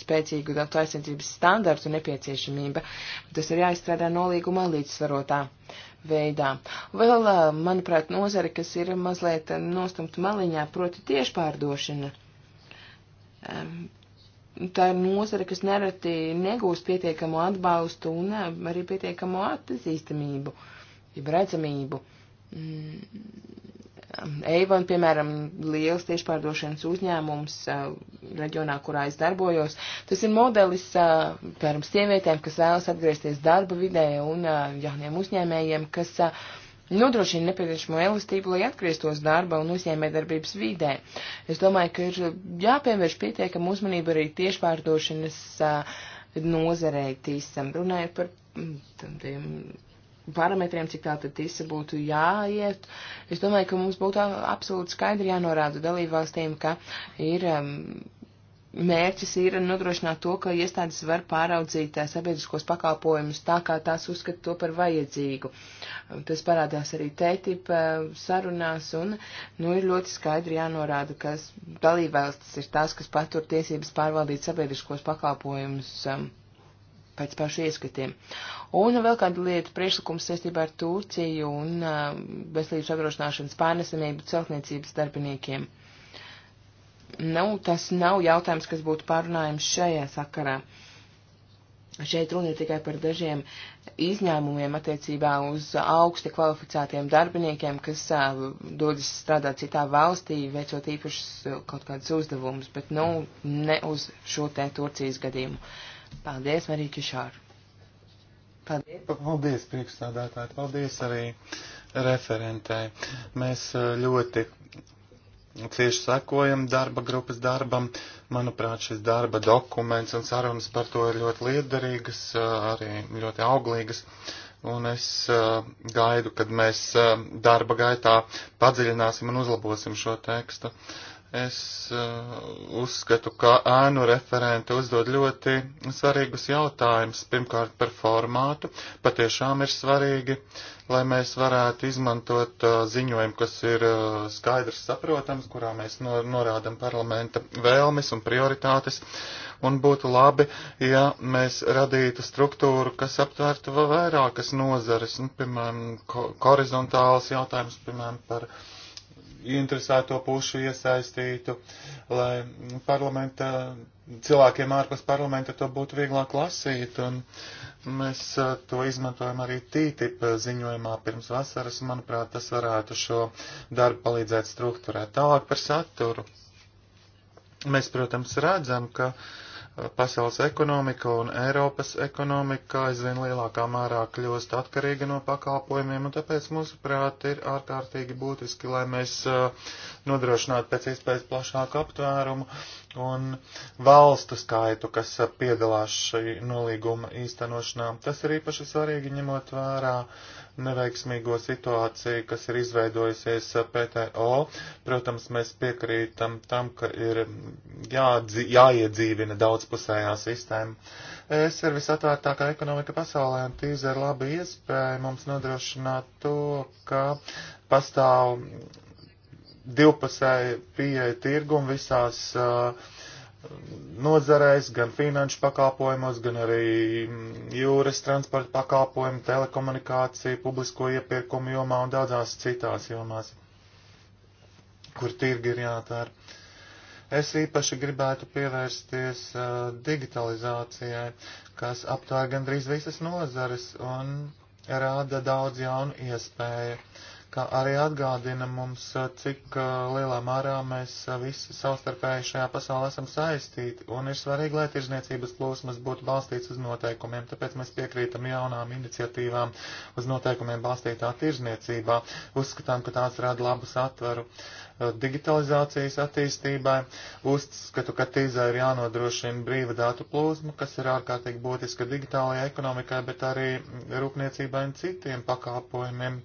spēcīgu datu aizsardzības standartu nepieciešamība. Tas ir jāizstrādā nolīgumā līdzsvarotā veidā. Vēl, manuprāt, nozare, kas ir mazliet nostumt maliņā, proti tiešpārdošana. Tā ir nozare, kas nereti negūst pietiekamo atbalstu un arī pietiekamo atzīstamību, jeb redzamību. Mm, Eivon, piemēram, liels tiešpārdošanas uzņēmums uh, reģionā, kurā es darbojos. Tas ir modelis, uh, piemēram, sievietēm, kas vēlas atgriezties darba vidē un uh, jauniem uzņēmējiem, kas nodrošina nepieciešamo elastību, lai atgrieztos darba un uzņēmējdarbības vidē. Es domāju, ka ir jāpievērš pietiekama uzmanība arī tiešpārdošanas nozarei tīsam, runājot par mm, tādiem parametriem, cik tātad tisa būtu jāiet. Es domāju, ka mums būtu absolūti skaidri jānorāda dalībvalstīm, ka ir. Um, Mērķis ir nodrošināt to, ka iestādes var pāraudzīt uh, sabiedriskos pakalpojumus tā, kā tās uzskata to par vajadzīgu. Um, tas parādās arī tētip uh, sarunās un, nu, ir ļoti skaidri jānorāda, ka dalībvalstis ir tās, kas patur tiesības pārvaldīt sabiedriskos pakalpojumus um, pēc pašu ieskatiem. Un vēl kāda lieta priekšlikums saistībā ar Turciju un uh, veselības apdrošināšanas pārnesamību celtniecības darbiniekiem. Nu, tas nav jautājums, kas būtu pārunājams šajā sakarā. Šeit runa ir tikai par dažiem izņēmumiem attiecībā uz augsti kvalificētiem darbiniekiem, kas uh, dodas strādāt citā valstī, veicot īpašus uh, kaut kādus uzdevumus, bet nu ne uz šo te Turcijas gadījumu. Uh, Paldies, Marija Kišāra. Paldies. Paldies, priekšstādātāji. Paldies arī referentai. Mēs e, ļoti cieši sekojam darba grupas darbam. Manuprāt, šis darba dokuments un sarunas par to ir ļoti liederīgas, e, arī ļoti auglīgas. Un es e, gaidu, kad mēs darba gaitā padziļināsim un uzlabosim šo tekstu. Es uh, uzskatu, ka ēnu referente uzdod ļoti svarīgus jautājumus. Pirmkārt, par formātu. Patiešām ir svarīgi, lai mēs varētu izmantot uh, ziņojumu, kas ir uh, skaidrs, saprotams, kurā mēs nor norādam parlamenta vēlmes un prioritātes. Un būtu labi, ja mēs radītu struktūru, kas aptvērtu vairākas nozares, nu, piemēram, ko horizontāls jautājums, piemēram, par. Uh, interesēto pušu iesaistītu, lai parlamenta, cilvēkiem ārpus parlamenta to būtu vieglāk lasīt. Un mēs uh, to izmantojam arī TTIP ziņojumā pirms vasaras. Manuprāt, tas varētu šo darbu palīdzēt struktūrēt tālāk par saturu. Mēs, protams, redzam, ka uh, pasaules ekonomika un Eiropas ekonomika aizvien lielākā mērā kļūst atkarīga no pakalpojumiem, un tāpēc mūsuprāt ir ārkārtīgi būtiski, lai mēs uh, nodrošinātu pēc iespējas plašāku aptvērumu un valstu skaitu, kas uh, piedalās šī nolīguma īstenošanā. Tas ir īpaši svarīgi ņemot vērā neveiksmīgo situāciju, kas ir izveidojusies eh, PTO. Protams, mēs piekrītam tam, ka ir jādzi, jāiedzīvina daudzpusējā sistēma. Es ir visatvērtākā ekonomika pasaulē, un tīza ir laba iespēja mums nodrošināt to, ka pastāv divpusēja pieeja tirgumu visās uh, nozarēs, gan finanšu pakalpojumos, gan arī mm, jūras transporta pakalpojumu, telekomunikāciju, publisko iepirkumu jomā un daudzās citās jomās, kur tirgi ir jātēra. Es īpaši gribētu pievērsties uh, digitalizācijai, kas aptvēr gandrīz visas nozares un rāda daudz jaunu iespēju. Uh, ka arī atgādina mums, cik lielā mērā mēs visi savstarpēji šajā pasaulē esam saistīti, un ir svarīgi, lai tirzniecības plūsmas būtu balstīts uz noteikumiem, tāpēc mēs piekrītam jaunām iniciatīvām uz noteikumiem balstītā tirzniecībā, uzskatām, ka tās rada labus atveru. Eh, digitalizācijas attīstībai. Uzskatu, ka tīzā ir jānodrošina brīva dātu plūsma, kas ir ārkārtīgi būtiska digitālajai ekonomikai, bet arī rūpniecībai un citiem pakāpojumiem.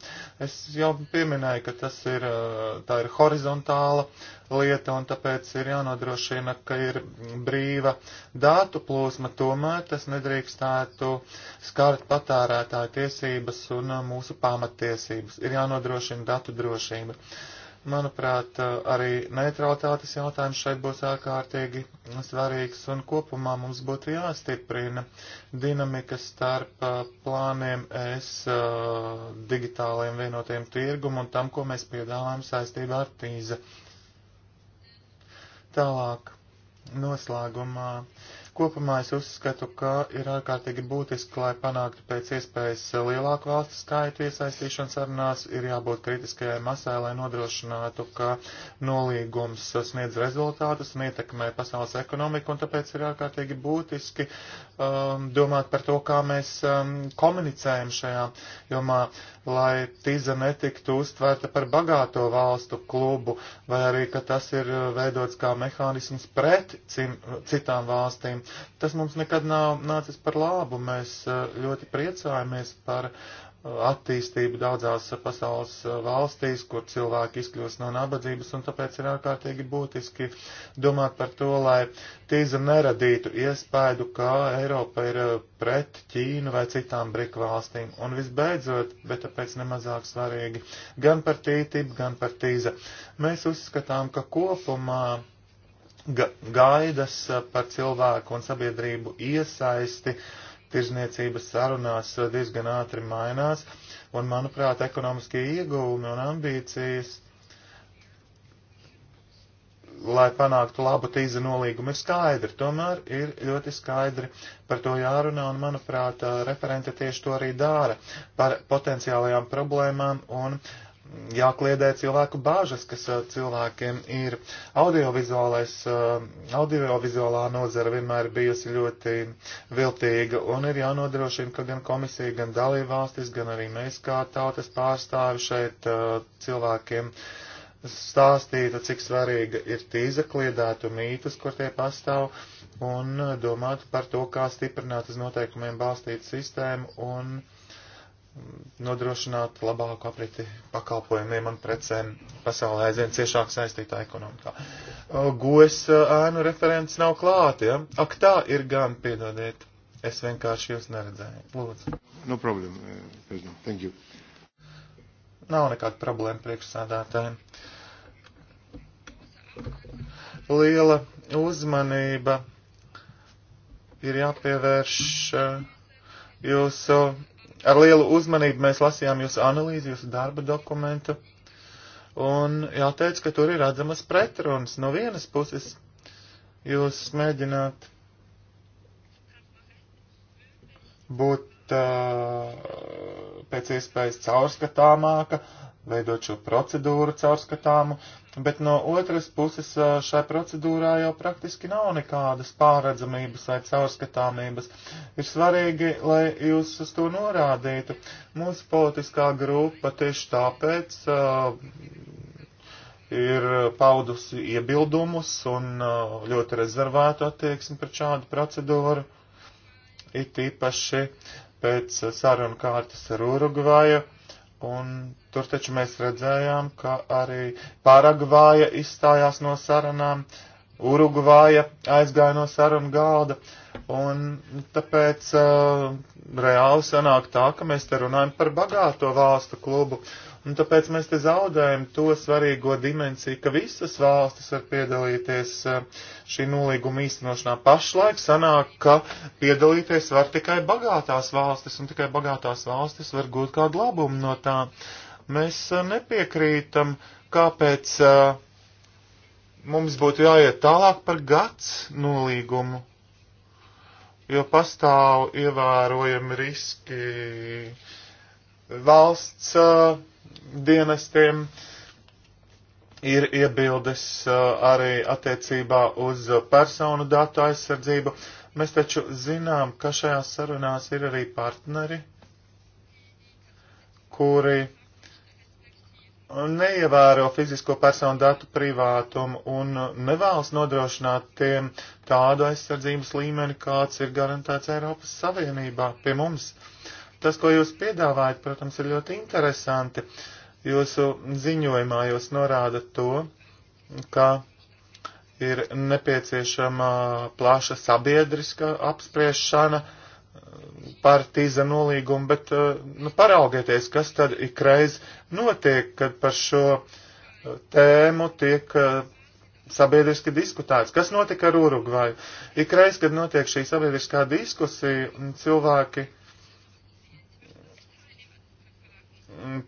Es jau pieminēju, ka tas ir, eh, tā ir horizontāla lieta un tāpēc ir jānodrošina, ka ir brīva dātu plūsma, tomēr tas nedrīkstētu skart patērētāju tiesības un eh, mūsu pamatiesības. Ir jānodrošina datu drošība. Uh, Manuprāt, eh, arī neutralitātes jautājums šeit būs ārkārtīgi svarīgs un kopumā mums būtu jāstiprina dinamika starp eh, plāniem es eh, digitālajiem vienotiem tirgumu un tam, ko mēs piedāvājam saistībā ar tīze. Tālāk, noslēgumā Kopumā es uzskatu, ka ir ārkārtīgi būtiski, lai panāktu pēc iespējas lielāku valstu skaitu iesaistīšanu sarunās, ir jābūt kritiskajai masai, lai nodrošinātu, ka nolīgums sniedz rezultātus un ietekmē pasaules ekonomiku, un tāpēc ir ārkārtīgi būtiski um, domāt par to, kā mēs um, komunicējam šajā jomā lai Tiza netiktu uztvērta par bagāto valstu klubu, vai arī, ka tas ir uh, veidots kā mehānisms pret cim, citām valstīm. Tas mums nekad nav nācis par labu. Mēs uh, ļoti priecājamies par attīstību daudzās pasaules eh, valstīs, kur cilvēki izkļūst no nabadzības, un tāpēc ir ārkārtīgi būtiski domāt par to, lai tīza neradītu iespaidu, ka Eiropa ir eh, pret Ķīnu vai citām brik valstīm. Un visbeidzot, bet tāpēc nemazāk svarīgi, gan par tītību, gan par tīza. Mēs uzskatām, ka kopumā gaidas eh, par cilvēku un sabiedrību iesaisti tirzniecības sarunās diezgan ātri mainās, un, manuprāt, ekonomiskie ieguvumi un ambīcijas, lai panāktu labu tīza nolīgumu, ir skaidri. Tomēr ir ļoti skaidri par to jārunā, un, manuprāt, referente tieši to arī dara par potenciālajām problēmām un uh, jākliedē cilvēku bāžas, kas cilvēkiem ir. Audiovizuālais, audiovizuālā nozara vienmēr bijusi ļoti viltīga un ir jānodrošina, ka gan komisija, gan dalībvalstis, gan arī mēs kā tautas pārstāvi šeit cilvēkiem stāstītu, cik svarīga ir tīza kliedētu mītus, kur tie pastāv, un domātu par to, kā stiprināt uz noteikumiem balstīt sistēmu un uh, nodrošināt labāku apriti pakalpojumiem un precēm pasaulē aizvien ciešāk saistītā ekonomikā. Gojas ēnu referents nav klāt, ja? Ak tā ir gan, piedodiet. Es vienkārši jūs neredzēju. Lūdzu. No problem, President. Thank you. Nav nekāda problēma priekšsādātājiem. Liela uzmanība ir jāpievērš jūsu Ar lielu uzmanību mēs lasījām jūsu analīzi, jūsu darba dokumentu, un jāteic, ka tur ir redzamas pretrunas. No vienas puses jūs mēģināt būt uh, pēc iespējas caurskatāmāka, uh, veidot šo procedūru caurskatāmu, bet no otras puses šai procedūrā jau praktiski nav nekādas pārredzamības vai caurskatāmības. Ir svarīgi, lai jūs uz to norādītu. Mūsu politiskā grupa tieši tāpēc uh, ir paudusi iebildumus un uh, ļoti rezervētu attieksmi pret šādu procedūru. It īpaši pēc sarunu kārtas ar Urugvaju un Tur taču mēs redzējām, ka arī Paragvāja izstājās no sarunām, Urugvāja aizgāja no sarunu galda, un tāpēc uh, reāli sanāk tā, ka mēs te runājam par bagāto valstu klubu, un tāpēc mēs te zaudējam to svarīgo dimensiju, ka visas valstis var piedalīties uh, šī nolīguma īstenošanā. Pašlaik sanāk, ka piedalīties var tikai bagātās valstis, un tikai bagātās valstis var gūt kādu labumu no tā. Uh, Mēs eh, nepiekrītam, kāpēc eh, mums būtu jāiet tālāk par gads nolīgumu, jo pastāv ievērojami riski valsts eh, dienestiem ir iebildes arī attiecībā uz personu datu aizsardzību. Mēs taču zinām, ka šajās sarunās ir arī partneri, kuri neievēro fizisko personu datu privātumu un nevēlas nodrošināt tiem tādu aizsardzības līmeni, kāds ir garantēts Eiropas Savienībā pie mums. Tas, ko jūs piedāvājat, protams, ir ļoti interesanti. Jūsu ziņojumā jūs norādat to, ka ir nepieciešama plaša sabiedriska apspriešana, uh, par tīza nolīgumu, bet eh, nu, paraugieties, kas tad ikreiz notiek, kad par šo eh, tēmu tiek eh, sabiedriski diskutēts. Kas notika ar Urugvaju? Ikreiz, kad notiek šī sabiedriskā diskusija, cilvēki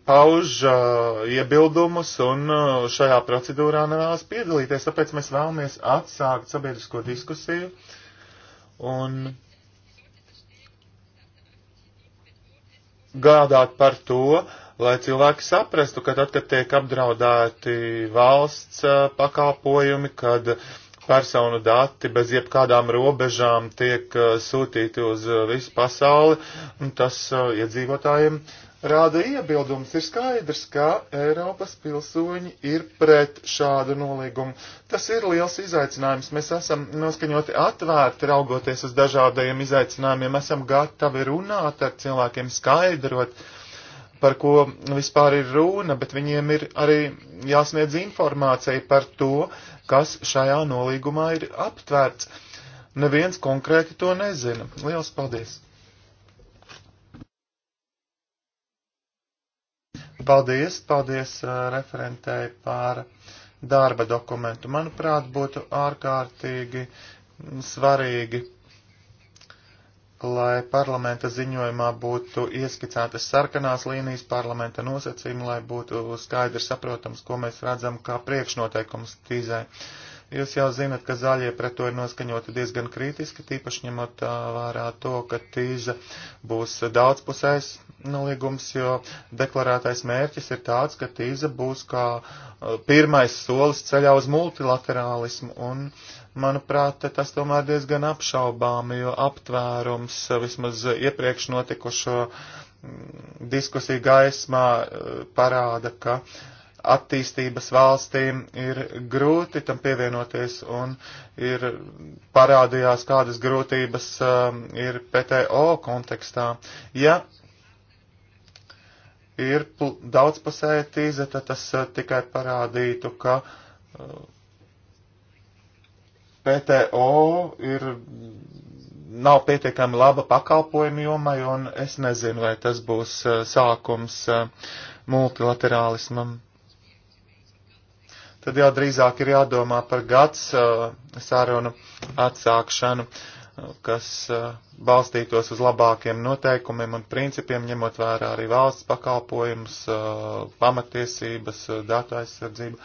pauž uh, iebildumus un uh, šajā procedūrā nevēlas piedalīties, tāpēc mēs vēlamies atsākt sabiedrisko diskusiju un gādāt par to, lai cilvēki saprastu, ka tad, kad tiek apdraudēti valsts pakalpojumi, kad personu dati bez jebkādām robežām tiek sūtīti uz visu pasauli, un tas iedzīvotājiem. Ja rāda iebildums, ir skaidrs, ka Eiropas pilsoņi ir pret šādu nolīgumu. Tas ir liels izaicinājums. Mēs esam noskaņoti atvērti, raugoties uz dažādajiem izaicinājumiem, esam gatavi runāt ar cilvēkiem, skaidrot, par ko vispār ir runa, bet viņiem ir arī jāsniedz informācija par to, kas šajā nolīgumā ir aptvērts. Neviens konkrēti to nezina. Lielas paldies! Paldies, paldies referentēji par darba dokumentu. Manuprāt, būtu ārkārtīgi svarīgi, lai parlamenta ziņojumā būtu ieskicētas sarkanās līnijas parlamenta nosacījumi, lai būtu skaidrs saprotams, ko mēs redzam kā priekšnoteikums krīzē. Jūs jau zinat, ka zaļie pret to ir noskaņoti diezgan kritiski, tīpaši ņemot vērā to, ka tīza būs daudzpusējs, nolīgums, jo deklarētais mērķis ir tāds, ka tīza būs kā uh, pirmais solis ceļā uz multilaterālismu, un, manuprāt, tas tomēr diezgan apšaubāmi, jo aptvērums uh, vismaz iepriekš notikušo mm, diskusiju gaismā uh, parāda, ka attīstības valstīm ir grūti tam pievienoties un ir parādījās, kādas grūtības um, ir PTO kontekstā. Ja ir daudzpusēja tīza, tad tas eh, tikai parādītu, ka eh, PTO ir, nav pietiekami laba pakalpojuma jomai, un es nezinu, vai tas būs eh, sākums multilaterālismam. Tad jau drīzāk ir jādomā par gads sarunu atsākšanu. Uh, kas balstītos uz labākiem noteikumiem un principiem, ņemot vērā arī valsts pakalpojumus, pamatiesības, datu aizsardzību.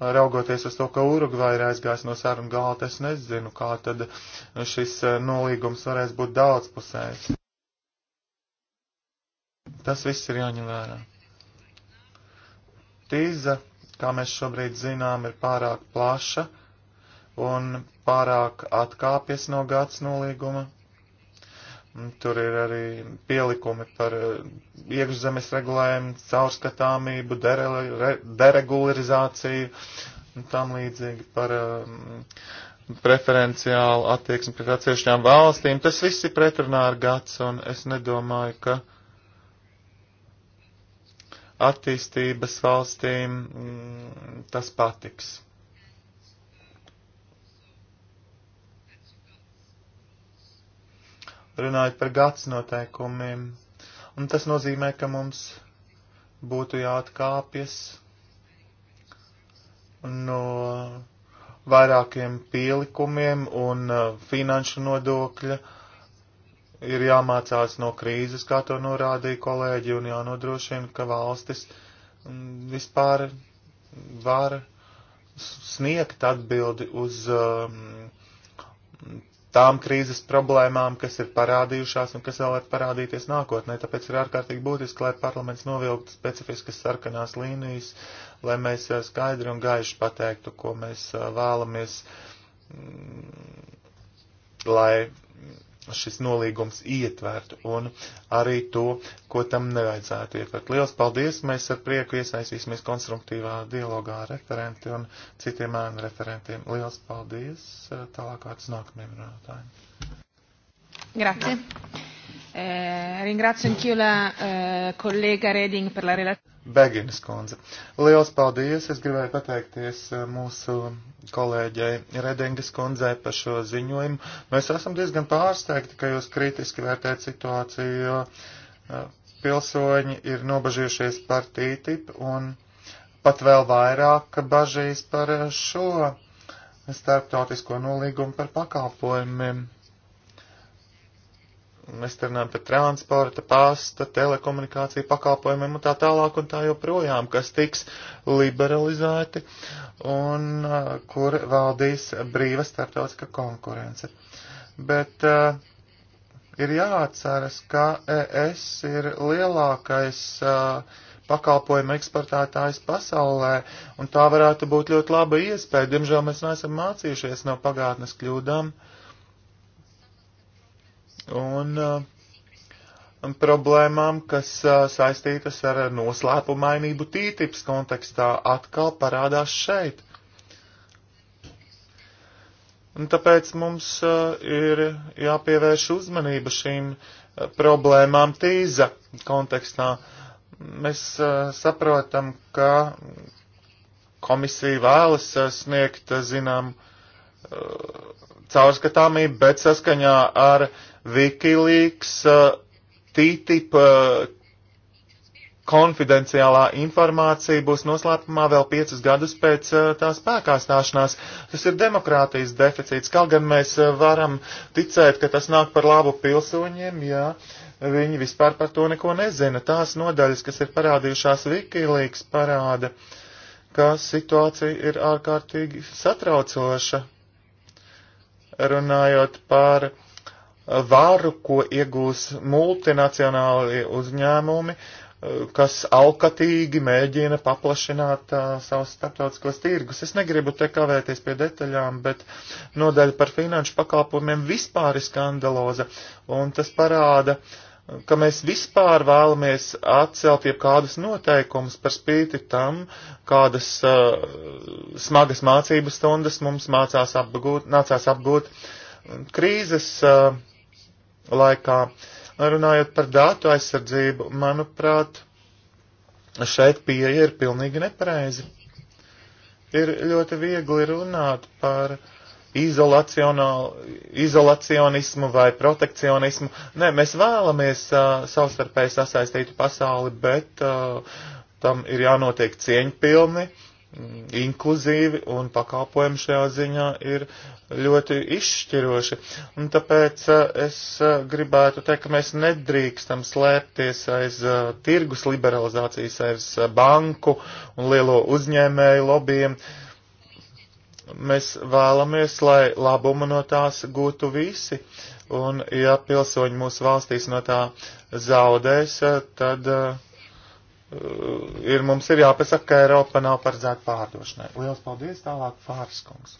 Raugoties uz to, ka Urugvai ir aizgājis no sarunu galda, es nezinu, kā tad šis nolīgums varēs būt daudzpusējs. Tas viss ir jāņem vērā. Tīza, kā mēs šobrīd zinām, ir pārāk plaša un pārāk atkāpjas no gads nolīguma. Tur ir arī pielikumi par eh, iekšzemes regulējumu, caurskatāmību, dere, deregularizāciju un tam līdzīgi par um, preferenciālu attieksmi pret atsevišķām valstīm. Tas viss ir pretrunā ar gads, un es nedomāju, ka attīstības valstīm mm, tas patiks. runājot par gads noteikumiem. Un tas nozīmē, ka mums būtu jāatkāpjas no vairākiem pielikumiem un uh, finanšu nodokļa. Ir jāmācās no krīzes, kā to norādīja kolēģi, un jānodrošina, ka valstis mm, vispār var sniegt atbildi uz um, tām krīzes problēmām, kas ir parādījušās un kas vēl var parādīties nākotnē. Tāpēc ir ārkārtīgi būtiski, lai parlaments novilktu specifiskas sarkanās līnijas, lai mēs eh, skaidri un gaiši pateiktu, ko mēs eh, vēlamies, mm, lai šis nolīgums ietvertu un arī to, ko tam nevajadzētu ietvert. Liels paldies! Mēs ar prieku iesaistīsimies konstruktīvā dialogā ar referenti un citiem ēnu referentiem. Liels paldies! Tālāk vārds nākamajam runātājiem. Grazie. Eh, ringrazio anch'io la eh, collega Reding per la relazione. Beginas kundze. Liels paldies! Es gribēju pateikties eh, mūsu kolēģei Redingas kundzei par šo ziņojumu. Mēs esam diezgan pārsteigti, ka jūs kritiski vērtējat situāciju, jo eh, pilsoņi ir nobažījušies par TTIP un pat vēl vairāk bažīs par eh, šo starptautisko nolīgumu par pakalpojumiem Mēs runājam par transporta, pasta, telekomunikāciju pakalpojumiem un tā tālāk un tā joprojām, kas tiks liberalizēti un uh, kur valdīs brīva starptautiska konkurence. Bet uh, ir jāatceras, ka ES ir lielākais uh, pakalpojumu eksportētājs pasaulē, un tā varētu būt ļoti laba iespēja. Diemžēl mēs neesam mācījušies no pagātnes kļūdām. Uh, Uh, un problēmām, kas uh, saistītas ar noslēpumainību tītips kontekstā, atkal parādās šeit. Un tāpēc mums uh, ir jāpievērš uzmanība šīm problēmām tīza kontekstā. Mēs saprotam, ka komisija vēlas sniegt, zinām, caurskatāmību, bet saskaņā ar uh, Wikileaks, uh, TTIP, uh, konfidenciālā informācija būs noslēpumā vēl piecus gadus pēc uh, tā spēkā stāšanās. Tas ir demokrātijas deficīts, kaut gan mēs varam ticēt, ka tas nāk par labu pilsoņiem, jā. Viņi vispār par to neko nezina. Tās nodaļas, kas ir parādījušās Wikileaks, parāda, ka situācija ir ārkārtīgi satraucoša. Runājot par uh, vāru, ko iegūs multinacionāli uzņēmumi, kas alkatīgi mēģina paplašināt uh, savus starptautiskos tirgus. Es negribu te kavēties pie detaļām, bet nodaļa par finanšu pakalpojumiem vispār ir skandaloza, un tas parāda, ka mēs vispār vēlamies atcelt jeb kādus noteikumus par spīti tam, kādas uh, smagas mācības stundas mums mācās apgūt, nācās apgūt krīzes uh, laikā. Runājot par datu aizsardzību, manuprāt, šeit pieeja ir pilnīgi nepareizi. Ir ļoti viegli runāt par izolacionismu vai protekcionismu. Nē, mēs vēlamies uh, savstarpēji sasaistītu pasauli, bet uh, tam ir jānotiek cieņpilni. Uh, Mm, inkluzīvi un pakalpojumi šajā ziņā ir ļoti izšķiroši. Un tāpēc eh, es eh, gribētu teikt, ka mēs nedrīkstam slēpties aiz eh, tirgus liberalizācijas, aiz banku un lielo uzņēmēju lobbyiem. Mēs vēlamies, lai labumu no tās gūtu visi. Un ja pilsoņi mūsu valstīs no tā zaudēs, tad. Uh, Eh, ir, mums ir jāpasaka, ka Eiropa nav paredzēta pārdošanai. Lielas paldies, tālāk Fāris kungs.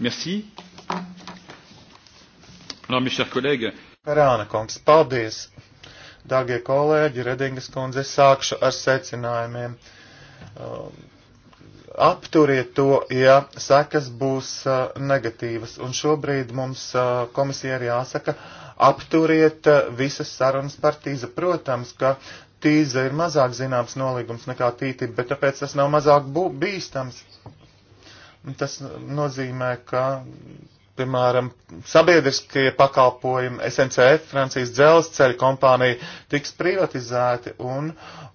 Merci. Non, mes chers collègues. Karāna kungs, paldies. Dārgie kolēģi, Redingas kundze, es sākšu ar secinājumiem. Eh, apturiet to, ja sekas būs eh, negatīvas. Un šobrīd mums komisija ir jāsaka, uh, apturiet eh, visas sarunas par tīza. Protams, ka tīza ir mazāk zināms nolīgums nekā tītība, bet tāpēc tas nav mazāk bīstams. Tas nozīmē, ka piemēram, sabiedriskie pakalpojumi, SNCF, Francijas dzelzceļa kompānija tiks privatizēti, un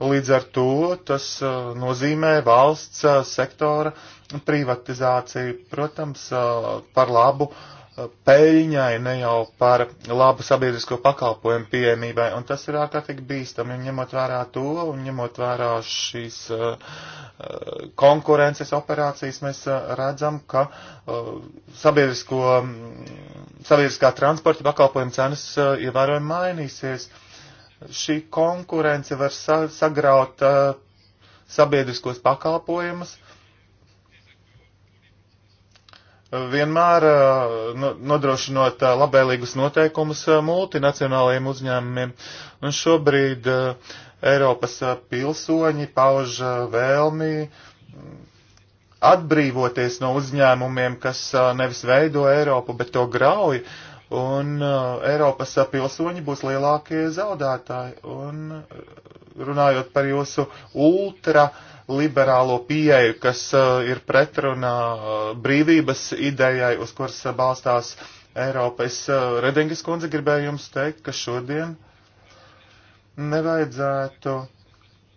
līdz ar to tas eh, nozīmē valsts eh, sektora privatizāciju, protams, par labu uh, peļņai, ne jau par labu sabiedrisko pakalpojumu pieejamībai, un tas ir ārkārtīgi bīstami, un ņemot vērā to, un ņemot vērā šīs uh, uh konkurences operācijas, mēs uh, redzam, ka uh, sabiedrisko, mm, sabiedriskā transporta pakalpojuma cenas uh, ievērojami mainīsies. Šī konkurence var sa sagraut uh, sabiedriskos pakalpojumus, vienmēr nodrošinot labēlīgus noteikumus multinacionālajiem uzņēmumiem. Un šobrīd Eiropas pilsoņi pauž vēlmi atbrīvoties no uzņēmumiem, kas nevis veido Eiropu, bet to grauj. Un Eiropas pilsoņi būs lielākie zaudētāji. Un runājot par jūsu ultra uh, liberālo pieeju, kas uh, ir pretrunā uh, brīvības idejai, uz kuras uh, balstās Eiropa. Es, Redingis kundze, gribēju jums teikt, ka šodien nevajadzētu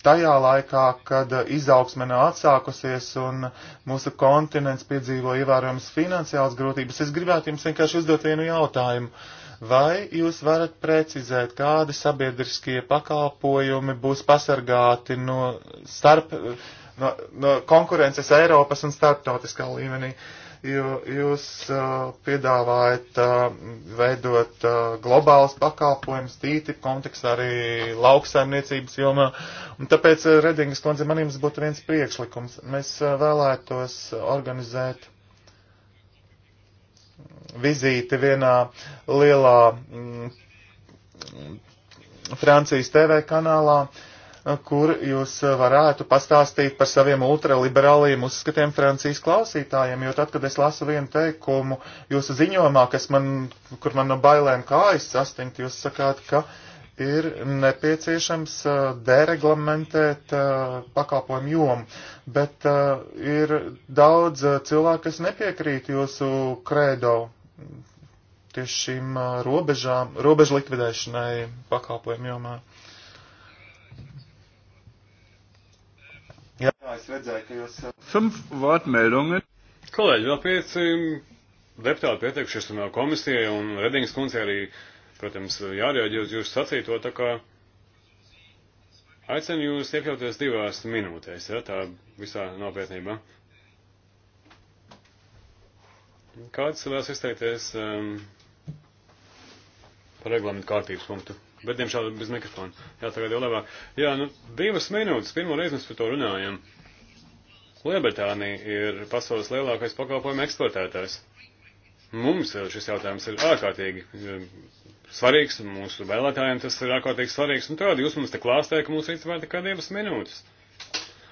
tajā laikā, kad izaugsme nav atsākusies un mūsu kontinents piedzīvo ievērojams finansiāls grūtības, es gribētu jums vienkārši uzdot vienu jautājumu. Vai jūs varat precizēt, kādi sabiedriskie pakalpojumi būs pasargāti no, starp, no, no konkurences Eiropas un starptautiskā līmenī? Jo jūs uh, piedāvājat uh, veidot uh, globālus pakalpojumus, tīti kontekstā arī lauksaimniecības jomā. Un tāpēc, uh, Redingas kundze, man jums būtu viens priekšlikums. Mēs uh, vēlētos organizēt vizīti vienā lielā mm, Francijas TV kanālā, kur jūs varētu pastāstīt par saviem ultraliberāliem uzskatiem Francijas klausītājiem, jo tad, kad es lasu vienu teikumu jūsu ziņojumā, kas man, kur man no bailēm kājas sastingt, jūs sakāt, ka ir nepieciešams uh, dereglamentēt uh, pakalpojumu jomu, bet uh, ir daudz cilvēku, kas nepiekrīt jūsu kredo tieši šīm robežām, robežu likvidēšanai pakalpojumu jomā. Jā, es redzēju, ka jūs. Fünf Wortmeldungen. Kolēģi, vēl pieci deputāti pieteikušies no komisijai un Redings kundze arī, protams, jārēģē uz jūsu sacīto, tā kā aicinu jūs iekļauties divās minūtēs, ja, tā visā nopietnībā. Kāds vēlas izteikties um, par reglamentu kārtības punktu? Bet, diemžēl, bez mikrofona. Jā, tagad jau labāk. Jā, nu, divas minūtes. Pirmo reizi mēs par to runājam. Lielbritānija ir pasaules lielākais pakalpojumu eksportētājs. Mums šis jautājums ir ārkārtīgi um, svarīgs, un mūsu vēlētājiem tas ir ārkārtīgi svarīgs. Un tādi jūs mums te klāstē, ka mums rīcībā tikai divas minūtes.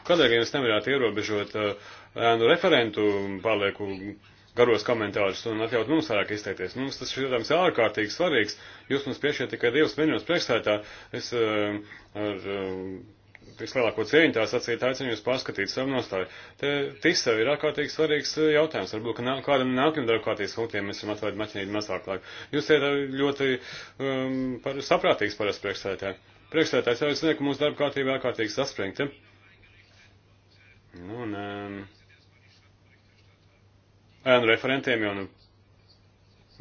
Kādēļ jūs nevarētu ierobežot uh, ēnu uh, referentu pārlieku garos komentārus un atļaut mums vairāk izteikties. Mums tas šķietams ārkārtīgi svarīgs. Jūs mums piešķiet tikai divas minūtes priekšstādā. Es uh, ar uh, eh, vislielāko cieņu tā sacīt aicinu jūs pārskatīt savu nostāju. Te tisa ir ārkārtīgi svarīgs eh, jautājums. Varbūt, ka nā, kādam nākamajam darbkārtības punktiem mēs varam atvērt maķinīt mazāk laiku. Jūs ir ļoti um, par, saprātīgs parasti priekšstādā. Priekšstādātājs jau zina, ka mūsu darbkārtība ārkārtīgi saspringta. Nu, un, um, ēnu referentiem jau nu,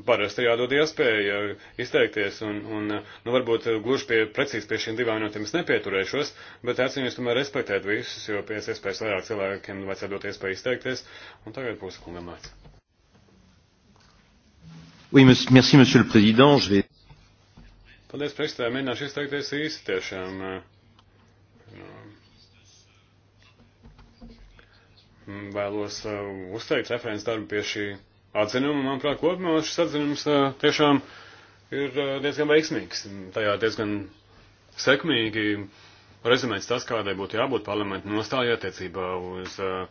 parasti jādod iespēja izteikties, un, un nu, varbūt gluži pie, precīzi pie šiem divām minūtēm es nepieturēšos, bet aicinu jūs tomēr respektēt visus, jo pēc iespējas vairāk cilvēkiem vajadzētu dot iespēju izteikties, un tagad būs kungam vārds. Oui, merci, monsieur le président. Je vais... Paldies, priekšstādā, mēģināšu izteikties īsi tiešām. Uh, Mm, vēlos uh, uzteikt referents darbu pie šī atzinuma. Manuprāt, kopumā šis atzinums uh, tiešām ir uh, diezgan veiksmīgs. Tajā diezgan sekmīgi rezumēts tas, kādai būtu jābūt parlamentu nostāja attiecībā uz uh,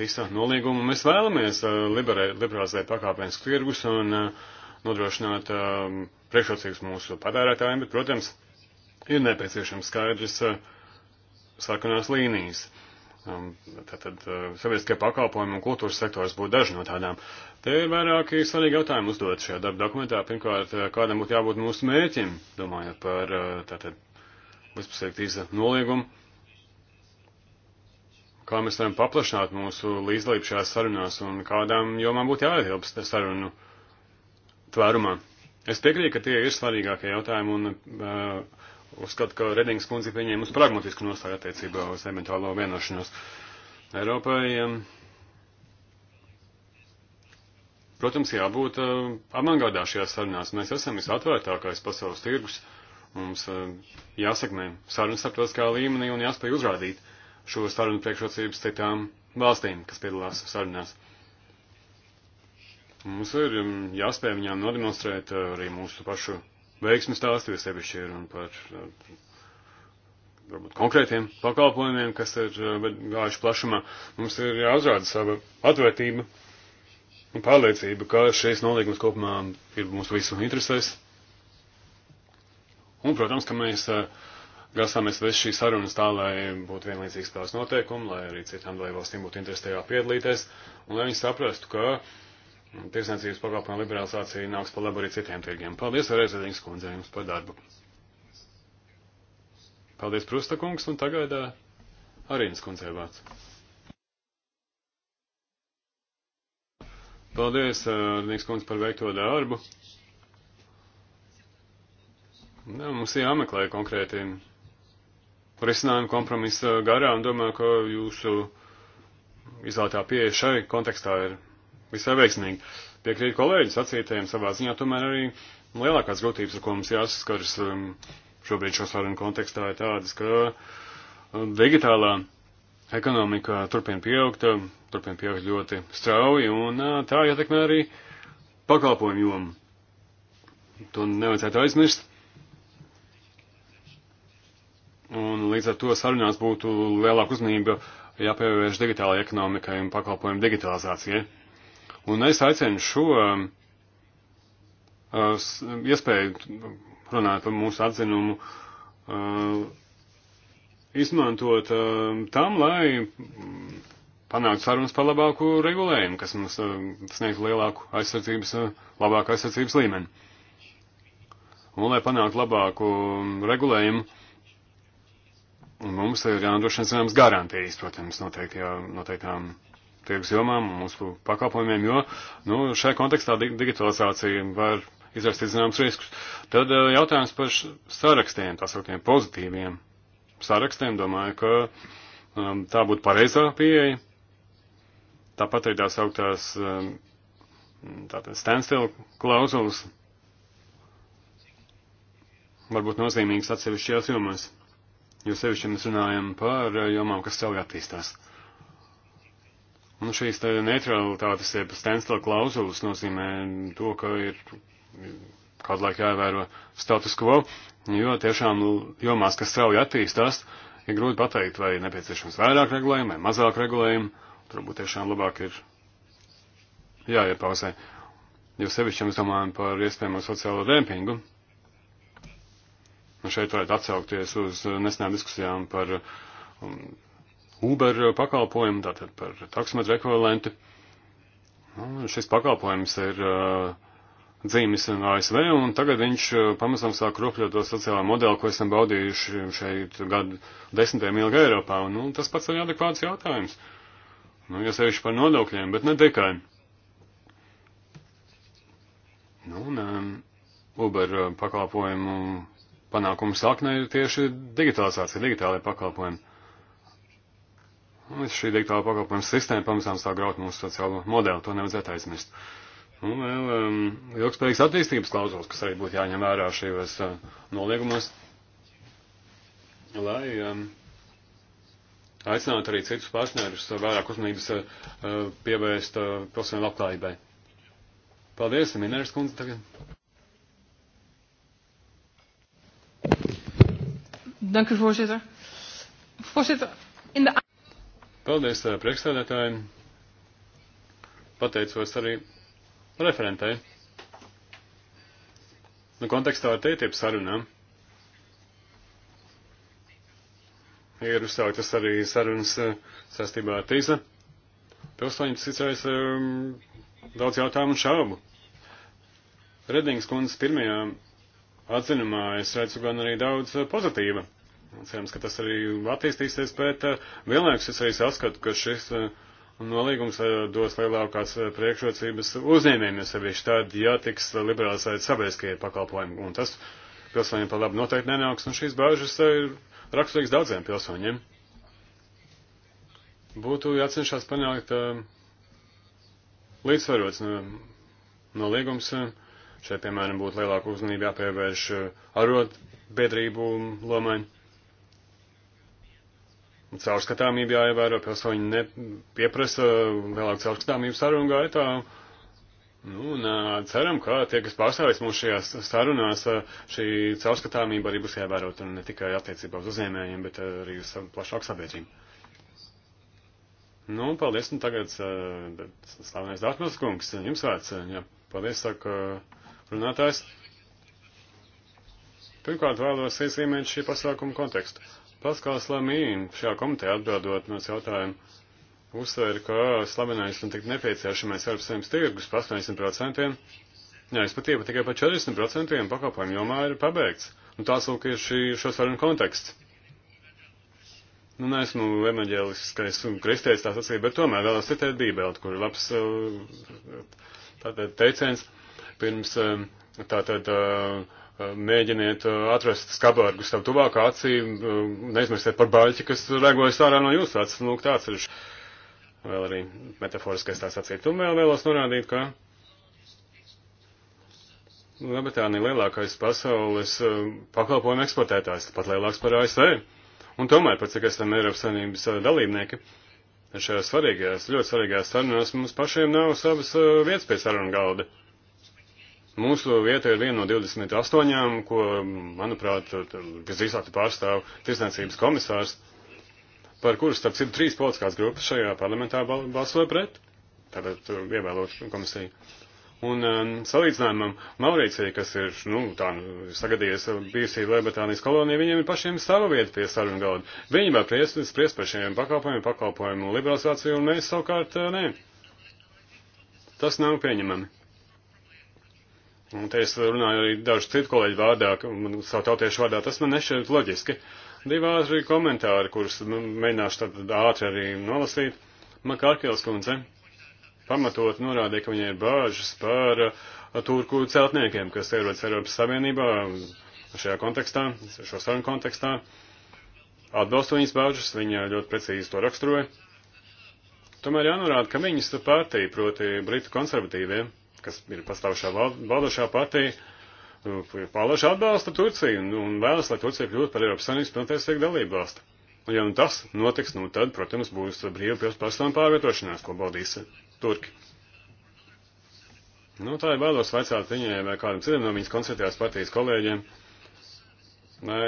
TISA nolīgumu. Mēs vēlamies uh, liberalizēt pakāpenes tirgus un uh, nodrošināt um, priekšrocības mūsu patērētājiem, bet, protams, ir nepieciešams skaidrs sarkanās līnijas. Um, tātad uh, sabiedriskie pakalpojumi un kultūras sektors būtu daži no tādām. Te ir vairāki svarīgi jautājumi uzdot šajā darba dokumentā. Pirmkārt, uh, kādam būtu jābūt mūsu mēķim, domājot par uh, tātad bezpasēkt īza noliegumu. Kā mēs varam paplašināt mūsu līdzdalību šajās sarunās un kādām jomām būtu jāietilpst sarunu tvērumā. Es piekrītu, ka tie ir svarīgākie jautājumi un uh, uzskatu, ka Redings kundze pieņēma uz pragmatisku nostāju attiecībā uz eventuālo vienošanos. Eiropai, um, protams, jābūt um, avangardā šajās sarunās. Mēs esam visatvērtākais pasaules tirgus. Mums um, jāsakmē sarunas starptautiskā līmenī un jāspēj uzrādīt šo sarunu priekšrocības citām valstīm, kas piedalās sarunās. Mums ir jāspēj viņām nodemonstrēt uh, arī mūsu pašu veiksmes stāstu, jo sevišķi ir un par eh, varbūt konkrētiem pakalpojumiem, kas ir eh, gājuši plašumā. Mums ir jāuzrāda sava atvērtība un pārliecība, ka šīs nolīgums kopumā ir mūsu visu interesēs. Un, protams, ka mēs eh, grasāmies vest šīs sarunas tā, lai būtu vienlīdzīgs tās noteikumi, lai arī citām valstīm būtu interesējā piedalīties, un lai viņi saprastu, ka tirsniecības pakalpojumu liberalizācija nāks par labu arī citiem tirgiem. Paldies vēlreiz, Edīgas kundze, jums par darbu. Paldies, Prusta kungs, un tagad Arīnas kundzei vārds. Paldies, Edīgas kundze, par veikto darbu. Jā, mums jāmeklē konkrēti risinājumu kompromisa garā, un domāju, ka jūsu izvēlētā pieeja šai kontekstā ir visai veiksmīgi. Piekrīt kolēģis acītējiem savā ziņā, tomēr arī lielākās grūtības, ar ko mums jāsaskars um, šobrīd šo sarunu kontekstā, ir tādas, ka um, digitālā ekonomika turpina pieaugt, um, turpina pieaugt ļoti strauji, un uh, tā ietekmē arī pakalpojumu jomu. To nevajadzētu aizmirst. Un līdz ar to sarunās būtu lielāka uzmanība jāpievērš digitālajai ekonomikai un pakalpojumu digitalizācijai. Ja? Un es aicinu šo um, uh, iespēju runāt par mūsu atzinumu uh, izmantot um, tam, lai panākt sarunas par labāku regulējumu, kas mums uh, sniegtu lielāku aizsardzības, labāku aizsardzības līmeni. Un, lai panāktu labāku um, regulējumu, mums ir jānodrošina zināmas garantijas, protams, noteiktajām tirgus jomām un mūsu pakalpojumiem, jo nu, šai kontekstā digitalizācija var izvērst zināms riskus. Tad eh, jautājums par sarakstiem, tā sauktiem pozitīviem sarakstiem, domāju, ka um, tā būtu pareizā pieeja. Tāpat arī tā sauktās um, standstill klauzulas var būt nozīmīgas atsevišķajās jomās, jo sevišķi mēs runājam par uh, jomām, kas strauji attīstās. Uh, Nu, šīs neutralitātes, jeb standstill klauzulas nozīmē to, ka ir kādu laiku jāievēro status quo, jo tiešām jomās, kas strauji attīstās, ir grūti pateikt, vai nepieciešams vairāk regulējumu vai mazāk regulējumu. Turbūt tiešām labāk ir jāiepauzē. Jo sevišķi mēs domājam par iespējamo sociālo dempingu. Un nu, šeit varētu atsaukties uz nesenām diskusijām par um, Uber pakalpojumu, tātad par taksometru ekvivalentu. Un šis pakalpojums ir uh, dzīves ASV, un tagad viņš uh, pamazām sāk rupļot to sociālo modeli, ko esam baudījuši šeit gadu desmitiem ilgi Eiropā. Un, nu, tas pats ir adekvāts jautājums. Nu, ja sevišķi par nodokļiem, bet ne tikai. Nu, un um, Uber uh, pakalpojumu panākumu sakne ir tieši digitalizācija, digitālajie pakalpojumi. Un šī digitāla pakalpojuma sistēma pamazām sāk graut mūsu sociālo modeli, to nevajadzētu aizmirst. Un vēl um, ilgspējīgas attīstības klauzulas, kas arī būtu jāņem vērā šajos uh, noliegumos, lai um, aicinātu arī citus partnerus uh, vairāk uzmanības uh, uh pievērst uh, pilsēņu labklājībai. Paldies, Minēras kundze tagad. Dank u voorzitter. Voorzitter, in de Paldies eh, priekšstādētājiem. Pateicos arī referentai. Nu, kontekstā ar tētiep sarunām. Ir uzsāktas arī sarunas eh, sastībā ar tīza. Pilsoņi cicēs um, eh, daudz jautājumu un šaubu. Redings kundzes pirmajā atzinumā es redzu gan arī daudz pozitīva. Cerams, ka tas arī attīstīsies, bet eh, vienlaikus es arī saskatu, ka šis eh, nolīgums eh, dos lielākās priekšrocības uzņēmējiem, jo sevišķi tad, ja tiks liberalizēti sabiedriskie pakalpojumi. Un tas pilsoņiem par labu noteikti nenāks, un šīs bāžas ir raksturīgas daudziem pilsoņiem. Būtu jācenšas panākt līdzsvarots no, no līgums. Šeit, piemēram, būtu lielāka uzmanība jāpievērš arotbiedrību lomai caurskatāmība jāievēro, pilsoņi nepieprasa vēlāk caurskatāmību sarunu gaitā. Nu, un ceram, ka tie, kas pārstāvēs mūs šajās sarunās, šī caurskatāmība arī būs ievērota un ne tikai attiecībā uz uzņēmējiem, bet arī uz plašāku sabiedrību. Nu, paldies, un tagad slavenais Dārtmils kungs, jums vārds, jā, paldies, saka runātājs. Pirmkārt, vēlos iezīmēt šī pasākuma kontekstu. Paskāls Lamī šajā komitejā atbildot no jautājumu uzsver, ka slavenēšana tik nepieciešamais ar saviem tirgus par 80%. Jā, es patīju, tikai par 40% pakalpojumu jomā ir pabeigts. Un tās lūk ir šī, šo svaru konteksts. Nu, neesmu evaņģēliskais un kristietis tā sacīja, bet tomēr vēlos citēt Bībeli, kur ir labs uh, tātad teiciens pirms uh, tātad. Uh, mēģiniet uh, atrast skabargu savu tuvākā acī, uh, neizmirstiet par baļķi, kas regojas ārā no jūsu acis. Lūk, tāds ir vēl arī metaforiskais tās acīt. Un vēl vēlos norādīt, ka Lielbritānija lielākais pasaules uh, pakalpojumu eksportētājs, pat lielāks par ASV. Un tomēr, pat cik esam Eiropas Savienības dalībnieki, šajās svarīgajās, ļoti svarīgajās sarunās mums pašiem nav savas vietas pie sarunu galda. Mūsu vieta ir viena no 28, ko, manuprāt, visdrīzāk pārstāv tirsniecības komisārs, par kuras, starp citu, trīs politiskās grupas šajā parlamentā balsoja pret, tātad uh, ievēlošu komisiju. Un um, salīdzinājumam Maurīcija, kas ir, nu, tā nu, sagadījies bijusī Lielbritānijas kolonija, viņiem ir pašiem sava vieta pie sarunu galda. Viņi var spriest pries par šiem pakalpojumiem, pakalpojumu liberalizāciju, un mēs savukārt uh, nē. Tas nav pieņemami. Un te es runāju arī dažu citu kolēģu vārdā, man, savu tautiešu vārdā, tas man nešķiet loģiski. Divi ātri komentāri, kurus mēģināšu tad ātri arī nolasīt. Makārkēls kundze pamatot norādīja, ka viņai ir bāžas par a, turku celtniekiem, kas ierodas Eiropas Savienībā šajā kontekstā, šo sarunu kontekstā. Atbalstu viņas bāžas, viņa ļoti precīzi to raksturoja. Tomēr jānorāda, ka viņas partija, proti Britu konservatīvie, ja? kas ir pastāvušā valdošā partija, nu, pārlaši atbalsta Turciju un, un vēlas, lai Turcija kļūtu par Eiropas Savienības pilntiesīgu dalību valsti. Ja nu tas notiks, nu tad, protams, būs brīva personu pārvietošanās, ko baudīs Turki. Nu, tā ir vēlos vaicāt viņai vai kādam citam no viņas koncertējās partijas kolēģiem, lai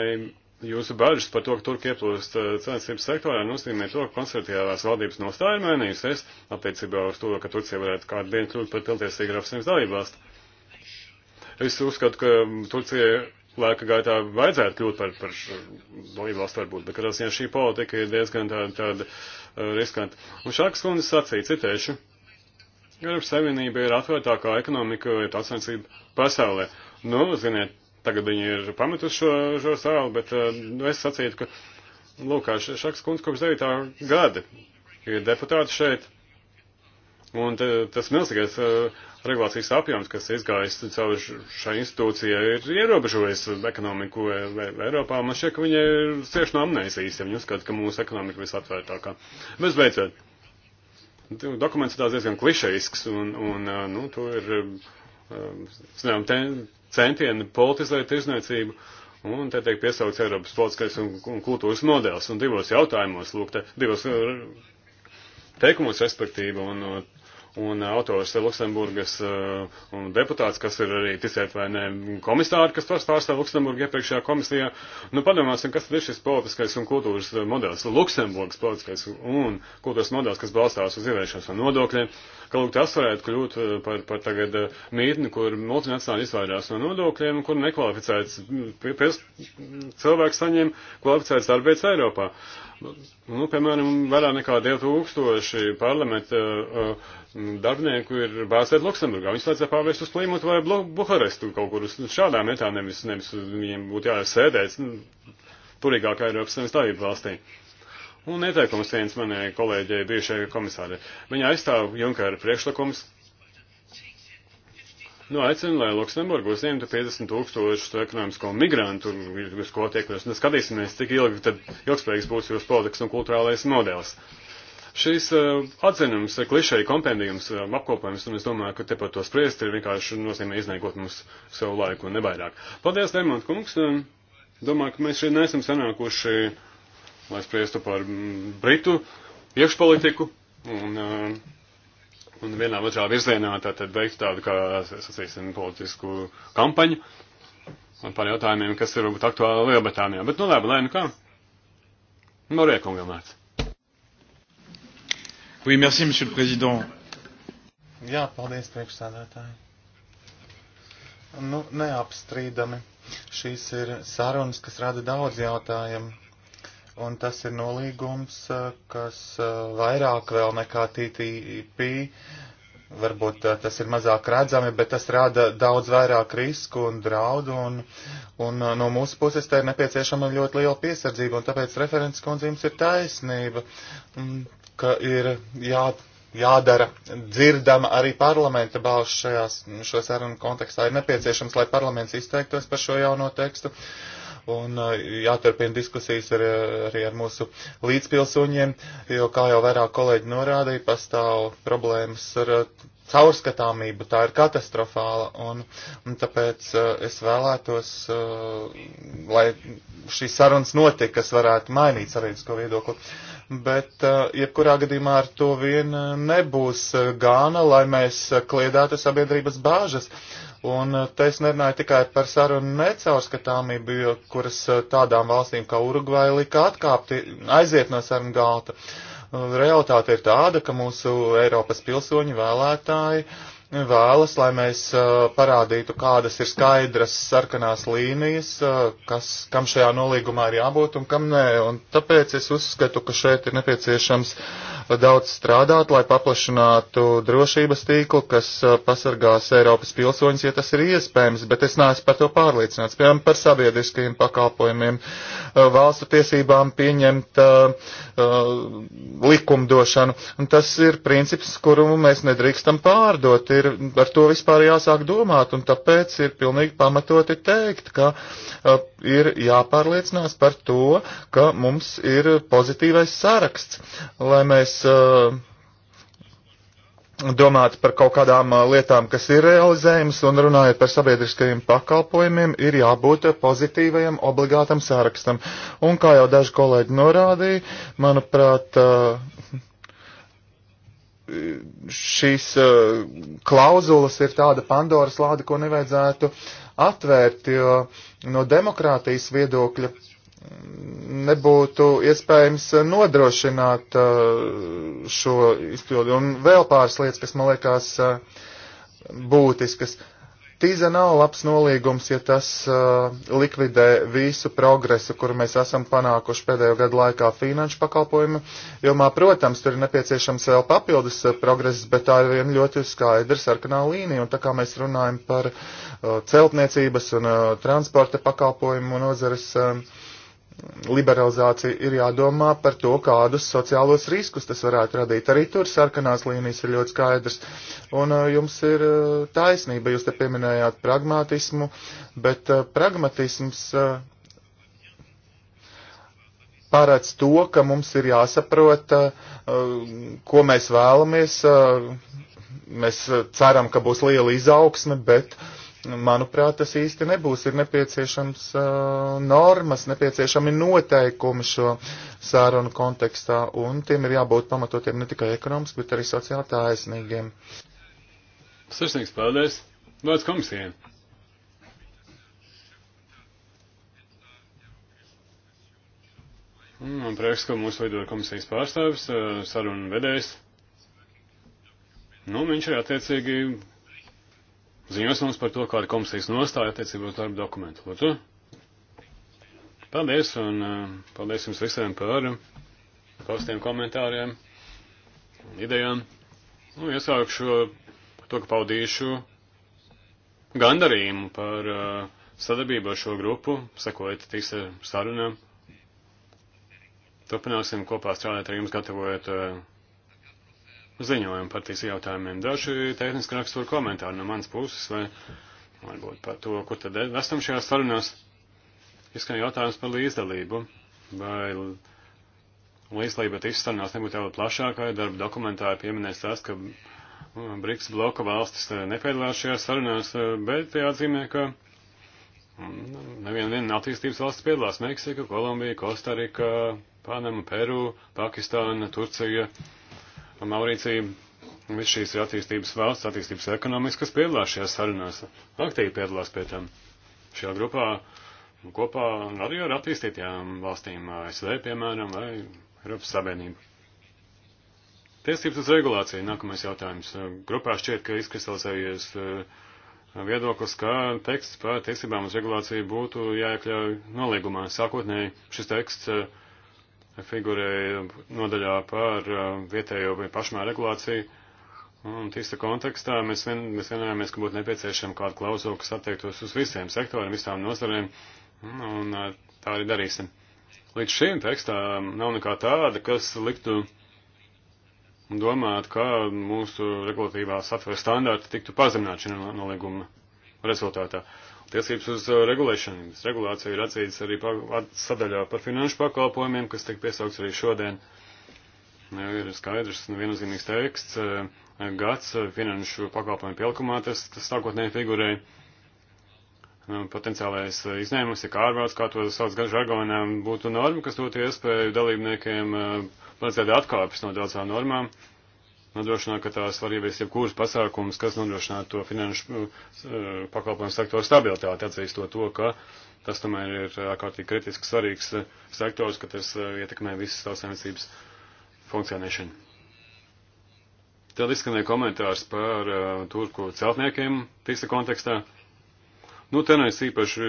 jūsu bažas par to, ka Turki ieplūst eh, cilvēcības sektorā, nozīmē to, ka konservatīvās valdības nostāja ir mainījusies attiecībā uz to, ka Turcija varētu kādu dienu kļūt par pilntiesīgu Eiropas Savienības dalībvalstu. Es uzskatu, ka Turcija laika gaitā vajadzētu kļūt par, par dalībvalstu varbūt, bet katrā ziņā šī politika ir diezgan tāda, tāda eh, riskanta. Un Šāks kundze sacīja, citēšu, Eiropas Savienība ir atvērtākā ekonomika, ir tautsvencība pasaulē. Nu, ziniet, Tagad viņi ir pametuši šo, šo savu, bet eh, nu, es sacītu, ka Lūkāš Šaks kundze kopš 9. gada ir deputāti šeit. Un te, tas milzīgais uh, regulācijas apjoms, kas izgājis caur šai institūcijai, ir ierobežojis ekonomiku e, Eiropā. Man šķiet, ka viņi ir cieši no amnēsijas, ja viņi uzskata, ka mūsu ekonomika visatvērtākā. Bezbeidzot, dokuments ir tāds diezgan klišejisks, un, un eh, nu, tur ir, zinām, ten, centieni politizēt tirzniecību, un te tiek piesaugs Eiropas politiskais un, un kultūras modelis, un divos jautājumos, lūk, te, divos uh, teikumos, respektīvi, un uh, un eh, autors Luksemburgas eh, un deputāts, kas ir arī ticēt vai ne komisāri, kas pārstāv Luksemburgu iepriekšējā komisijā. Nu, padomāsim, kas tad ir šis politiskais un kultūras eh, modelis, Luksemburgas politiskais un kultūras modelis, kas balstās uz ievēršanas un nodokļiem, ka lūk tas varētu kļūt par, par tagad mītni, kur multinacionāli izvairās no nodokļiem, kur nekvalificēts cilvēks saņem kvalificēts darbietis Eiropā. Nu, piemēram, vairāk nekā 2000 parlamenta uh, uh, darbinieku ir bāzēta Luksemburgā. Viņus vajadzētu pārvērst uz Plīmutu vai Buharestu kaut kur uz šādām vietām, nevis, nevis viņiem būtu jāsēdēts nu, turīgākā Eiropas Savienības dalība valstī. Un ieteikums viens manai kolēģei, bijušajai komisārai. Viņa aizstāv Junkara priekšlikums. Nu, aicinu, lai Luksemburgu uzņemtu 50 tūkstošu ekonomisko migrantu, uz ko tiekties. Un nu, skatīsimies, cik ilgi tad ilgspējīgs būs jūsu politikas un kultūrālais modelis. Uh, Šīs eh, atzinums, eh, klišēja kompendijums, eh, apkopojums, un es domāju, ka te par to spriest ir vienkārši nozīmē iznēkot mums savu laiku un nebaidāk. Paldies, Demont kungs. Domāju, ka mēs šeit neesam sanākuši, lai spriestu par mm, Britu iekšpolitiku un, un vienā otrā virzienā tātad veiktu tādu, kā, sacīsim, politisku kampaņu un par jautājumiem, kas ir varbūt aktuāli Lielbritānijā. Bet nu labi, lai nu kā. Morēkungam vērts. Oui, merci, monsieur le président. Jā, paldies, priekšsādātāji. Nu, neapstrīdami. Šīs ir sarunas, kas rada daudz jautājumu. Un tas ir nolīgums, kas eh, vairāk vēl nekā TTIP. Varbūt eh, tas ir mazāk redzami, bet tas rada daudz vairāk risku un draudu. Un, un eh, no mūsu puses te ir nepieciešama ļoti liela piesardzība. Un tāpēc referents kundze jums ir taisnība. Mm, ka ir jā, jādara dzirdama arī parlamenta balss šajās, šo sarunu kontekstā. Ir nepieciešams, lai parlaments izteiktos par šo jauno tekstu. Un eh, jāturpina diskusijas ar, arī ar mūsu līdzpilsoņiem, jo, kā jau vairāk kolēģi norādīja, pastāv problēmas ar caurskatāmību, tā ir katastrofāla, un, un tāpēc uh, es vēlētos, uh, lai šīs sarunas notiek, kas varētu mainīt sabiedrisko viedokli. Bet, uh, jebkurā gadījumā ar to vien nebūs gāna, lai mēs kliedētu sabiedrības bāžas. Un te es nerunāju tikai par sarunu necaurskatāmību, kuras tādām valstīm kā Urugvai lika atkāpti, aiziet no sarunu galta. Uh, realitāte ir tāda, ka mūsu Eiropas pilsoņi vēlētāji vēlas, lai mēs parādītu, kādas ir skaidras sarkanās līnijas, kas, kam šajā nolīgumā ir jābūt un kam nē. Un tāpēc es uzskatu, ka šeit ir nepieciešams daudz strādāt, lai paplašinātu drošības tīklu, kas uh, pasargās Eiropas pilsoņus, ja tas ir iespējams, bet es neesmu par to pārliecināts. Piemēram, par sabiedriskajiem pakalpojumiem, uh, valstu tiesībām pieņemt uh, uh, likumdošanu. Un tas ir princips, kuru mēs nedrīkstam pārdot. Ir ar to vispār jāsāk domāt, un tāpēc ir pilnīgi pamatoti teikt, ka uh, ir jāpārliecinās par to, ka mums ir pozitīvais saraksts, lai mēs uh, domāt par kaut kādām uh, lietām, kas ir realizējamas, un runājot par sabiedriskajiem pakalpojumiem, ir jābūt pozitīvajam obligātam sārakstam. Un kā jau daži kolēģi norādīja, manuprāt, uh, šīs uh, klauzulas ir tāda Pandoras lāde, ko nevajadzētu atvērt, jo no demokrātijas viedokļa nebūtu iespējams nodrošināt uh, šo izpildi. Un vēl pāris lietas, kas man liekas uh, būtiskas. Tīza nav labs nolīgums, ja tas uh, likvidē visu progresu, kuru mēs esam panākuši pēdējo gadu laikā finanšu pakalpojumu jomā. Protams, tur ir nepieciešams vēl papildus progress, bet tā ir viena ļoti skaidra sarkanā līnija. Un tā kā mēs runājam par celtniecības un transporta pakalpojumu nozares. Un um, liberalizācija ir jādomā par to, kādus sociālos riskus tas varētu radīt. Arī tur sarkanās līnijas ir ļoti skaidrs. Un uh, jums ir uh, taisnība, jūs te pieminējāt pragmatismu, bet uh, pragmatisms paredz to, ka mums ir jāsaprot, ko mēs vēlamies. Mēs ceram, ka būs liela izaugsme, bet uh, Manuprāt, tas īsti nebūs. Ir nepieciešams uh, normas, nepieciešami noteikumi šo sārunu kontekstā, un tiem ir jābūt pamatotiem ne tikai ekonomiski, bet arī sociāli taisnīgiem. Sirsnīgs paldies! Vārds komisijai! Man prieks, ka mūsu veidoja komisijas pārstāvis, sarunu vedējs. Nu, viņš ir attiecīgi ziņos mums par to, kāda komisijas nostāja attiecībā uz darba dokumentu. Lūdzu. Paldies, un uh, paldies jums visiem par paustiem komentāriem un idejām. Nu, iesākšu to, ka paudīšu gandarījumu par uh, sadarbību ar šo grupu, sekojot tīsa sarunām. Turpināsim kopā strādāt ar jums, gatavojot uh, ziņojumu par tīs jautājumiem. Daži tehniski rakstura komentāri no manas puses, vai varbūt par to, kur tad esam šajās sarunās. Izskan jautājums par līdzdalību, vai līdzdalība tiks sarunās nebūtu jau plašākai, darba dokumentā pieminēs tas, ka mm, Briks bloka valstis eh, nepiedalās šajās sarunās, eh, bet jāatzīmē, ka mm, neviena attīstības valsts piedalās Meksika, Kolumbija, Kostarika, Panama, Peru, Pakistāna, Turcija. Maurīcija un viss šīs ir attīstības valsts, attīstības ekonomikas, kas piedalās šajās sarunās, aktīvi piedalās pie tam. Šajā grupā kopā arī ar attīstītajām valstīm, ASV, piemēram, vai Eiropas Savienību. Tiesības uz regulāciju, nākamais jautājums. Grupā šķiet, ka izkristalizējies eh, viedoklis, ka teksts par tiesībām uz regulāciju būtu jāiekļauj nolīgumā. Sākotnēji šis teksts eh, figurēja nodaļā par um, vietējo vai pašmā regulāciju. Un tīsta kontekstā mēs, vien, mēs vienojāmies, ka būtu nepieciešama kāda klauzula, kas attiektos uz visiem sektoriem, visām nozarēm, un uh, tā arī darīsim. Līdz šim tekstā nav nekā tāda, kas liktu domāt, kā mūsu regulatīvā satvera standarti tiktu pazemināti šī nolīguma rezultātā. Uh, Tiesības uz uh, regulēšanu, regulācija ir atzīts arī sadaļā par finanšu pakalpojumiem, kas tiek piesaukts arī šodien. Nu, ir skaidrs un nu, viennozīmīgs teksts, uh, gads uh, finanšu pakalpojumu pielikumā, tas, tas sākotnēji figurēja nu, potenciālais izņēmums, ja ārvalsts, kā to sauc žargonā, būtu norma, kas dotu iespēju dalībniekiem paredzēt atkāpes no daudzām normām, nodrošināt, ka tās var ieviest jebkuras pasākumus, kas nodrošinātu to finanšu uh, pakalpojumu sektoru stabilitāti, atzīstot to, ka tas tomēr ir ārkārtīgi kritiski svarīgs uh, sektors, ka tas uh, ietekmē visas tautsēmniecības funkcionēšanu. Tad izskanēja komentārs par uh, turku celtniekiem tīsta kontekstā. Nu, te nu es īpaši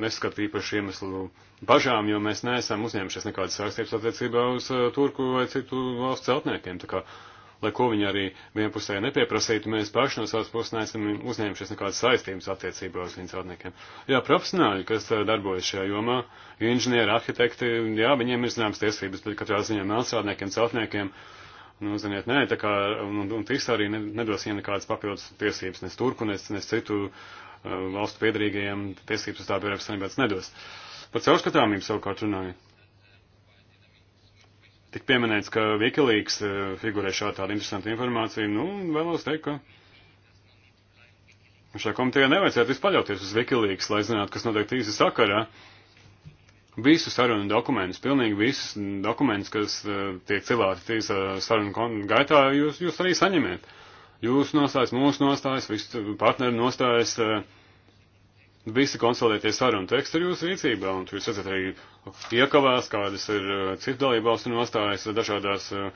neskatu īpaši iemeslu bažām, jo mēs neesam uzņēmušies nekādas sārstības attiecībā uz uh, turku vai citu valstu celtniekiem. Tā kā uh, lai ko viņi arī vienpusēji nepieprasītu, mēs paši no savas puses neesam uzņēmušies nekādas saistības attiecībā uz viņu celtniekiem. Jā, profesionāļi, kas eh, darbojas šajā jomā, inženieri, arhitekti, jā, viņiem ir zināmas tiesības, bet katrā ziņā mēlstrādniekiem, celtniekiem, nu, ziniet, nē, tā kā, un, un tīs arī nedos viņiem nekādas papildus tiesības, nes turku, nes, nes citu uh, valstu piedrīgajiem tiesības uz tādu Eiropas Savienības nedos. Par caurskatāmību savukārt runājot. Tik pieminēts, ka Wikileaks eh, figurē šāda tāda interesanta informācija. Nu, vēlos teikt, ka šai komitejai nevajadzētu vispaļauties uz Wikileaks, lai zinātu, kas notiek tīsi sakarā. Visu sarunu dokumentus, pilnīgi visus dokumentus, kas eh, tiek cilāti tīsa sarunu gaitā, jūs, jūs arī saņemiet. Jūsu nostājas, mūsu nostājas, visu partneru nostājas. Uh, visi konsolidētie sarunu teksti ir jūsu rīcībā, un jūs esat arī iekavās, kādas ir uh, citu dalībvalstu nostājas dažādās uh,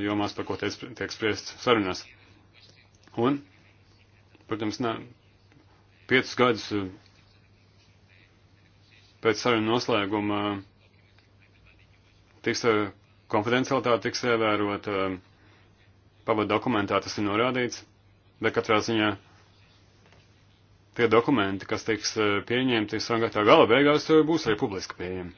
jomās, par ko tiek, tiek spriests sarunās. Un, protams, ne, piecus gadus uh, pēc sarunu noslēguma tiks konfidencialitāte tiks ievērot pavadu dokumentā, tas ir norādīts, bet katrā ziņā tie dokumenti, kas tiks eh, pieņemti sangatā gala beigās, eh, būs arī publiski pieejami.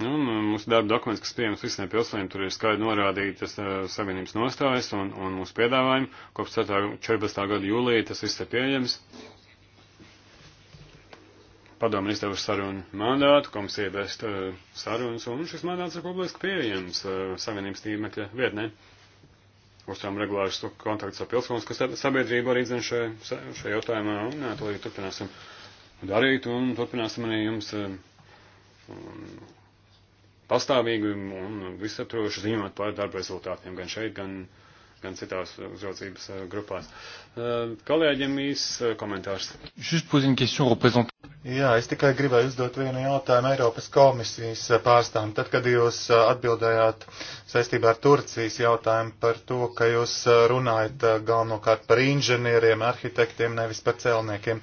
Nu, un eh, mūsu darba dokuments, kas pieejams visiem pilsoņiem, tur ir skaidri norādītas uh, savienības nostājas un, un mūsu piedāvājumi. Kopš 14. gada jūlija tas viss ir pieejams. Padomu ir izdevuši sarunu mandātu, komisija vēst uh, sarunas, un šis mandāts ir publiski pieejams uh, savienības tīmekļa vietnē. Ne? uzturām regulārus kontaktus ar pilsonisko sabiedrību arī zinu šajā, šajā jautājumā, un jā, to arī turpināsim darīt, un turpināsim arī jums um, um, un, pastāvīgi un visaptroši ziņot par darba rezultātiem gan šeit, gan šeit gan citās uzraudzības eh, grupās. Eh, kolēģiem īs eh, komentārs. Jā, es tikai gribēju uzdot vienu jautājumu Eiropas komisijas pārstāvim. Tad, kad jūs atbildējāt saistībā ar Turcijas jautājumu par to, ka jūs runājat galvenokārt par inženieriem, arhitektiem, nevis par celniekiem,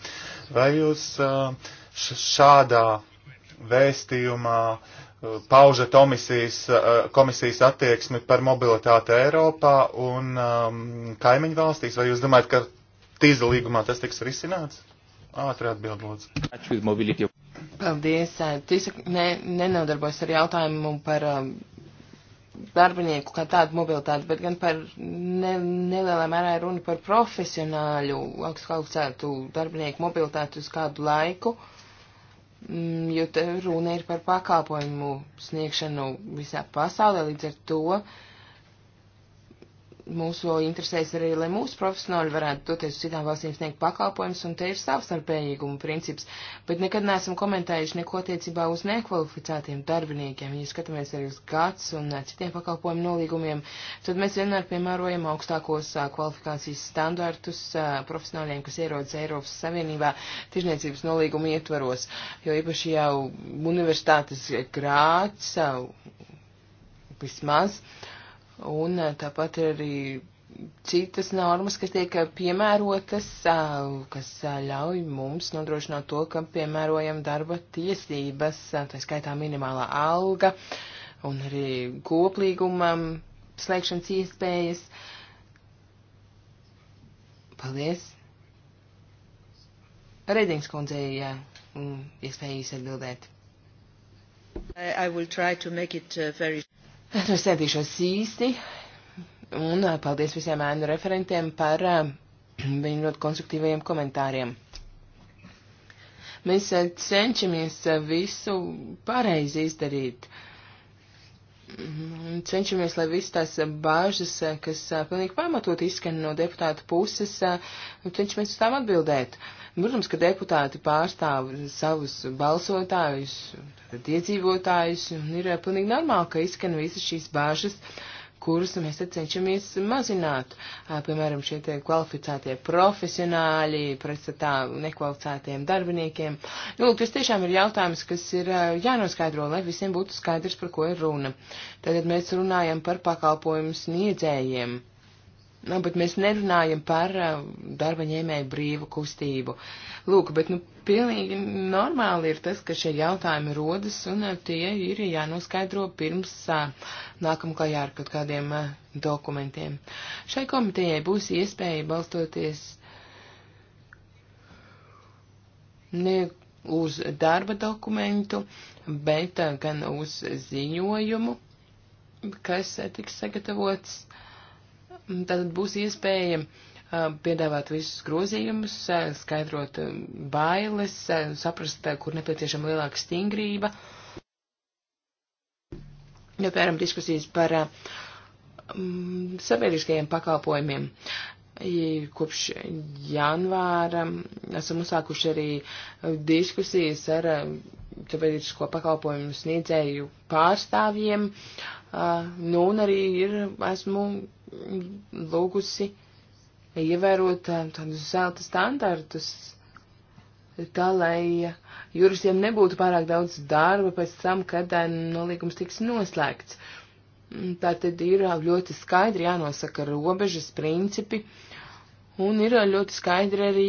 vai jūs šādā vēstījumā uh, paužat komisijas, eh, komisijas attieksmi par mobilitāti Eiropā un um, kaimiņu valstīs? Vai jūs domājat, ka tīza līgumā tas tiks risināts? Ātri atbild, lūdzu. Paldies. Eh, Tīsa ne, nenodarbojas ar jautājumu par um, darbinieku kā tādu mobilitāti, bet gan par ne, nelielā mērā runa par profesionāļu augstu kvalificētu darbinieku mobilitāti uz kādu laiku. Uh, Mm, jo te runa ir par pakalpojumu sniegšanu visā pasaulē, līdz ar to mūsu interesēs arī, lai mūsu profesionāļi varētu doties uz citām valstīm sniegt pakalpojumus, un te ir savstarpējīguma princips, bet nekad neesam komentējuši neko attiecībā uz nekvalificētiem darbiniekiem. Ja skatāmies arī uz gads un eh, citiem pakalpojumu nolīgumiem, tad mēs vienmēr piemērojam augstākos eh, kvalifikācijas standartus eh, profesionāļiem, kas ierodas Eiropas Savienībā tirzniecības nolīguma ietvaros, jo īpaši jau universitātes grāds vismaz. Uh, Un eh, tāpat ir arī citas normas, kas tiek eh, piemērotas, eh, kas ļauj mums nodrošināt to, ka piemērojam darba tiesības, tā skaitā minimālā alga un arī koplīgumam mm, slēgšanas iespējas. Paldies! Redings kundzei, jā, mm, iespējas atbildēt. I, I will try to make it uh, very Es nu sēdīšos īsti un eh, paldies visiem ēnu referentiem par eh, viņu ļoti konstruktīvajiem komentāriem. Mēs eh, cenšamies visu pareizi izdarīt. Cenšamies, lai visas tās bāžas, kas pilnīgi pamatot izskan no deputātu puses, cenšamies uz tām atbildēt. Uh, Protams, ka deputāti pārstāv savus balsotājus, tad iedzīvotājus, un ir eh, pilnīgi normāli, ka izskan visas šīs bāžas, kuras mēs te cenšamies mazināt. Eh, piemēram, šie tie kvalificētie profesionāļi, pretstatā nekvalificētiem darbiniekiem. Nu, lūk, tas tiešām ir jautājums, kas ir eh, jānoskaidro, lai visiem būtu skaidrs, par ko ir runa. Tad mēs runājam par pakalpojumu sniedzējiem Nu, bet mēs nerunājam par uh, darba ņēmēju brīvu kustību. Lūk, bet, nu, pilnīgi normāli ir tas, ka šie jautājumi rodas, un uh, tie ir jānoskaidro pirms uh, nākam klajā ar kaut kādiem uh, dokumentiem. Šai komitejai būs iespēja balstoties ne uz darba dokumentu, bet uh, gan uz ziņojumu, kas uh, tiks sagatavots Mm, tad būs iespēja uh, piedāvāt visus grozījumus, uh, skaidrot uh, bailes, saprast, kur nepieciešama lielāka stingrība. Ja, piemēram, diskusijas par um, sabiedriskajiem pakalpojumiem. Uh, kopš janvāra esam uzsākuši arī diskusijas ar sabiedrisko pakalpojumu sniedzēju pārstāvjiem, nu un arī ir, esmu lūgusi ievērot tādus zelta standartus, tā lai juristiem nebūtu pārāk daudz darba pēc tam, kad nolīgums tiks noslēgts. Uh, Mm, tā tad ir uh, ļoti skaidri jānosaka robežas principi, un ir uh, ļoti skaidri arī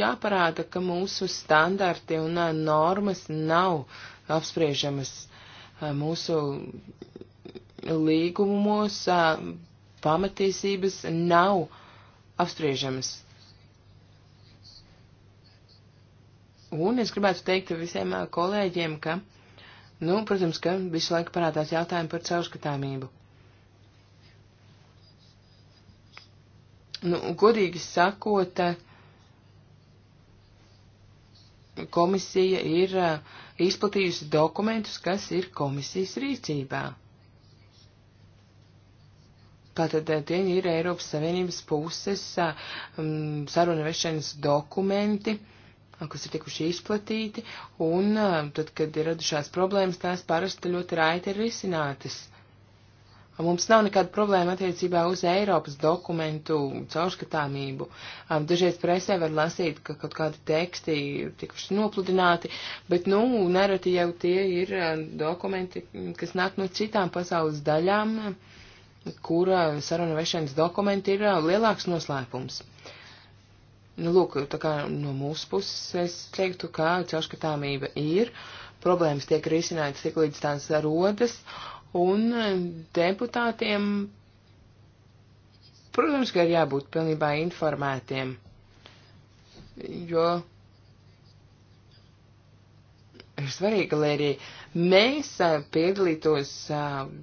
jāparāda, ka mūsu standarti un uh, normas nav apspriežamas mūsu līgumos, pamatiesības nav apspriežamas. Un es gribētu teikt visiem kolēģiem, ka Nu, protams, ka visu laiku parādās jautājumi par caurskatāmību. Nu, godīgi sakot, komisija ir izplatījusi dokumentus, kas ir komisijas rīcībā. Tātad tie ir Eiropas Savienības puses saruna vešanas dokumenti kas ir tikuši izplatīti, un tad, kad ir radušās problēmas, tās parasti ļoti raiti ir risinātas. Mums nav nekāda problēma attiecībā uz Eiropas dokumentu caurskatāmību. Dažreiz presē var lasīt, ka kaut kādi teksti ir tikuši nopludināti, bet, nu, nereti jau tie ir dokumenti, kas nāk no citām pasaules daļām, kura saruna vešanas dokumenti ir lielāks noslēpums. Uh, Nu, lūk, tā kā no mūsu puses es teiktu, ka caurskatāmība ir, problēmas tiek risinātas tik līdz tās rodas, un deputātiem, protams, ka ir jābūt pilnībā informētiem, jo ir svarīgi, lai arī mēs piedalītos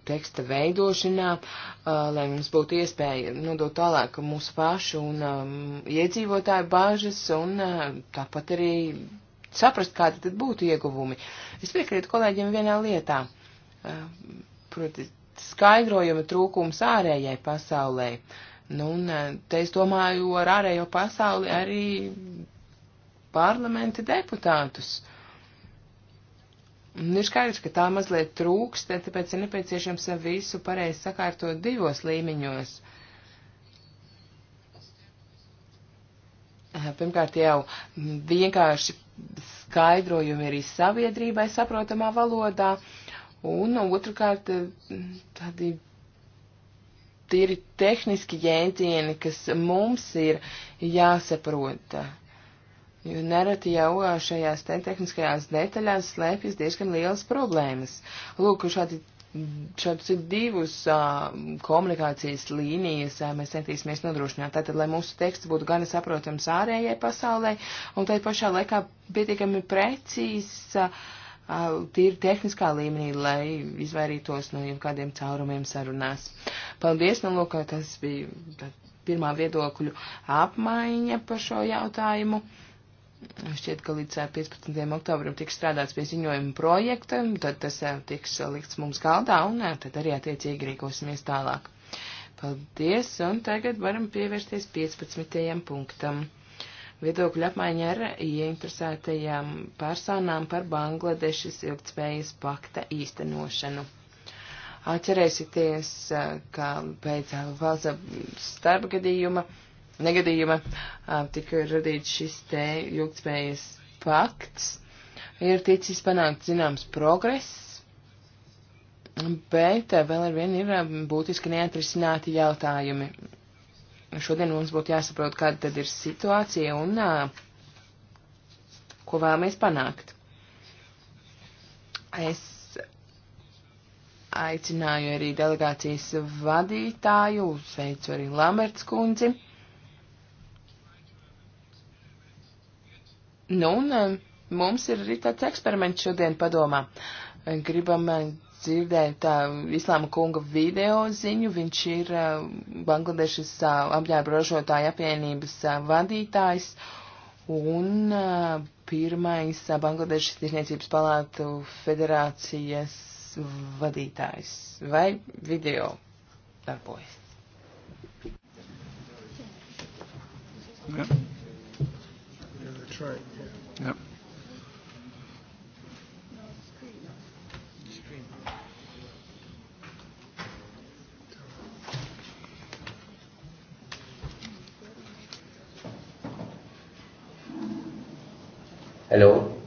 teksta veidošanā, lai mums būtu iespēja nodot tālāk mūsu pašu un iedzīvotāju bāžas un tāpat arī saprast, kādi tad būtu ieguvumi. Es piekrītu kolēģiem vienā lietā, proti skaidrojuma trūkums ārējai pasaulē. Nu, un te es domāju ar ārējo pasauli arī parlamenta deputātus. Uh, Nu, ir skaidrs, ka tā mazliet trūkst, tāpēc ir nepieciešams visu pareizi sakārtot divos līmeņos. Pirmkārt, jau vienkārši skaidrojumi arī sabiedrībai saprotamā valodā, un otrkārt, tādi tīri tehniski jēdzieni, kas mums ir jāsaprota jo nereti jau šajās te tehniskajās detaļās slēpjas diezgan lielas problēmas. Lūk, šādi, šādus ir divus uh, komunikācijas līnijas, uh, mēs centīsimies nodrošināt, tātad, lai mūsu teksts būtu gana saprotams ārējai pasaulē, un tai pašā laikā pietiekami precīzs, uh, tīri tehniskā līmenī, lai izvairītos no jau kādiem caurumiem sarunās. Paldies, nu, lūk, tas bija pirmā viedokļu apmaiņa par šo jautājumu. Šķiet, ka līdz 15. oktobrim tiks strādāts pie ziņojuma projekta, tad tas tiks likts mums galdā un tad arī attiecīgi rīkosimies tālāk. Paldies, un tagad varam pievērsties 15. punktam. Viedokļu apmaiņa ar ieinteresētajām personām par Bangladešas ilgtspējas pakta īstenošanu. Atcerēsieties, ka pēc valsts starpgadījuma gadījuma negadījuma tika radīts šis te ilgtspējas pakts. Ir ticis panākt zināms progress, bet vēl ar vienu ir būtiski neatrisināti jautājumi. Šodien mums būtu jāsaprot, kāda tad ir situācija un ko vēlamies panākt. Es aicināju arī delegācijas vadītāju, sveicu arī Lamerts kundzi. Nu, un eh, mums ir arī tāds eksperiments šodien padomā. Eh, gribam eh, dzirdēt Islāma kunga video ziņu. Viņš ir Bangladešas apģērba ražotāja apvienības vadītājs un pirmais Bangladešas tirsniecības palātu federācijas vadītājs. Vai video darbojas? Yeah. That's right. Yeah. Yep. Hello.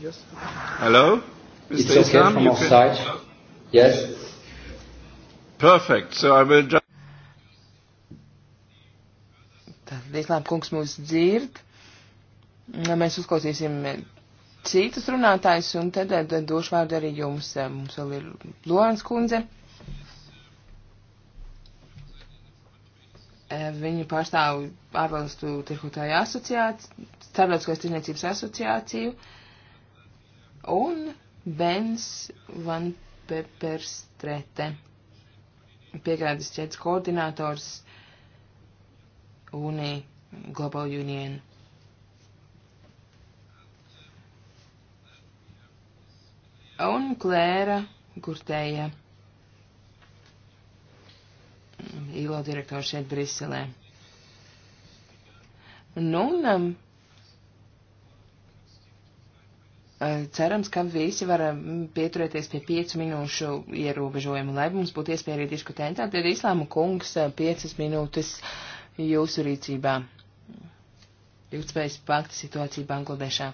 Yes. Hello. Mr. It's okay Islam, from our can... side. Yes. Perfect. So I will just Dīslēm kungs mūs dzird. Mēs uzklausīsim citus runātājus, un tad došu vārdu arī jums. Eh, mums vēl ir Lorans kundze. Eh, viņa pārstāv ārvalstu tirkotāju asociāciju, starptautiskās tirniecības asociāciju, un Bens Van Peperstrete, piegādes ķēdes koordinators Uniji, Global Union. Un Klēra Gurtēja, ILO direktora šeit Briselē. Nu, un, um, eh, cerams, ka visi var um, pieturēties pie piecu minūšu ierobežojumu, lai mums būtu iespēja arī diskutēt. Tātad Islāma kungs eh, piecas minūtes jūsu rīcībā. Ilgtspējas pakta situācija Bangladešā.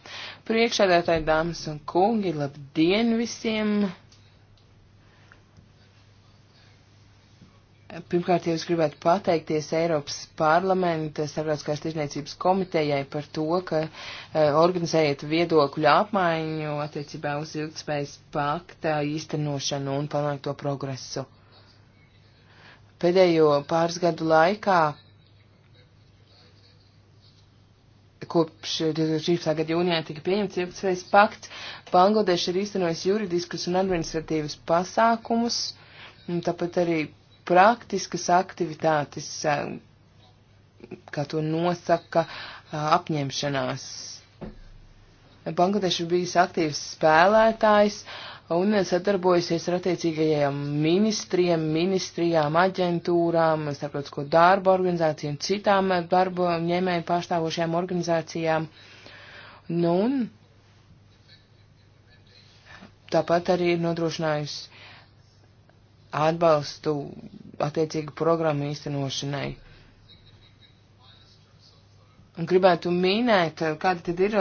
Priekšādātāji dāmas un kungi, labdien visiem! Pirmkārt, jau es gribētu pateikties Eiropas parlamenta starptautiskās tirzniecības komitejai par to, ka e, organizējat viedokļu apmaiņu attiecībā uz ilgtspējas pakta īstenošanu un panākto progresu pēdējo pāris gadu laikā Kopš 2016. gada jūnijā tika pieņemts ilgspējas pakts, Bangladeša ir īstenojis juridiskus un administratīvus pasākumus, un tāpat arī praktiskas aktivitātes, eh, kā to nosaka eh, apņemšanās. Bangladeša ir bijis aktīvs spēlētājs, uh, un sadarbojusies ar attiecīgajiem ministriem, ministrijām, aģentūrām, starptautisko darbu organizāciju un citām darbu ņēmēju pārstāvošajām organizācijām. Nu, un tāpat arī ir nodrošinājusi atbalstu attiecīgu programmu īstenošanai. Un gribētu minēt, kādi tad ir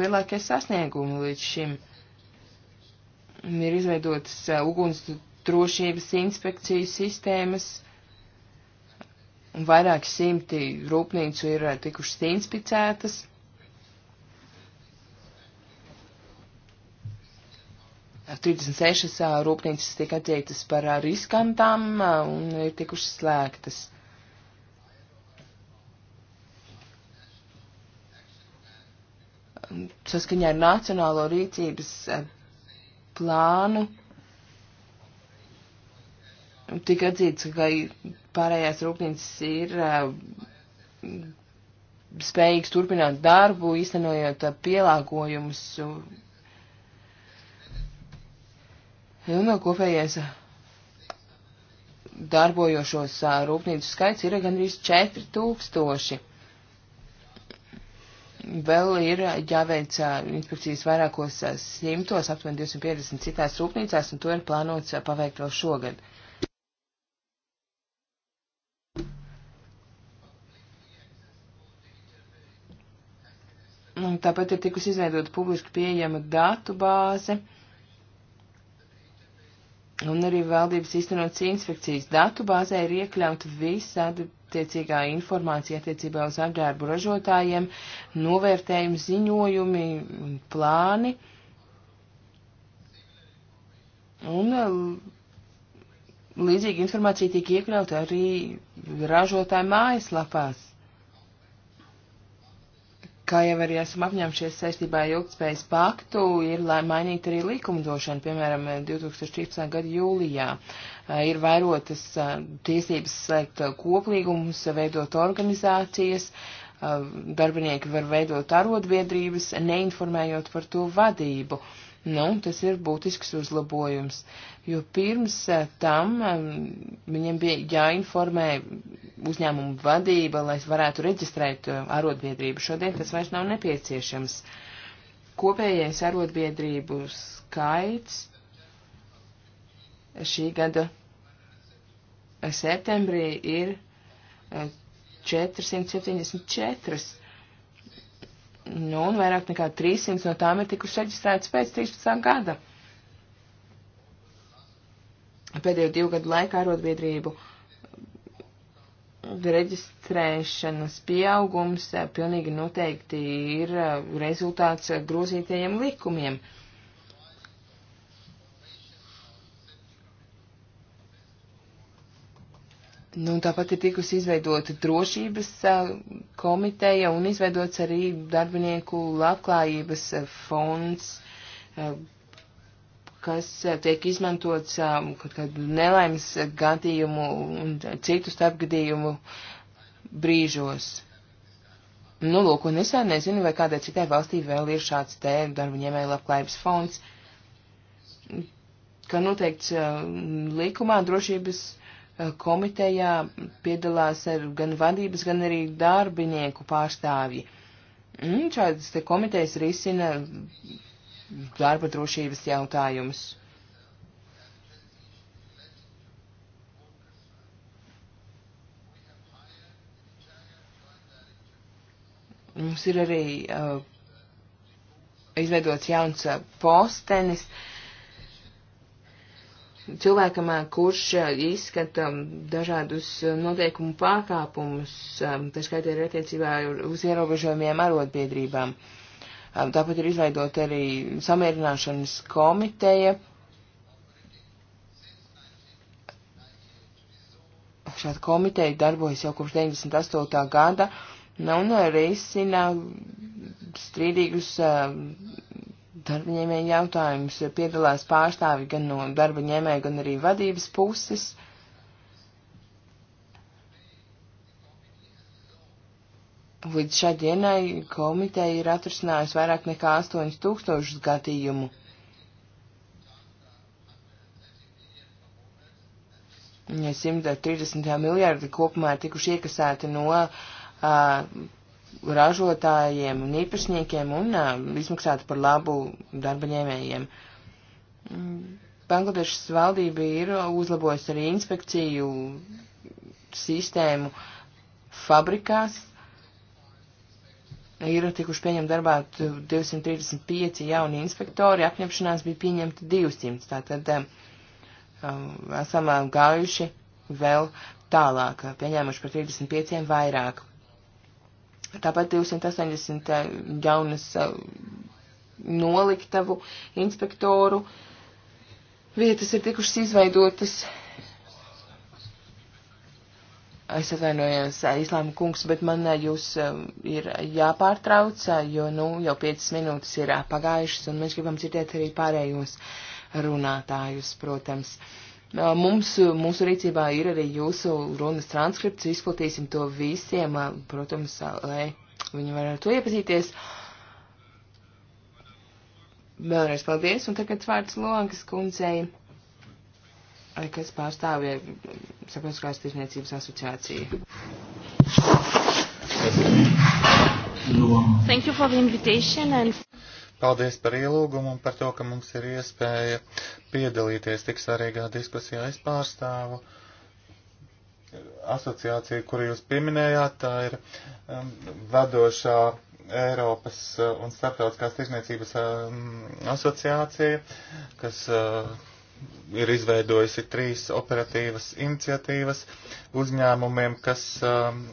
lielākie sasniegumi līdz šim ir izveidotas uguns drošības inspekciju sistēmas, un vairāk simti rūpnīcu ir tikušas inspicētas. Ar 36 rūpnīcas tika atzītas par riskantām un ir tikušas slēgtas. Saskaņā ar Nacionālo rīcības plānu tika atzīts, ka pārējās rūpnīcas ir eh, spējīgs turpināt darbu, īstenojot eh, pielāgojumus. Un kopējais eh, darbojošos rūpnīcu skaits ir gandrīz 4000. Vēl ir jāveic inspekcijas vairākos simtos, aptuveni 250 citās rūpnīcās, un to ir plānots paveikt vēl šogad. Un tāpat ir tikusi izveidota publiski pieejama datu bāze. Uh, un arī valdības īstenotas inspekcijas datu bāzē ir iekļauta visa attiecīgā informācija attiecībā uz apģērbu ražotājiem, novērtējumu ziņojumi un plāni. Un līdzīga informācija tiek iekļauta arī ražotāju mājaslapās kā jau arī esam apņēmušies saistībā ar ilgtspējas paktu, ir, lai mainītu arī likumdošanu, piemēram, 2014. gada jūlijā. Ir vairotas tiesības slēgt koplīgumus, veidot organizācijas, darbinieki var veidot arotbiedrības, neinformējot par to vadību. Uh, Nu, tas ir būtisks uzlabojums, jo pirms eh, tam viņiem bija jāinformē uzņēmumu vadība, lai varētu reģistrēt eh, arotbiedrību. Šodien tas vairs nav nepieciešams. Kopējais arotbiedrību skaits šī gada septembrī ir 474. Eh, Nu, un vairāk nekā 300 no tām ir tikuši reģistrētas pēc 13. gada. Pēdējo divu gadu laikā arotbiedrību reģistrēšanas pieaugums eh, pilnīgi noteikti ir eh, rezultāts eh, grozītajiem likumiem. Uh, Nu, tāpat ir tikusi izveidota drošības komiteja un izveidots arī darbinieku labklājības fonds, kas tiek izmantots kaut kādu nelaimes gadījumu un citu starpgadījumu brīžos. Nu, lūk, un es nezinu, vai kādai citai valstī vēl ir šāds te darbiņēmēja labklājības fonds, ka noteikts likumā drošības komitejā piedalās ar gan vadības, gan arī darbinieku pārstāvji. Un mm, šādas te komitejas risina darba drošības jautājumus. Mums ir arī uh, izveidots jauns uh, postenis, uh, cilvēkam, kurš izskata dažādus noteikumu pārkāpumus, tā skaitā ir attiecībā uz ierobežojumiem arotbiedrībām. Tāpat ir izveidot arī samierināšanas komiteja. Šāda komiteja darbojas jau kopš 98. gada nu, un risina strīdīgus darba ņēmēja jautājumus, jo piedalās pārstāvi gan no darba ņēmēja, gan arī vadības puses. Līdz šai dienai komiteja ir atrasinājusi vairāk nekā 8000 gadījumu. Ja 130 miljardi kopumā ir tikuši iekasēti no uh, ražotājiem un īpašniekiem un um, izmaksātu par labu darbaņēmējiem. Mm, Bangladešas valdība ir uzlabojusi arī inspekciju sistēmu fabrikās. Ir tikuši pieņemt darbā 235 jauni inspektori, apņemšanās bija pieņemta 200, tātad um, esam um, gājuši vēl tālāk, pieņēmuši par 35 vairāk. Tāpat 280 eh, jaunas eh, noliktavu inspektoru vietas ir tikušas izveidotas. Es atvainojos, eh, Islāma kungs, bet man jūs ir jāpārtrauc, jo nu, jau 5 minūtes ir pagājušas, un mēs gribam dzirdēt arī pārējos runātājus, protams. Mums, mūsu rīcībā ir arī jūsu runas transkripts, izplatīsim to visiem, protams, lai viņi varētu to iepazīties. Vēlreiz paldies, un tagad vārds Lonkas kundzei, kas pārstāvja Sabiedriskās tirsniecības asociāciju. Thank you for the invitation and Paldies par ielūgumu un par to, ka mums ir iespēja piedalīties tik svarīgā diskusijā. Es pārstāvu asociāciju, kuru jūs pieminējāt, tā ir um, vadošā Eiropas uh, un starptautiskās tirzniecības um, asociācija, kas uh, ir izveidojusi trīs operatīvas iniciatīvas uzņēmumiem, kas um,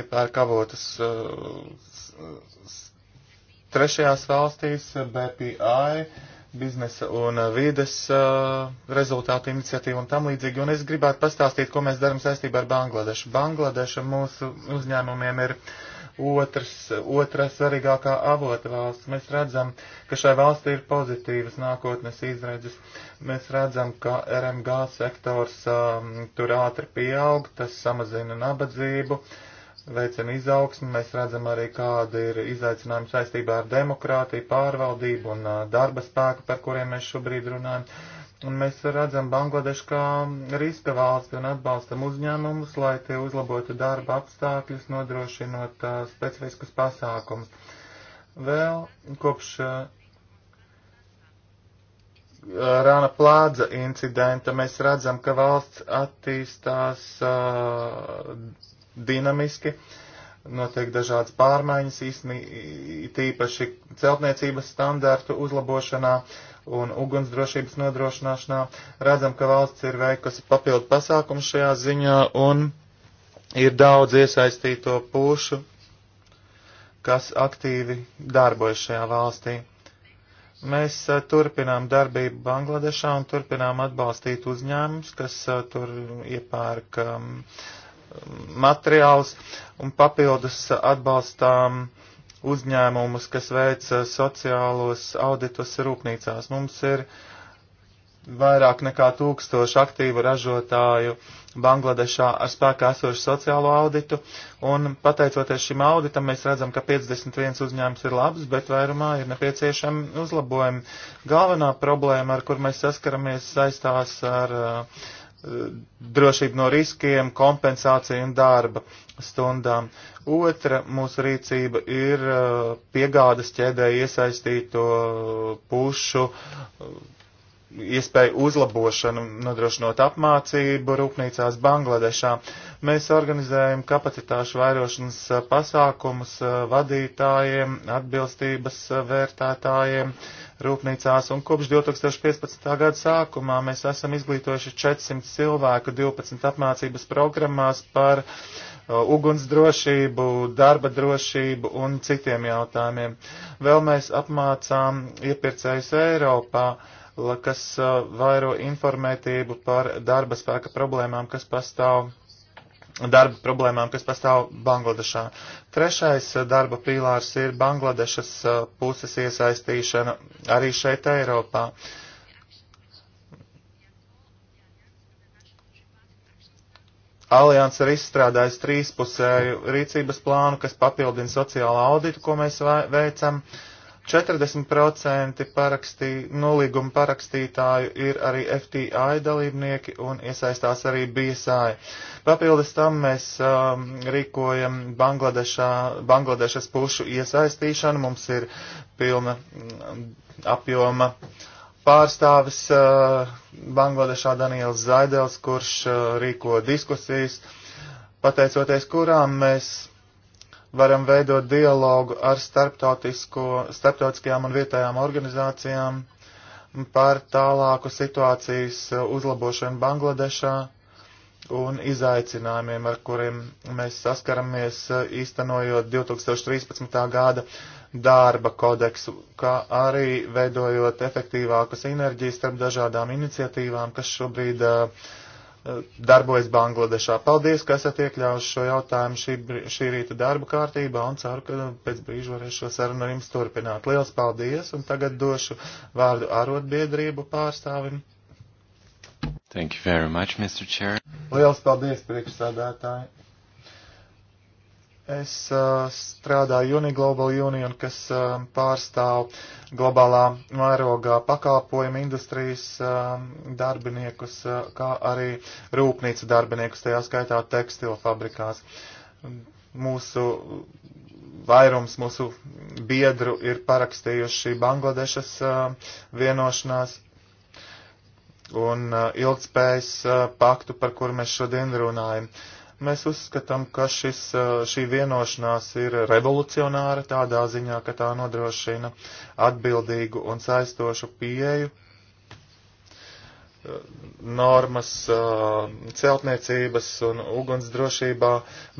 iepērk avotas uh, Trešajās valstīs BPI biznesa un uh, vides uh, rezultātu iniciatīvu un tam līdzīgi. Un es gribētu pastāstīt, ko mēs darām saistībā ar Bangladešu. Bangladeša mūsu uzņēmumiem ir otrs, otrā svarīgākā avota valsts. Mēs redzam, ka šai valstī ir pozitīvas nākotnes izredzes. Mēs redzam, ka RMG sektors um, tur ātri pieaug, tas samazina nabadzību. Uh, veicam izaugsmi, mēs redzam arī, kāda ir izaicinājuma saistībā ar demokrātiju, pārvaldību un darba spēku, par kuriem mēs šobrīd runājam. Un mēs redzam Bangladešu kā riska valsti un atbalstam uzņēmumus, lai tie uzlabotu darba apstākļus, nodrošinot uh, specifiskus pasākumus. Vēl kopš uh, Rāna plādza incidenta mēs redzam, ka valsts attīstās uh, dinamiski, notiek dažādas pārmaiņas, īstenī, tīpaši celtniecības standārtu uzlabošanā un ugunsdrošības nodrošināšanā. Redzam, ka valsts ir veikusi papildu pasākumu šajā ziņā un ir daudz iesaistīto pušu, kas aktīvi darbojas šajā valstī. Mēs a, eh, turpinām darbību Bangladešā un turpinām atbalstīt uzņēmums, kas a, eh, tur iepērk um, materiāls un papildus atbalstām uzņēmumus, kas veic eh, sociālos auditus rūpnīcās. Mums ir vairāk nekā tūkstoši aktīvu ražotāju Bangladešā ar spēkā esošu sociālo auditu, un pateicoties šim auditam mēs redzam, ka 51 uzņēmums ir labs, bet vairumā ir nepieciešami uzlabojumi. Galvenā problēma, ar kur mēs saskaramies, saistās ar uh, Eh, drošību no riskiem, kompensāciju un darba stundām. Otra mūsu rīcība ir eh, piegādas ķēdē iesaistīto pušu eh, iespēju uzlabošanu, nodrošinot apmācību rūpnīcās Bangladešā. Mēs organizējam kapacitāšu vairošanas eh, pasākumus eh, vadītājiem, atbilstības eh, vērtētājiem rūpnīcās, un kopš 2015. gada sākumā mēs esam izglītojuši 400 cilvēku 12 apmācības programmās par ugunsdrošību, darba drošību un citiem jautājumiem. Vēl mēs apmācām iepirkējus Eiropā kas uh, vairo informētību par darba spēka problēmām, kas pastāv darba problēmām, kas pastāv Bangladešā. Trešais uh, darba pīlārs ir Bangladešas uh, puses iesaistīšana arī šeit Eiropā. Alians ir izstrādājis trīspusēju rīcības plānu, kas papildina sociālo auditu, ko mēs veicam. Uh, 40% parakstī, nolīguma parakstītāju ir arī FTI dalībnieki un iesaistās arī BSI. Papildus tam mēs um, rīkojam Bangladešā, Bangladešas pušu iesaistīšanu. Mums ir pilna um, apjoma pārstāvis uh, Bangladešā Daniels Zaidels, kurš uh, rīko diskusijas, pateicoties kurām mēs varam veidot dialogu ar starptautiskajām un vietējām organizācijām par tālāku situācijas uzlabošanu Bangladešā un izaicinājumiem, ar kuriem mēs saskaramies īstenojot 2013. gada darba kodeksu, kā arī veidojot efektīvāku sinerģiju starp dažādām iniciatīvām, kas šobrīd uh, darbojas Bangladešā. Paldies, ka esat iekļāvuši šo jautājumu šī, šī rīta darba kārtībā un ceru, ka pēc brīža varēšu šo sarunu ar jums turpināt. Liels paldies un tagad došu vārdu arotbiedrību pārstāvim. Thank you very much, Mr. Chair. Liels paldies, priekšsādātāji. Es uh, strādāju Uniglobal Union, kas uh, pārstāv globālā mērogā pakāpojuma industrijas uh, darbiniekus, uh, kā arī rūpnīcu darbiniekus, tajā skaitā tekstila fabrikās. Mūsu vairums mūsu biedru ir parakstījuši Bangladešas uh, vienošanās un uh, ilgspējas uh, paktu, par kuru mēs šodien runājam. Uh, Mēs uzskatām, ka šis, eh, šī vienošanās ir revolucionāra tādā ziņā, ka tā nodrošina atbildīgu un saistošu pieeju eh, normas eh, celtniecības un ugunsdrošībā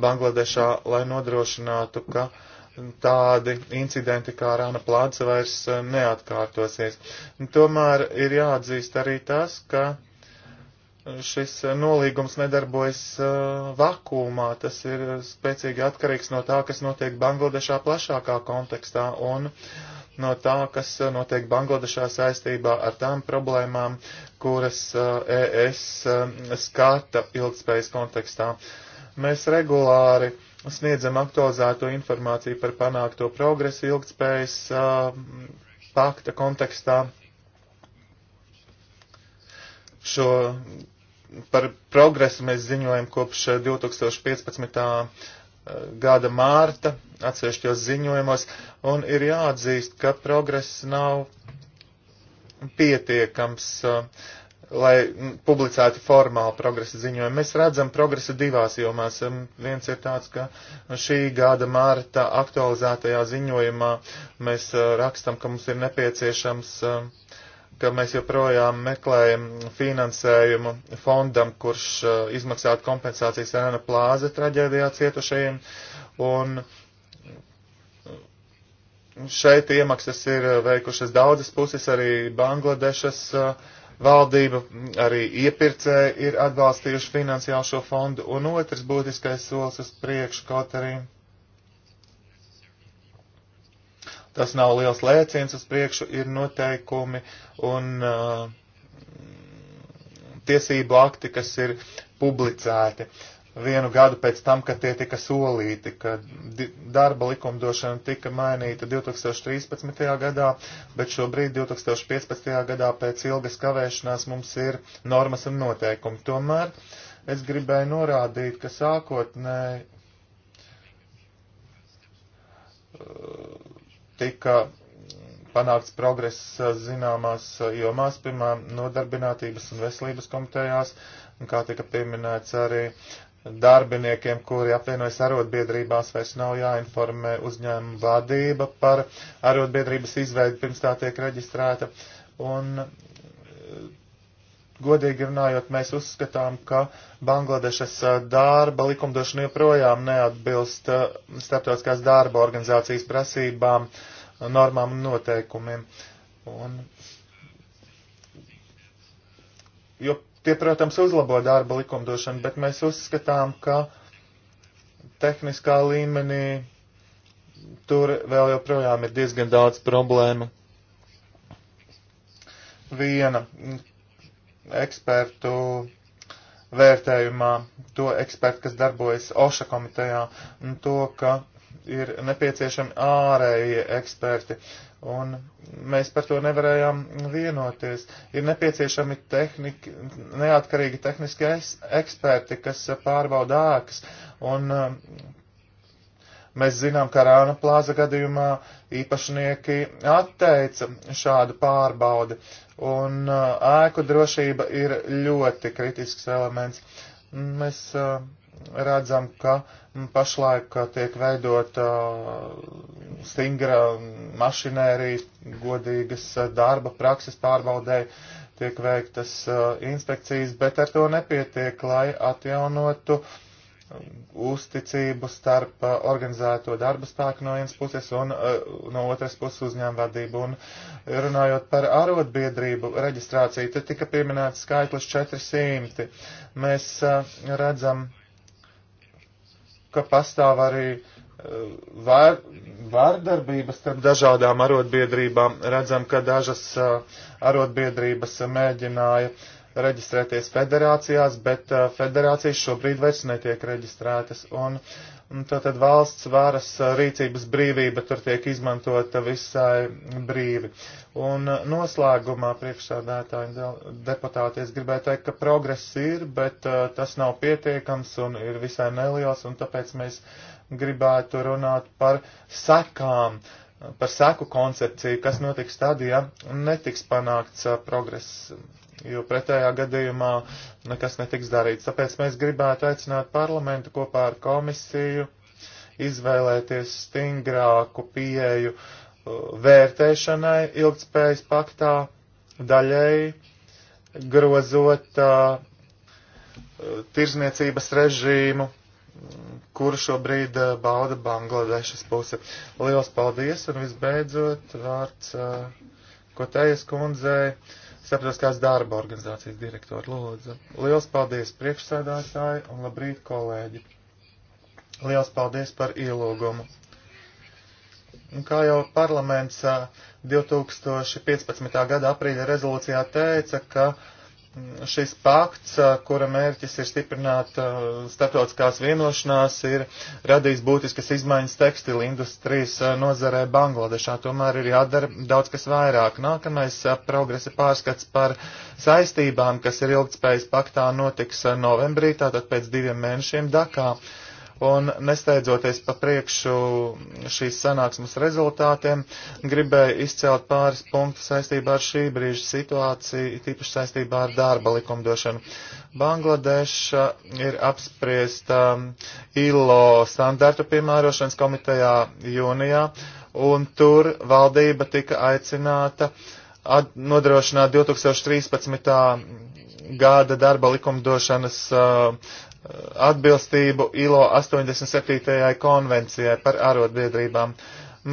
Bangladešā, lai nodrošinātu, ka tādi incidenti kā Rāna plāca vairs neatkārtosies. Tomēr ir jāatzīst arī tas, ka šis eh, nolīgums nedarbojas eh, vakumā. Tas ir spēcīgi atkarīgs no tā, kas notiek Bangladešā plašākā kontekstā un no tā, kas eh, notiek Bangladešā saistībā ar tām problēmām, kuras ES e skata ilgspējas kontekstā. Mēs regulāri sniedzam aktualizēto informāciju par panākto progresu ilgspējas pakta kontekstā. Šo par progresu mēs ziņojam kopš 2015. Eh, eh, gada mārta atsevišķos ziņojumos, un ir jāatzīst, ka progress nav pietiekams, eh, lai publicētu formāli progresa ziņojumu. Mēs redzam progresu divās jomās. Viens ir tāds, ka šī gada mārta aktualizētajā ziņojumā mēs rakstam, ka mums ir nepieciešams uh, ka mēs joprojām meklējam finansējumu fondam, kurš uh, izmaksātu kompensācijas Rēna plāze traģēdijā cietušajiem. Un šeit iemaksas ir uh, veikušas daudzas puses, arī Bangladešas uh, valdība, arī iepircē ir atbalstījuši finansiāli šo fondu. Un otrs būtiskais solis uz priekšu, kaut arī Tas nav liels lēciens uz priekšu, ir noteikumi un uh, tiesību akti, kas ir publicēti. Vienu gadu pēc tam, kad tie tika solīti, kad darba likumdošana tika mainīta 2013. gadā, bet šobrīd 2015. gadā pēc ilgas kavēšanās mums ir normas un noteikumi. Tomēr es gribēju norādīt, ka sākotnēji uh, tika panākts progress zināmās jomās, piemēram, nodarbinātības un veselības komitejās, un kā tika pieminēts arī darbiniekiem, kuri apvienojas arotbiedrībās, vairs nav jāinformē uzņēmuma vadība par arotbiedrības izveidu pirms tā tiek reģistrēta. Un godīgi runājot, mēs uzskatām, ka Bangladešas darba likumdošana joprojām neatbilst starptautiskās darba organizācijas prasībām, normām un noteikumiem. Un, jo tie, protams, uzlabo darba likumdošanu, bet mēs uzskatām, ka tehniskā līmenī tur vēl joprojām ir diezgan daudz problēmu. Viena, ekspertu vērtējumā, to ekspertu, kas darbojas OŠA komitejā, un to, ka ir nepieciešami ārējie eksperti. Un mēs par to nevarējām vienoties. Ir nepieciešami tehnik, neatkarīgi tehniski eksperti, kas pārbauda ēkas. Un mēs zinām, ka Rāna plāza gadījumā īpašnieki atteica šādu pārbaudi. Uh, un uh, ēku drošība ir ļoti kritisks elements. Mēs uh, redzam, ka pašlaik uh, tiek veidota stingra mašinērija godīgas darba prakses pārbaudēji, tiek veiktas inspekcijas, bet ar to nepietiek, lai atjaunotu uh, uzticību starp uh, organizēto darba spēku no vienas puses un uh, no otras puses uzņēmu vadību. Un runājot par arotbiedrību reģistrāciju, te tika pieminēts skaitlis 400. Mēs uh, redzam, ka pastāv arī var, vārdarbības starp dažādām arotbiedrībām. Redzam, ka dažas arotbiedrības mēģināja uh, reģistrēties federācijās, bet uh, federācijas šobrīd vairs netiek reģistrētas. Un, un tātad valsts varas uh, rīcības brīvība tur tiek izmantota visai brīvi. Un uh, noslēgumā priekšsādētāji deputāti es gribēju teikt, ka progress ir, bet tas nav pietiekams un ir visai neliels, un tāpēc mēs gribētu runāt par sekām, par seku koncepciju, kas notiks tad, ja netiks panākts progress jo pretējā gadījumā nekas netiks darīts. Tāpēc mēs gribētu aicināt parlamentu kopā ar komisiju izvēlēties stingrāku pieeju uh, vērtēšanai ilgspējas paktā daļēji, grozot uh, tirzniecības režīmu, kuru šobrīd uh, bauda Bangladešas puse. Lielas paldies un visbeidzot vārds uh, Kotējas kundzei. Uh, Starptautiskās darba organizācijas direktori lūdzu. Liels paldies priekšsēdētāji un labrīt kolēģi. Liels paldies par ielūgumu. Un kā jau parlaments 2015. gada aprīļa rezolūcijā teica, ka šis pakts, kura mērķis ir stiprināt starptautiskās vienošanās, ir radījis būtiskas izmaiņas tekstila industrijas nozarē Bangladešā. Tomēr ir jādara daudz kas vairāk. Nākamais progresa pārskats par saistībām, kas ir ilgtspējas paktā, notiks novembrī, tātad pēc diviem mēnešiem Dakā un nesteidzoties pa priekšu šīs sanāksmes rezultātiem, gribēju izcelt pāris punktus saistībā ar šī brīža situāciju, tīpaši saistībā ar darba likumdošanu. Bangladeša ir apspriesta ILO standartu piemērošanas komitejā jūnijā, un tur valdība tika aicināta nodrošināt 2013. gada darba likumdošanas uh, atbilstību ILO 87. konvencijai par arotbiedrībām.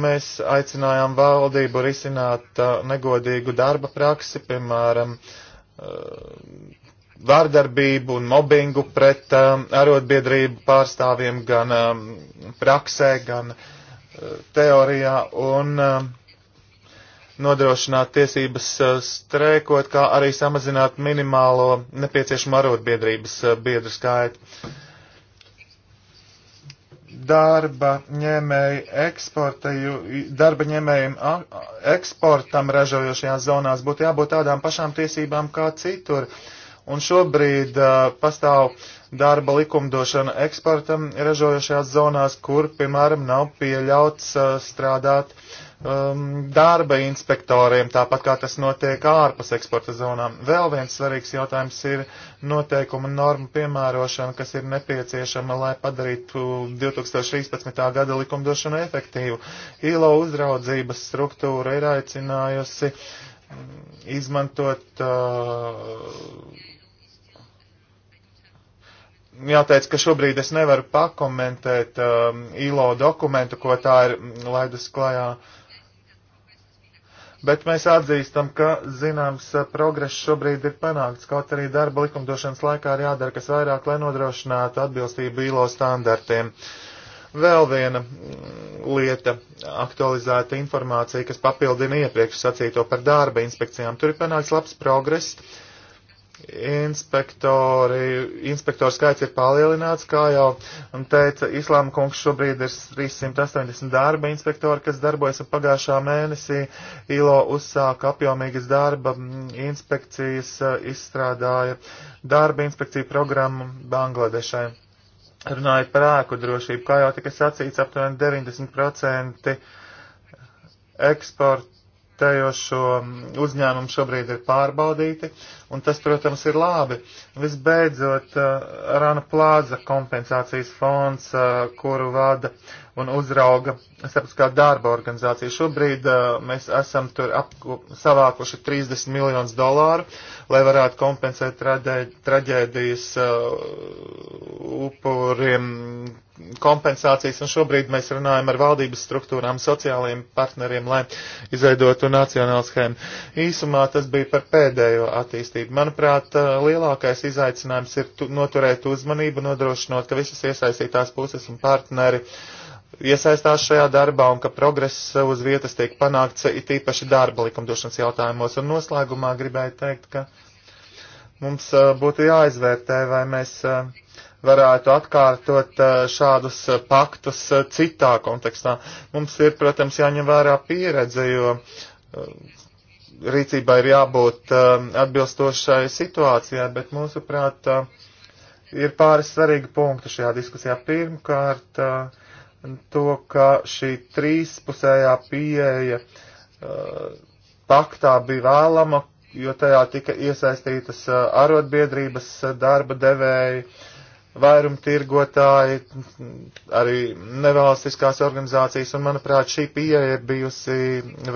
Mēs aicinājām valdību risināt uh, negodīgu darba praksi, piemēram, uh, vārdarbību un mobbingu pret uh, arotbiedrību pārstāvjiem gan um, praksē, gan teorijā. Un, uh, nodrošināt tiesības uh, strēkot, kā arī samazināt minimālo nepieciešamo arotbiedrības uh, biedru skaitu. Darba, ņēmēju darba ņēmējiem eksportam ražojošajās zonās būtu jābūt tādām pašām tiesībām kā citur. Un šobrīd uh, pastāv darba likumdošana eksportam ražojošajās zonās, kur, piemēram, nav pieļauts uh, strādāt uh, um, darba inspektoriem, tāpat kā tas notiek ārpus eksporta zonām. Vēl viens svarīgs jautājums ir noteikuma norma piemērošana, kas ir nepieciešama, lai padarītu 2013. gada likumdošanu efektīvu. ILO uzraudzības struktūra ir aicinājusi um, izmantot. Uh, jāteic, ka šobrīd es nevaru pakomentēt um, ILO dokumentu, ko tā ir laidus klajā bet mēs atzīstam, ka zināms eh, progress šobrīd ir panākts, kaut arī darba likumdošanas laikā ir jādara kas vairāk, lai nodrošinātu atbilstību ILO standartiem. Vēl viena mm, lieta - aktualizēta informācija, kas papildina iepriekš sacīto par darba inspekcijām. Tur ir panāks labs progress inspektori, inspektoru skaits ir palielināts, kā jau teica Islāma kungs, šobrīd ir 380 darba inspektori, kas darbojas un pagājušā mēnesī ILO uzsāka apjomīgas darba inspekcijas, izstrādāja darba inspekciju programmu Bangladešai. Runājot par ēku drošību, kā jau tika sacīts, aptuveni 90% eksporta eksistējošo uzņēmumu šobrīd ir pārbaudīti, un tas, protams, ir labi. Visbeidzot, eh, Rana Plāza kompensācijas fonds, eh, kuru vada un uzrauga starptautiskā darba organizācija. Šobrīd uh, mēs esam tur apku, savākuši 30 miljonus dolāru, lai varētu kompensēt traģē, traģēdijas uh, upuriem kompensācijas, un šobrīd mēs runājam ar valdības struktūrām, sociālajiem partneriem, lai izveidotu nacionālu schēmu. Īsumā tas bija par pēdējo attīstību. Manuprāt, uh, lielākais izaicinājums ir noturēt uzmanību, nodrošinot, ka visas iesaistītās puses un partneri uh, iesaistās šajā darbā un ka progress uh, uz vietas tiek panākts uh, it īpaši darba likumdošanas jautājumos. Un noslēgumā gribēju teikt, ka mums uh, būtu jāizvērtē, vai mēs varētu atkārtot šādus paktus citā kontekstā. Mums ir, protams, jāņem vērā pieredze, jo rīcībai ir jābūt atbilstošai situācijai, bet mūsuprāt ir pāris svarīgi punkti šajā diskusijā. Pirmkārt, uh, to, ka šī trīspusējā pieeja uh, paktā bija vēlama, jo tajā tika iesaistītas uh, arotbiedrības uh, darba devēji, vairumtirgotāji, arī nevalstiskās organizācijas, un, manuprāt, šī pieeja ir bijusi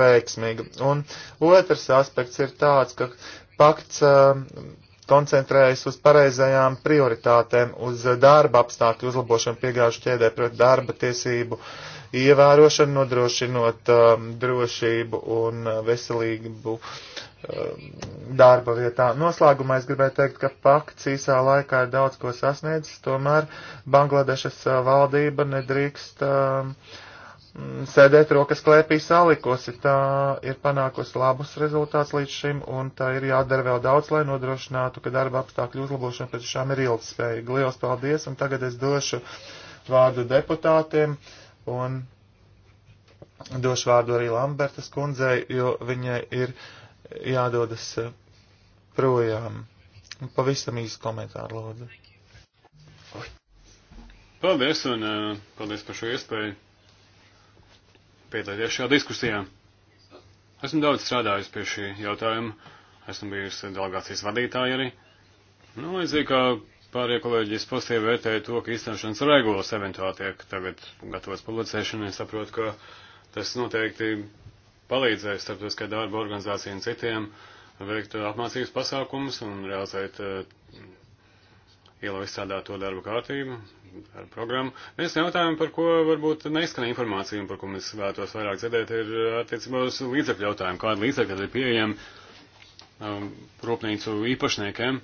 veiksmīga. Un otrs aspekts ir tāds, ka pakts uh, koncentrējas uz pareizajām prioritātēm, uz darba apstākļu uzlabošanu piegāžu ķēdē pret darba tiesību ievērošanu, nodrošinot um, drošību un uh, veselību um, darba vietā. Noslēgumā es gribēju teikt, ka pakts īsā laikā ir daudz ko sasniedzis, tomēr Bangladešas uh, valdība nedrīkst um, uh, Mm, sēdēt rokas klēpī salikusi. Tā ir panākusi labus rezultātus līdz šim, un tā ir jādara vēl daudz, lai nodrošinātu, ka darba apstākļu uzlabošana pēc šām ir ilgspējīga. Lielas paldies, un tagad es došu vārdu deputātiem, un došu vārdu arī Lambertas kundzei, jo viņai ir jādodas eh, projām. Pavisam īsi komentāru, lūdzu. Paldies, un eh, paldies par šo iespēju piedalīties šajā diskusijā. Esmu daudz strādājis pie šī jautājuma, esmu bijis delegācijas vadītāja arī. Nu, līdzīgi kā pārējie kolēģi, es pozitīvi vērtēju to, ka izstāšanas regulas eventuāli tiek tagad gatavots publicēšanai. Es saprotu, ka tas noteikti palīdzēs starptautiskai darba organizācijai un citiem veikt apmācības pasākumus un realizēt eh, ielu izstrādāto darbu kārtību, darbu programmu. Viens jautājums, par ko varbūt neizskanē informācija un par ko mēs vēlētos vairāk dzirdēt, ir uh, attiecībā uz līdzekļu jautājumu. Kāda līdzekļa ir pieejama um, rūpnīcu īpašniekiem,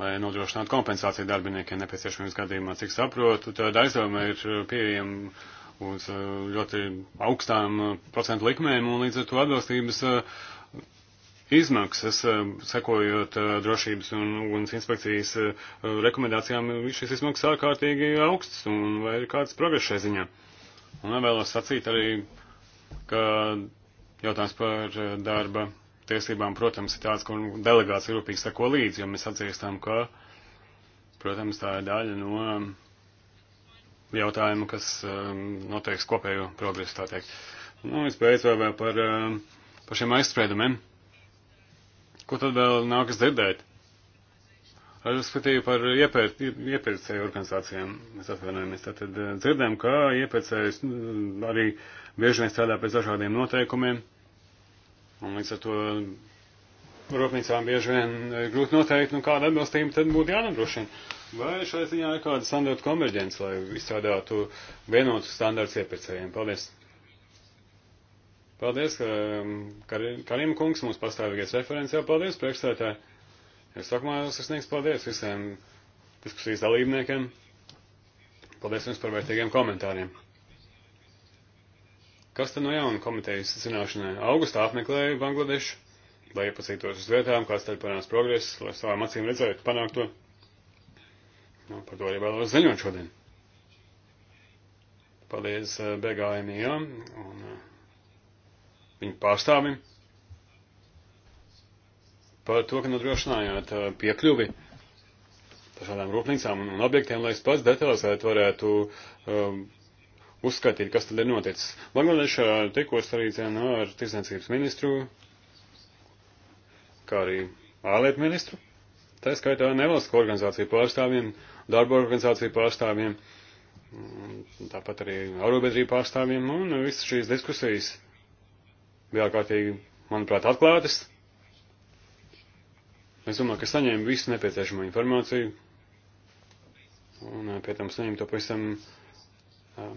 lai nodrošinātu kompensāciju darbiniekiem nepieciešamības gadījumā? Cik saprotu, tad aizdevumi ir uh, pieejami uz uh, ļoti augstām procentu likmēm un līdz ar to atbilstības uh, izmaksas, eh, sekojot eh, drošības un uguns inspekcijas eh, rekomendācijām, šīs izmaksas ārkārtīgi augstas un vai ir kāds progress šai ziņā. Un vēlos sacīt arī, ka jautājums par darba tiesībām, protams, ir tāds, kur delegāts rūpīgi seko līdzi, jo mēs atzīstam, ka, protams, tā ir daļa no jautājuma, kas noteiks kopējo progresu, tā teikt. Nu, es pēc vēl, vēl par, par šiem aizspriedumiem. Ko tad vēl nākas dzirdēt? Respektīvi par iepēr, iepērcēju organizācijām mēs atvainojamies. Tātad eh, dzirdējam, ka iepērcējs mm, arī bieži vien strādā pēc dažādiem noteikumiem. Un līdz ar to rūpnīcām bieži vien ir grūti noteikt, nu kāda atbilstība tad būtu jānodrošina. Vai šai ziņā ir kāda standarta konverģence, lai izstrādātu vienotus standarts iepērcējiem? Paldies! Paldies, ka um, Karim kungs, mūsu pastāvīgais referents, jā, paldies priekšstādātāji. Es sākumā sasniegs paldies visiem diskusijas dalībniekiem. Paldies jums par vērtīgiem komentāriem. Kas tad no jauna komitejas zināšanai? Augustā apmeklēju Bangladešu, lai iepazītos uz vietām, kāds tad panāks progress, lai savām acīm redzētu panākto. Nu, par to arī vēlos ziņot šodien. Paldies eh, BGMI un eh, viņu pārstāvim par to, ka nodrošinājāt uh, piekļuvi šādām rūpnīcām un objektiem, lai es pats detalizēt varētu um, uzskatīt, kas tad ir noticis. Bangladešā tikos arī cienā ar tirsniecības ministru, kā arī ārlietu ministru, tā skaitā nevalstu organizāciju pārstāvjiem, darba organizāciju pārstāvjiem, tāpat arī arobiedrību pārstāvjiem, un visas šīs diskusijas bija ārkārtīgi, manuprāt, atklātas. Es domāju, ka saņēmu visu nepieciešamo informāciju, un eh, pie tam saņēmu to pavisam um,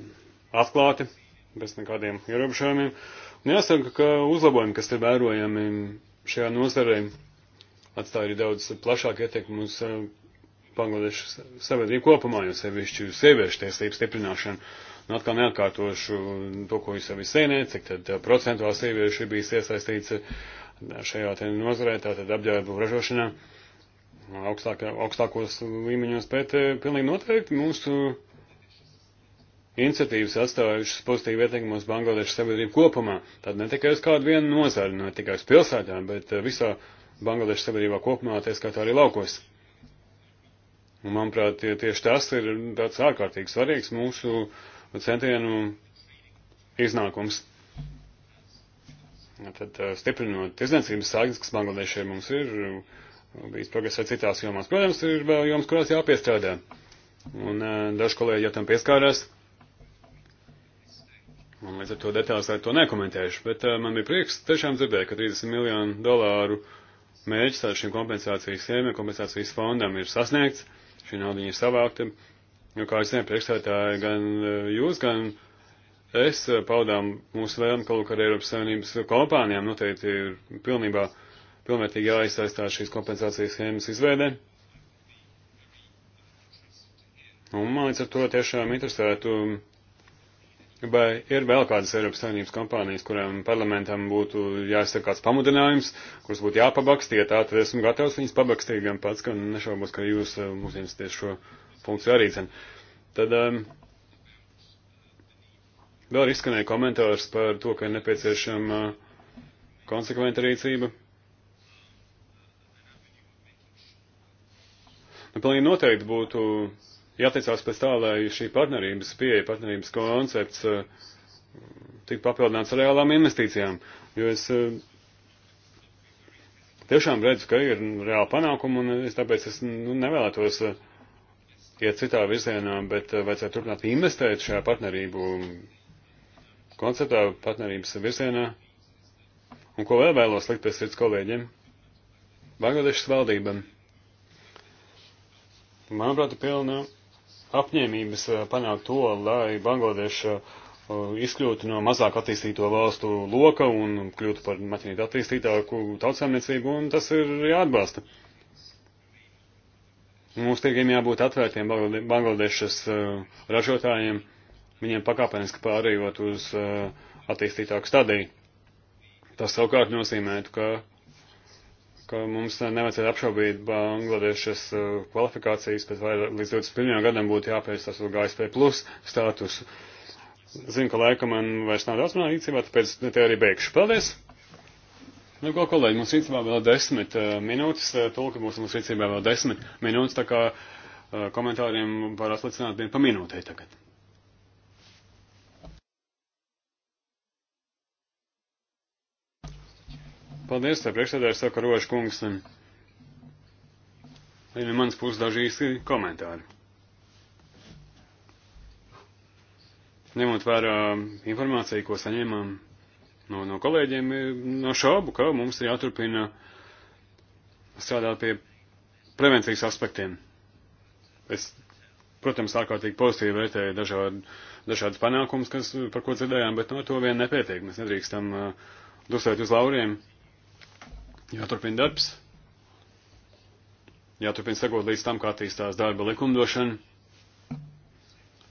atklāti, bez nekādiem ierobežojumiem. Un jāsaka, ka uzlabojumi, kas te vērojami šajā nozarē, atstāja arī daudz plašāku ietekmi uz uh, eh, Bangladešas sabiedrību kopumā, jo sevišķi uz sieviešu tiesību stiprināšanu. Uh, Un atkal neatkārtošu to, ko jūs jau izsēnējat, cik tad eh, procentuāli sieviešu ir bijis iesaistīts eh, šajā te nozarē, tātad apģērbu ražošanā augstāk, augstākos līmeņos, bet eh, pilnīgi noteikti mūsu iniciatīvas atstājušas pozitīvu ietekmi uz Bangladešas sabiedrību kopumā. Tad ne tikai uz kādu vienu nozari, ne tikai uz pilsētām, bet visā Bangladešas sabiedrībā kopumā, tā skaitā arī laukos. Un, manuprāt, tieši tas ir tāds ārkārtīgi svarīgs mūsu uh, centienu iznākums. Tad eh, stiprinot tirdzniecības saiknes, kas Bangladešai mums ir, eh, bijis progress arī citās jomās. Protams, ir vēl jomas, kurās jāpiestrādā. Un eh, daži kolēģi jau tam pieskārās. Un līdz ar to detalizēt to nekomentēšu, bet uh, man bija prieks tiešām dzirdēt, ka 30 miljonu dolāru mērķis ar šīm kompensācijas schēmiem, kompensācijas fondam ir sasniegts, šī nauda ir savākta, Jo, kā es zinu, priekšstādātāji, gan eh, jūs, gan es eh, paudām mūsu vēlmi, ka lūk ar Eiropas Savienības kompānijām noteikti ir pilnībā, pilnvērtīgi jāizsaistās šīs kompensācijas schēmas izveidē. Un man līdz ar to tiešām interesētu, vai ir vēl kādas Eiropas Savienības kompānijas, kurām parlamentam būtu jāizsaka kāds pamudinājums, kurus būtu jāpabakstīt, tā tad esmu gatavs viņus pabakstīt gan pats, gan nešaubos, ka jūs eh, mūs interesēties šo. Uh, funkciju arī zina. Tad um, vēl izskanēja komentārs par to, ka ir nepieciešama uh, konsekventa rīcība. Nu, pilnīgi noteikti būtu jāteicās pēc tā, lai šī partnerības pieeja, partnerības koncepts uh, tik papildināts ar reālām investīcijām, jo es uh, tiešām redzu, ka ir reāli panākumi, un es tāpēc es nu, nevēlētos uh, iet citā virzienā, bet eh, vajadzētu turpināt investēt šajā partnerību konceptā, partnerības virzienā. Un ko vēl vēlos likt pēc sirds kolēģiem? Bangladešas valdībam. Manuprāt, pilna apņēmības eh, panākt to, lai Bangladeša eh, izkļūtu no mazāk attīstīto valstu loka un kļūtu par maķinīt attīstītāku tautsēmniecību, un tas ir jāatbalsta. Ja Mūsu tirgiem jābūt atvērtiem Bangladešas uh, ražotājiem, viņiem pakāpeniski pārējot uz uh, attīstītāku stadiju. Tas savukārt nozīmētu, ka, ka mums nevajadzētu apšaubīt Bangladešas uh, kvalifikācijas, bet vai līdz 21. gadam būtu jāpēc tas uz GSP plus statusu. Zinu, ka laika man vairs nav daudz manā rīcībā, tāpēc te arī beigšu. Paldies! Nu, ko, kolēģi, mums rīcībā vēl desmit uh, minūtes, uh, tulka mums, mums rīcībā vēl desmit minūtes, tā kā uh, komentāriem var atlicināt vien pa minūtei tagad. Paldies, tā priekšsēdājs saka Roža kungs. Ir no manas puses daži īsti komentāri. Ņemot vērā informāciju, ko saņēmām no, no kolēģiem no šaubu, ka mums ir jāturpina strādāt pie prevencijas aspektiem. Es, protams, ārkārtīgi pozitīvi vērtēju dažādu, dažādas panākumus, kas, par ko dzirdējām, bet no to vien nepietiek. Mēs nedrīkstam uh, dusēt uz lauriem. Jāturpina darbs. Jāturpina sekot līdz tam, kā attīstās darba likumdošana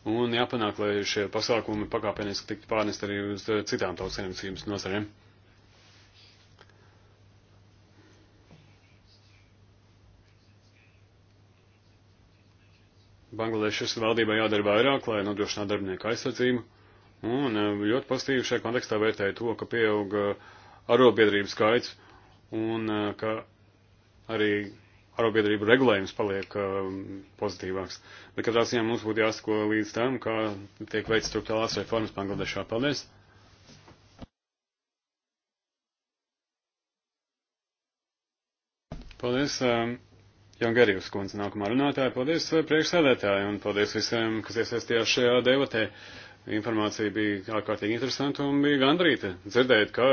un jāpanāk, lai šie pasākumi pakāpeniski tiktu pārnest arī uz eh, citām tautsēmniecības nozarēm. Bangladešas valdībai jādara vairāk, lai nodrošinātu darbinieku aizsardzību, un eh, ļoti pozitīvi šajā kontekstā vērtēja to, ka pieauga arotbiedrību skaits, un eh, ka arī arotbiedrību regulējums paliek um, pozitīvāks. Bet katrā ziņā mums būtu jāsako līdz tam, kā tiek veikts struktūrālās reformas Bangladešā. Paldies! Paldies, um, Jangarījus kundze, nākamā runātāja. Paldies uh, priekšsēdētāji un paldies visiem, kas iesaistījās šajā debatē. Informācija bija ārkārtīgi interesanta un bija gandrīta dzirdēt, ka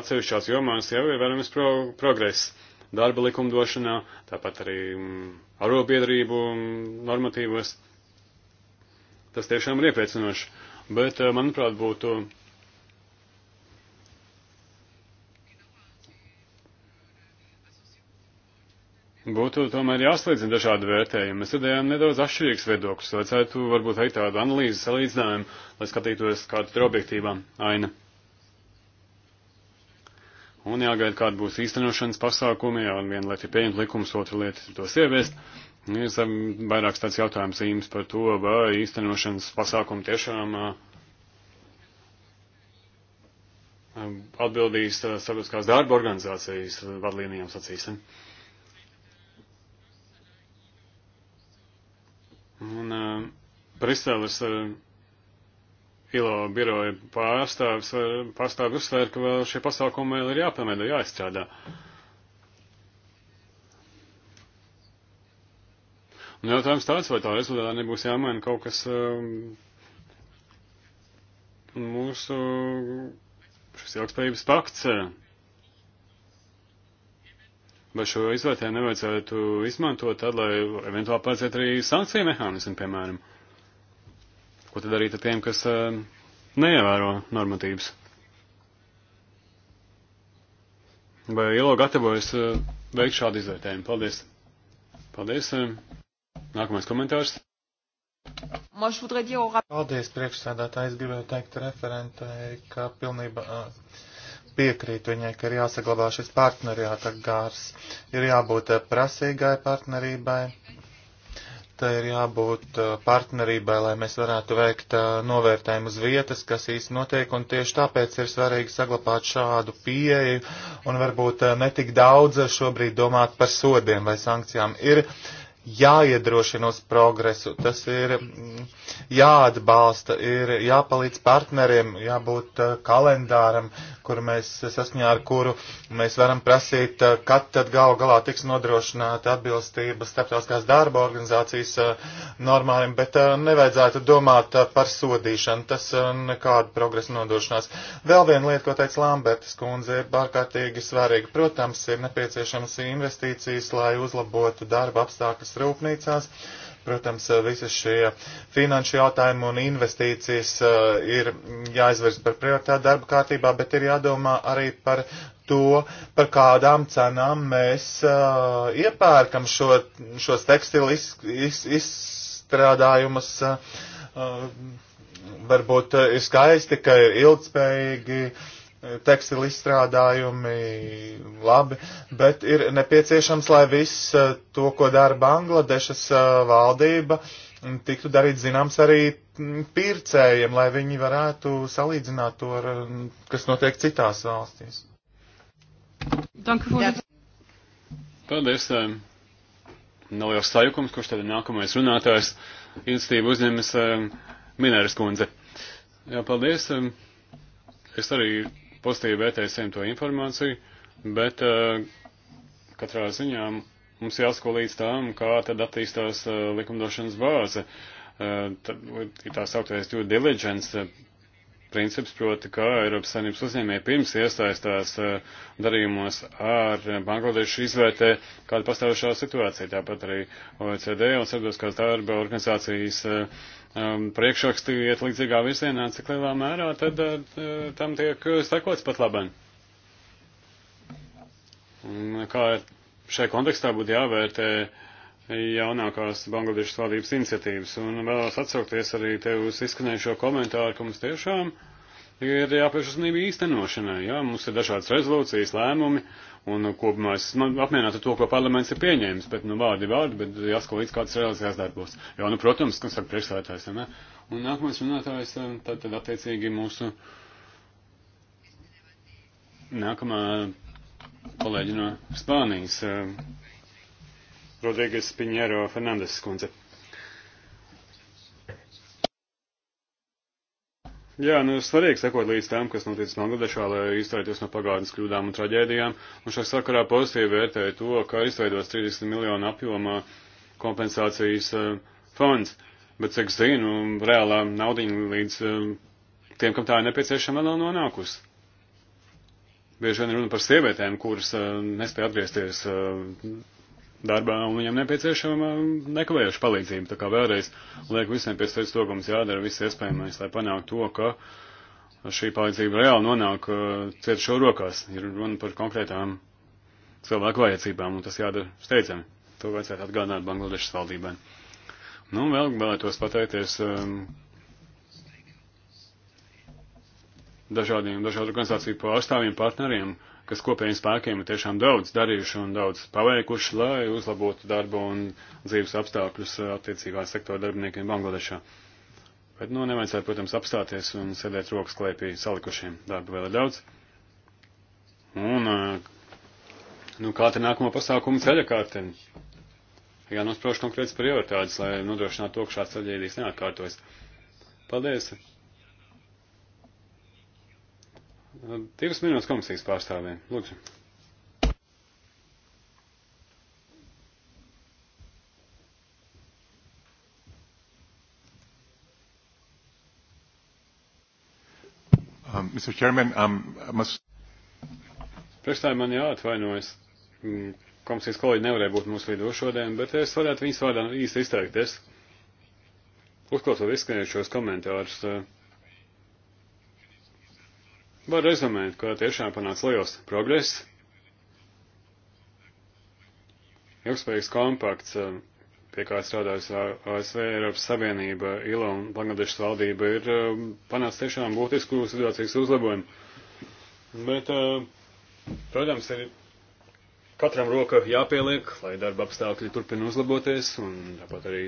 atsevišķās jomās jau ir vērams pro progress darba likumdošanā, tāpat arī mm, arotbiedrību normatīvos. Tas tiešām ir iepriecinoši, bet, eh, manuprāt, būtu. Būtu tomēr jāslīdzina dažādi vērtējumi. Mēs redzējām nedaudz atšķirīgs viedoklis. Vajadzētu varbūt veikt tādu analīzi, salīdzinājumu, lai skatītos kādu objektīvā aina. Un jāgaida, kāda būs īstenošanas pasākumi, jā, un viena lieta ir pieņemt likums, otra lieta ir tos ieviest. Ir vairāks tāds jautājums īms par to, vai īstenošanas pasākumi tiešām atbildīs sabiedriskās darba organizācijas vadlīnijām sacīsim. Un uh, Briseles uh, ILO biroja pārstāvis, pārstāvis uzsver, ka vēl šie pasākumi vēl ir jāpamēda, jāizstrādā. Un jautājums tāds, vai tā rezultātā nebūs jāmaina kaut kas um, mūsu šis ilgspējības pakts. Vai šo izvērtējumu nevajadzētu izmantot tad, lai eventuāli paredzētu arī sankciju mehānismu, piemēram? Ko tad darīt ar tiem, kas eh, neievēro normatīvas? Vai ILO gatavojas eh, veikt šādu izvērtējumu? Paldies! Paldies! Eh. Nākamais komentārs. Paldies, priekšsēdētāji. Es gribēju teikt referentai, ka pilnībā piekrītu viņai, ka ir jāsaglabā šis partneriāta gārs. Ir jābūt prasīgai partnerībai Tai ir jābūt partnerībai, lai mēs varētu veikt novērtējumu uz vietas, kas īsti notiek, un tieši tāpēc ir svarīgi saglabāt šādu pieeju un varbūt netik daudz šobrīd domāt par sodiem vai sankcijām. Ir jāiedrošina uz progresu, tas ir mm, jāatbalsta, ir jāpalīdz partneriem, jābūt eh, kalendāram, kur mēs eh, saskaņā ar kuru mēs varam prasīt, eh, kad tad galu galā tiks nodrošināta atbilstība starptautiskās darba organizācijas normāliem, bet nevajadzētu domāt par sodīšanu, tas nekādu progresu nodrošinās. Vēl viena lieta, ko teica Lambertas kundze, ir ārkārtīgi svarīga. Protams, ir nepieciešamas investīcijas, lai uzlabotu darba apstākļus Eiropas rūpnīcās. Protams, eh, visi šie finanšu jautājumi un investīcijas eh, ir jāizvirz par prioritāti darba kārtībā, bet ir jādomā arī par to, par kādām cenām mēs uh, iepērkam šo, šos tekstilu iz, iz, izstrādājumus. Uh, varbūt ir skaisti, ka ir ilgspējīgi. Uh, tekstili izstrādājumi labi, bet ir nepieciešams, lai viss eh, to, ko dara Bangladešas eh, valdība, tiktu darīt zināms arī pircējiem, lai viņi varētu salīdzināt to ar, kas notiek citās valstīs. Paldies. Eh, Nav jau sajukums, kurš tad ir nākamais runātājs. Institīva uzņemas Minēras kundze. Jā, paldies. Es arī pozitīvi vērtēsim to informāciju, bet eh, katrā ziņā mums jāsako līdz tām, kā tad attīstās eh, likumdošanas bāze. Eh, ir tā sauktais due diligence princips, proti, kā Eiropas Savienības uzņēmēji pirms iesaistās darījumos ar Bangladešu izvērtē kādu pastāvošā situāciju. Tāpat arī OECD un Sabiedriskās darba organizācijas um, priekšraksti iet līdzīgā virzienā, cik lielā mērā, tad uh, tam tiek uh, sekots pat labam. Kā šajā kontekstā būtu jāvērtē jaunākās Bangladešas valdības iniciatīvas, un vēlos atsaukties arī te uz izskanējušo komentāru, ka mums tiešām ir jāpieš uzmanība īstenošanai. Jā, mums ir dažādas rezolūcijas, lēmumi, Un nu, kopumā es nu, apmierināts ar to, ko parlaments ir pieņēmis, bet, nu, vārdi vārdi, bet jāsako līdz kāds realizēs darbos. Jā, nu, protams, kas saka priekšsētājs, ja ne? Un nākamais runātājs, um, tad, tad attiecīgi mūsu nākamā kolēģi no Spānijas, um, Rodrīgas Piņero Fernandes skundze. Jā, nu svarīgi sekot līdz tam, kas noticis Bangladešā, lai izturētos no pagātnes kļūdām un traģēdijām. Un šajā sakarā pozitīvi vērtēju to, ka izveidos 30 miljonu apjomā kompensācijas uh, fonds. Bet, cik zinu, reālā naudiņa līdz uh, tiem, kam tā ir nepieciešama, vēl nav nonākusi. Bieži vien runa par sievietēm, kuras uh, nespēja atgriezties uh, darbā, un viņam nepieciešama nekavējoša palīdzība. Tā kā vēlreiz liek visiem pie sirds to, ka mums jādara viss iespējamais, lai panāktu to, ka šī palīdzība reāli nonāk uh, cietušo rokās. Ir runa par konkrētām cilvēku vajadzībām, un tas jādara steidzami. To vajadzētu atgādināt Bangladešas valdībai. Nu, vēl vēlētos pateikties um, dažādiem, dažādu organizāciju pārstāvjiem, partneriem, uh, kas kopējiem spēkiem ir tiešām daudz darījuši un daudz paveikuši, lai uzlabotu darbu un dzīves apstākļus eh, attiecīgā sektora darbiniekiem Bangladešā. Bet, nu, nevajadzētu, protams, apstāties un sēdēt rokas klēpī salikušiem. Darba vēl ir daudz. Un, eh, nu, kā te nākamo pasākumu ceļa kārteni? Jānosprauž nu, konkrētas prioritātes, lai nodrošinātu to, ka šāds ceļģēdīs neatkārtojas. Paldies! Divas minūtes komisijas pārstāvē. Lūdzu. Um, Mr. Chairman, um, must... Priekšstāji man jāatvainojas. Mm, komisijas kolēģi nevarēja būt mūsu vidū šodien, bet es varētu viņas vārdā īsti izteikties. Uzklausot izskanējušos komentārus. Uh, Var rezumēt, ka tiešām panāca liels progress. Ilgspējīgs kompakts, eh, pie kā strādājas ASV, Eiropas Savienība, ILO un Bangladešas valdība, ir eh, panāca tiešām būtisku situācijas uzlabojumu. Bet, eh, protams, ir katram roka jāpieliek, lai darba apstākļi turpina uzlaboties, un tāpat arī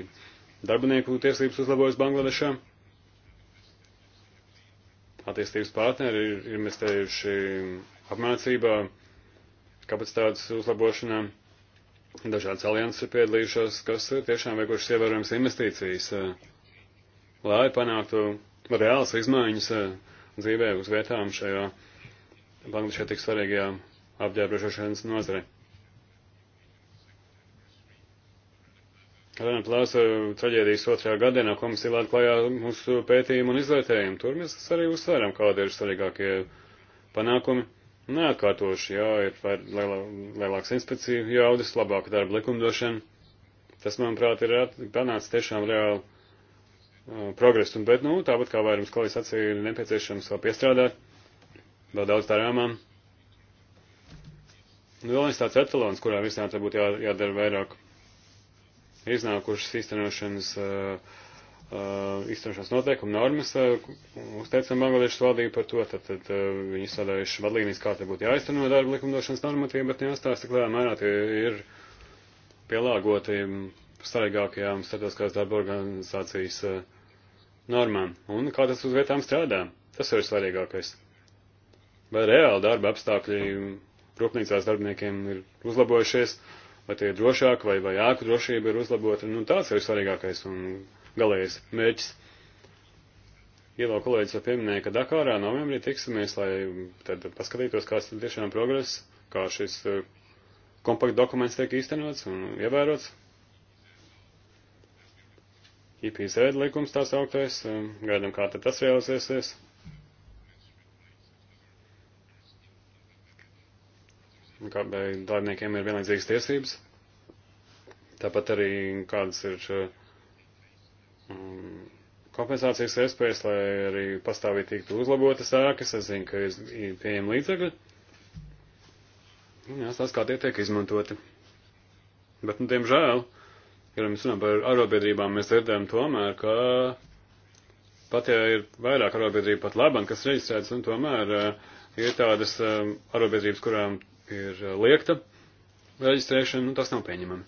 darbinieku tiesības uzlabojas Bangladešā attīstības partneri ir investējuši apmācībā, kapacitātes uzlabošanā. Dažādas alianses ir piedalījušās, kas ir tiešām veikušas ievērojams investīcijas, eh, lai panāktu reāls izmaiņas eh, dzīvē uz vietām šajā Bangladešā tik svarīgajā apģērba ražošanas nozarei. Kalēna plāsa traģēdijas otrajā gadienā komisija lēt klājā mūsu pētījumu un izvērtējumu. Tur mēs arī uzsvērām, kādi ir svarīgākie panākumi. Neatkārtoši, jā, ir lielāks inspekciju jaudas, labāka darba likumdošana. Tas, manuprāt, ir panācis tiešām reāli uh, progresu, un, bet, nu, tāpat kā vairums kolēģis acīja, ir nepieciešams vēl piestrādāt, vēl daudz darāmām. Nu, vēl viens tāds etalons, kurā visām te būtu jā, jādara vairāk iznākušas īstenošanas, eh, eh, īstenošanas noteikuma normas, eh, uzteicam Bangladešas valdību par to, tad, tad viņi izstrādājuši vadlīnijas, kā te būtu jāizteno darba likumdošanas normatīva, bet neatstās tik lielā mērā tie ir pielāgoti svarīgākajām starptautiskās darba organizācijas normām. Un kā tas uz vietām strādā, tas ir svarīgākais. Vai reāli darba apstākļi rūpnīcās darbiniekiem ir uzlabojušies? Uh, vai tie ir drošāk, vai, vai ēku drošība ir uzlabota. Nu, tāds ir svarīgākais un galējais mērķis. Ielo kolēģis jau pieminēja, ka Dakārā novembrī tiksimies, lai tad paskatītos, kāds ir tiešām progress, kā šis eh, kompakt dokuments tiek īstenots un ievērots. IPZ likums tās augtais, eh, gaidām, kā tad tas realizēsies. kādai darbiniekiem ir vienlīdzīgas tiesības. Tāpat arī kādas ir um, kompensācijas iespējas, lai arī pastāvīgi tiktu uzlabotas ēkas. Es zinu, ka ir pieejami līdzekļi. Jā, tas kā tie tiek izmantoti. Bet, nu, diemžēl, ja mēs runājam par arotbiedrībām, mēs dzirdējam tomēr, ka pat ja ir vairāk arotbiedrību pat labam, kas reģistrētas, un tomēr uh, ir tādas um, arotbiedrības, kurām ir eh, liekta reģistrēšana, nu, tas nav pieņemami.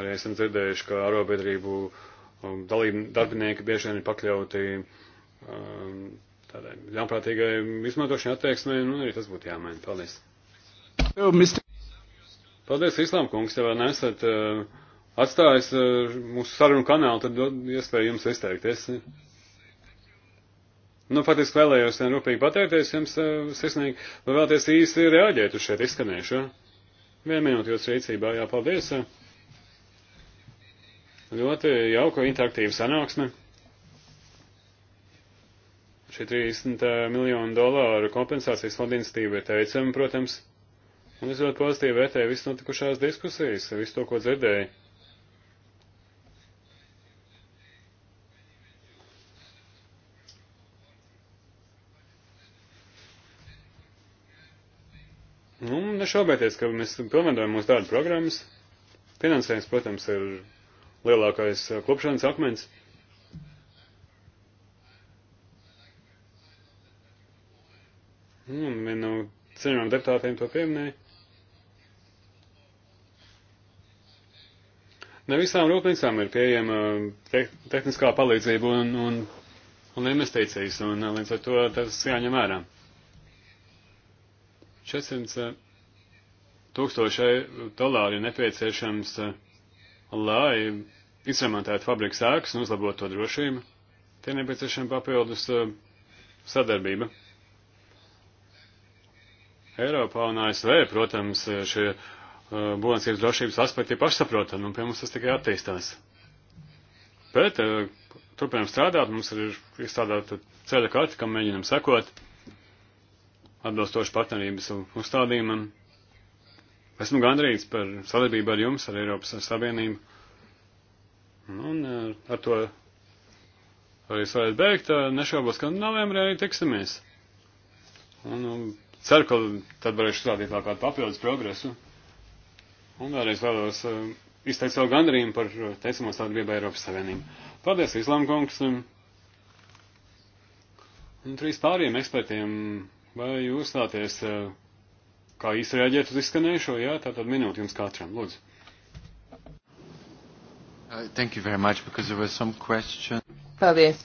Arī esam dzirdējuši, ka arobiedrību um, dalību darbinieki bieži vien ir pakļauti um, tādai ļaunprātīgai izmantošanai attieksmē, nu, arī tas būtu jāmaina. Paldies. Paldies, Islām kungs, tev nesat uh, atstājis uh, mūsu sarunu kanālu, tad iespēju jums izteikties. Uh, Nu, faktiski vēlējos ten rūpīgi pateikties jums, eh, sirsnīgi, vai vēlaties īsti reaģēt uz šeit izskanējušo. Vienu minūti jūsu rīcībā, jā, paldies. Ļoti jauka interaktīva sanāksme. Šī 30 eh, miljonu dolāru kompensācijas fonda institīva ir teicama, protams. Un es ļoti pozitīvi vērtēju visu notikušās diskusijas, visu to, ko dzirdēju. šaubēties, ka mēs pilnveidojam mūsu darba programmas. Finansējums, protams, ir lielākais eh, klupšanas akmens. Nu, viena no ceļām deputātiem to pieminēja. Ne visām rūpnīcām ir pieejama eh, te tehniskā palīdzība un, un, un investīcijas, un eh, līdz ar to tas jāņem vērā. 400 tūkstošai e- dolāri ir nepieciešams, e, lai izremontētu fabrikas ēkas un uzlabotu to drošību. Tie nepieciešama papildus e, sadarbība. Eiropā un ASV, protams, šie būvniecības drošības aspekti ir pašsaprotami, un pie mums tas tikai attīstās. Bet turpinām strādāt, mums ir izstrādāta ceļa karta, kam mēģinam sekot, atbilstoši partnerības uzstādījumam. Un Esmu gandrīz par sadarbību ar jums, ar Eiropas Savienību. Un eh, ar to arī es varētu beigt. Eh, nešaubos, ka novembrī arī tiksimies. Un um, ceru, ka tad varēšu uzrādīt vēl kādu papildus progresu. Un vēlreiz vēlos eh, izteikt savu gandarījumu par teicamo sadarbību Eiropas Savienību. Paldies, Islām kungs! Un trīs pāriem ekspertiem, vai jūs stāties uh, Kā īsti reaģēt uz izskanējušo? Jā, tātad minūte jums katram, lūdzu. Uh, thank you very much, because there was some question. Paldies.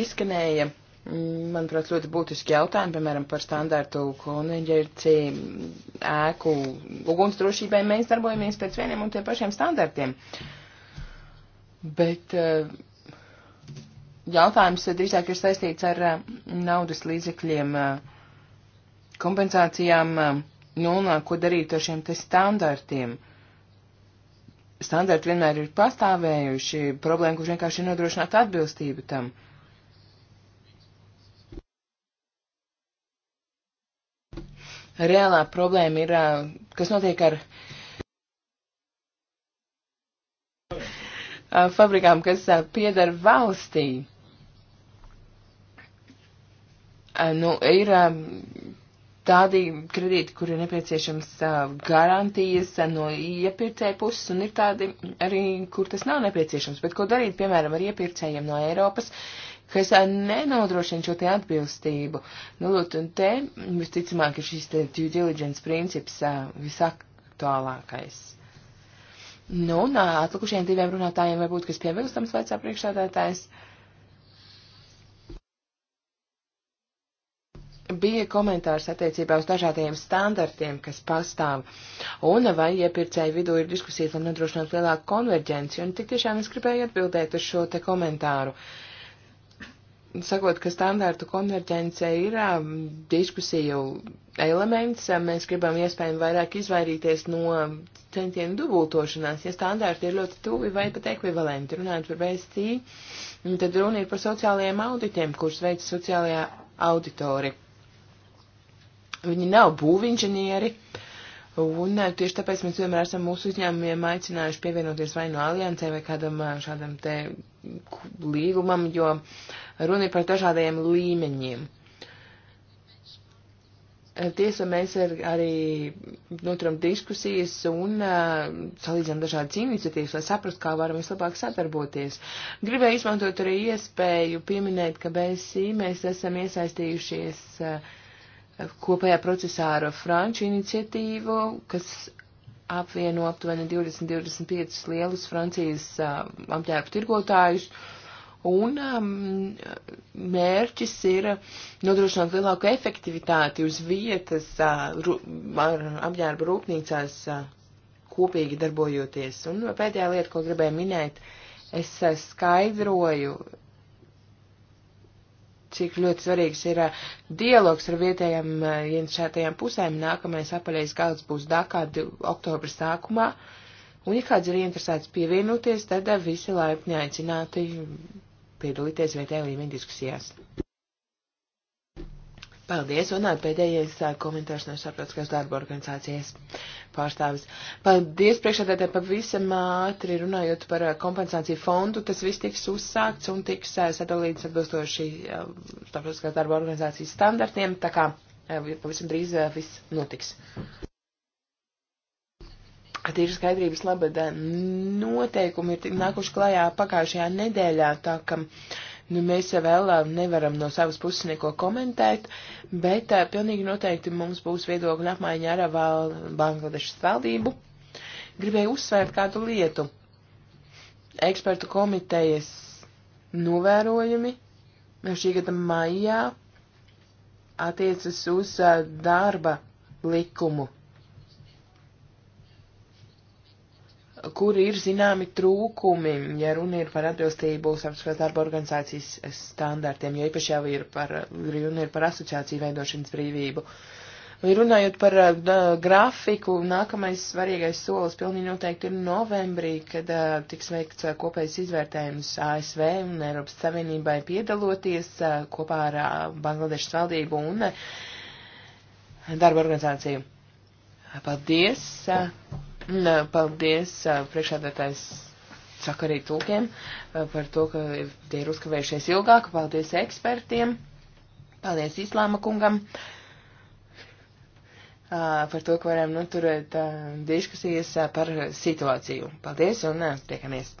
Izskanēja, manuprāt, ļoti būtiski jautājumi, piemēram, par standārtu konveģerci ēku ugunsdrošībai. Mēs darbojamies pēc vieniem un tiem pašiem standartiem. Bet uh, jautājums drīzāk ir saistīts ar uh, naudas līdzekļiem, uh, kompensācijām uh, Nu, un ko darīt ar šiem te standartiem? Standarti vienmēr ir pastāvējuši, problēma, kurš vienkārši ir nodrošināt atbilstību tam. Reālā problēma ir, kas notiek ar fabrikām, kas piedara valstī. Nu, ir tādi kredīti, kur ir nepieciešams garantijas no iepirkēja puses, un ir tādi arī, kur tas nav nepieciešams. Bet ko darīt, piemēram, ar iepirkējiem no Eiropas, kas nenodrošina šo te atbilstību? Nu, lūk, un te visticamāk ir šis te due diligence princips visaktuālākais. Nu, un atlikušajiem diviem runātājiem varbūt, kas piebilstams vecā priekšādātājs. Uh, Bija komentārs attiecībā uz dažādiem standartiem, kas pastāv, un vai iepirkēju vidū ir diskusijas, lai nodrošinātu lielāku konverģenci, un tik tiešām es gribēju atbildēt uz šo te komentāru. Sakot, ka standārtu konverģence ir um, diskusiju elements, um, mēs gribam iespējami vairāk izvairīties no centienu dubultošanās. Ja standārti ir ļoti tuvi vai pat ekvivalenti, runājot par BSC, tad runa ir par sociālajiem auditiem, kurus veic sociālajā auditori. Viņi nav būvinženieri. Un eh, tieši tāpēc mēs vienmēr esam mūsu uzņēmumiem aicinājuši pievienoties vai no aliansē vai kādam eh, šādam te līgumam, jo runa ir par dažādiem līmeņiem. Eh, tiesa, mēs ar, arī noturam diskusijas un uh, salīdzinām dažādas iniciatīvas, lai saprastu, kā varam vislabāk sadarboties. Gribēju izmantot arī iespēju pieminēt, ka BSI mēs esam iesaistījušies uh, kopējā procesā ar Franču iniciatīvu, kas apvieno aptuveni 20-25 lielus Francijas apģērbu tirgotājus. Un um, mērķis ir nodrošināt lielāku efektivitāti uz vietas uh, apģērba rūpnīcās uh, kopīgi darbojoties. Un pēdējā lieta, ko gribēju minēt, es uh, skaidroju cik ļoti svarīgs ir dialogs ar vietējām ienšētajām pusēm. Nākamais apaļais galds būs Dakā oktobra sākumā. Un, ja kāds ir interesēts pievienoties, tad visi laipni aicināti piedalīties vietējā līmeņa diskusijās. Paldies, un pēdējais komentārs no starptautiskās darba organizācijas pārstāvis. Paldies, priekšādētāji, pavisam ātri runājot par kompensāciju fondu. Tas viss tiks uzsākts un tiks sadalīts atbilstoši starptautiskās darba organizācijas standartiem, tā kā pavisam drīz viss notiks. Tīri skaidrības labad noteikumi ir nākuši klajā pagājušajā nedēļā, tā ka. Uh, Nu, mēs vēl eh, nevaram no savas puses neko komentēt, bet eh, pilnīgi noteikti mums būs viedokļa apmaiņa ar eh, val Bangladešas valdību. Gribēju uzsvērt kādu lietu. Ekspertu komitejas novērojumi šī gada maijā attiecas uz darba likumu kur ir zināmi trūkumi, ja runa ir par atbilstību starptautiskās darba organizācijas standartiem, jo īpaši jau ir par, runa ir par asociāciju veidošanas brīvību. Runājot par eh, da, grafiku, nākamais svarīgais solis pilnīgi noteikti ir novembrī, kad da, eh, tiks veikts eh, kopējs izvērtējums ASV un Eiropas Savienībai piedaloties kopā ar Bangladešas valdību un darba organizāciju. Paldies! Jā. Nā, paldies, priekšādātājs saka arī tūkiem par to, ka tie ir uzkavējušies ilgāk. Paldies ekspertiem, paldies Islāma kungam par to, ka varam noturēt diskusijas par situāciju. Paldies un tiekamies!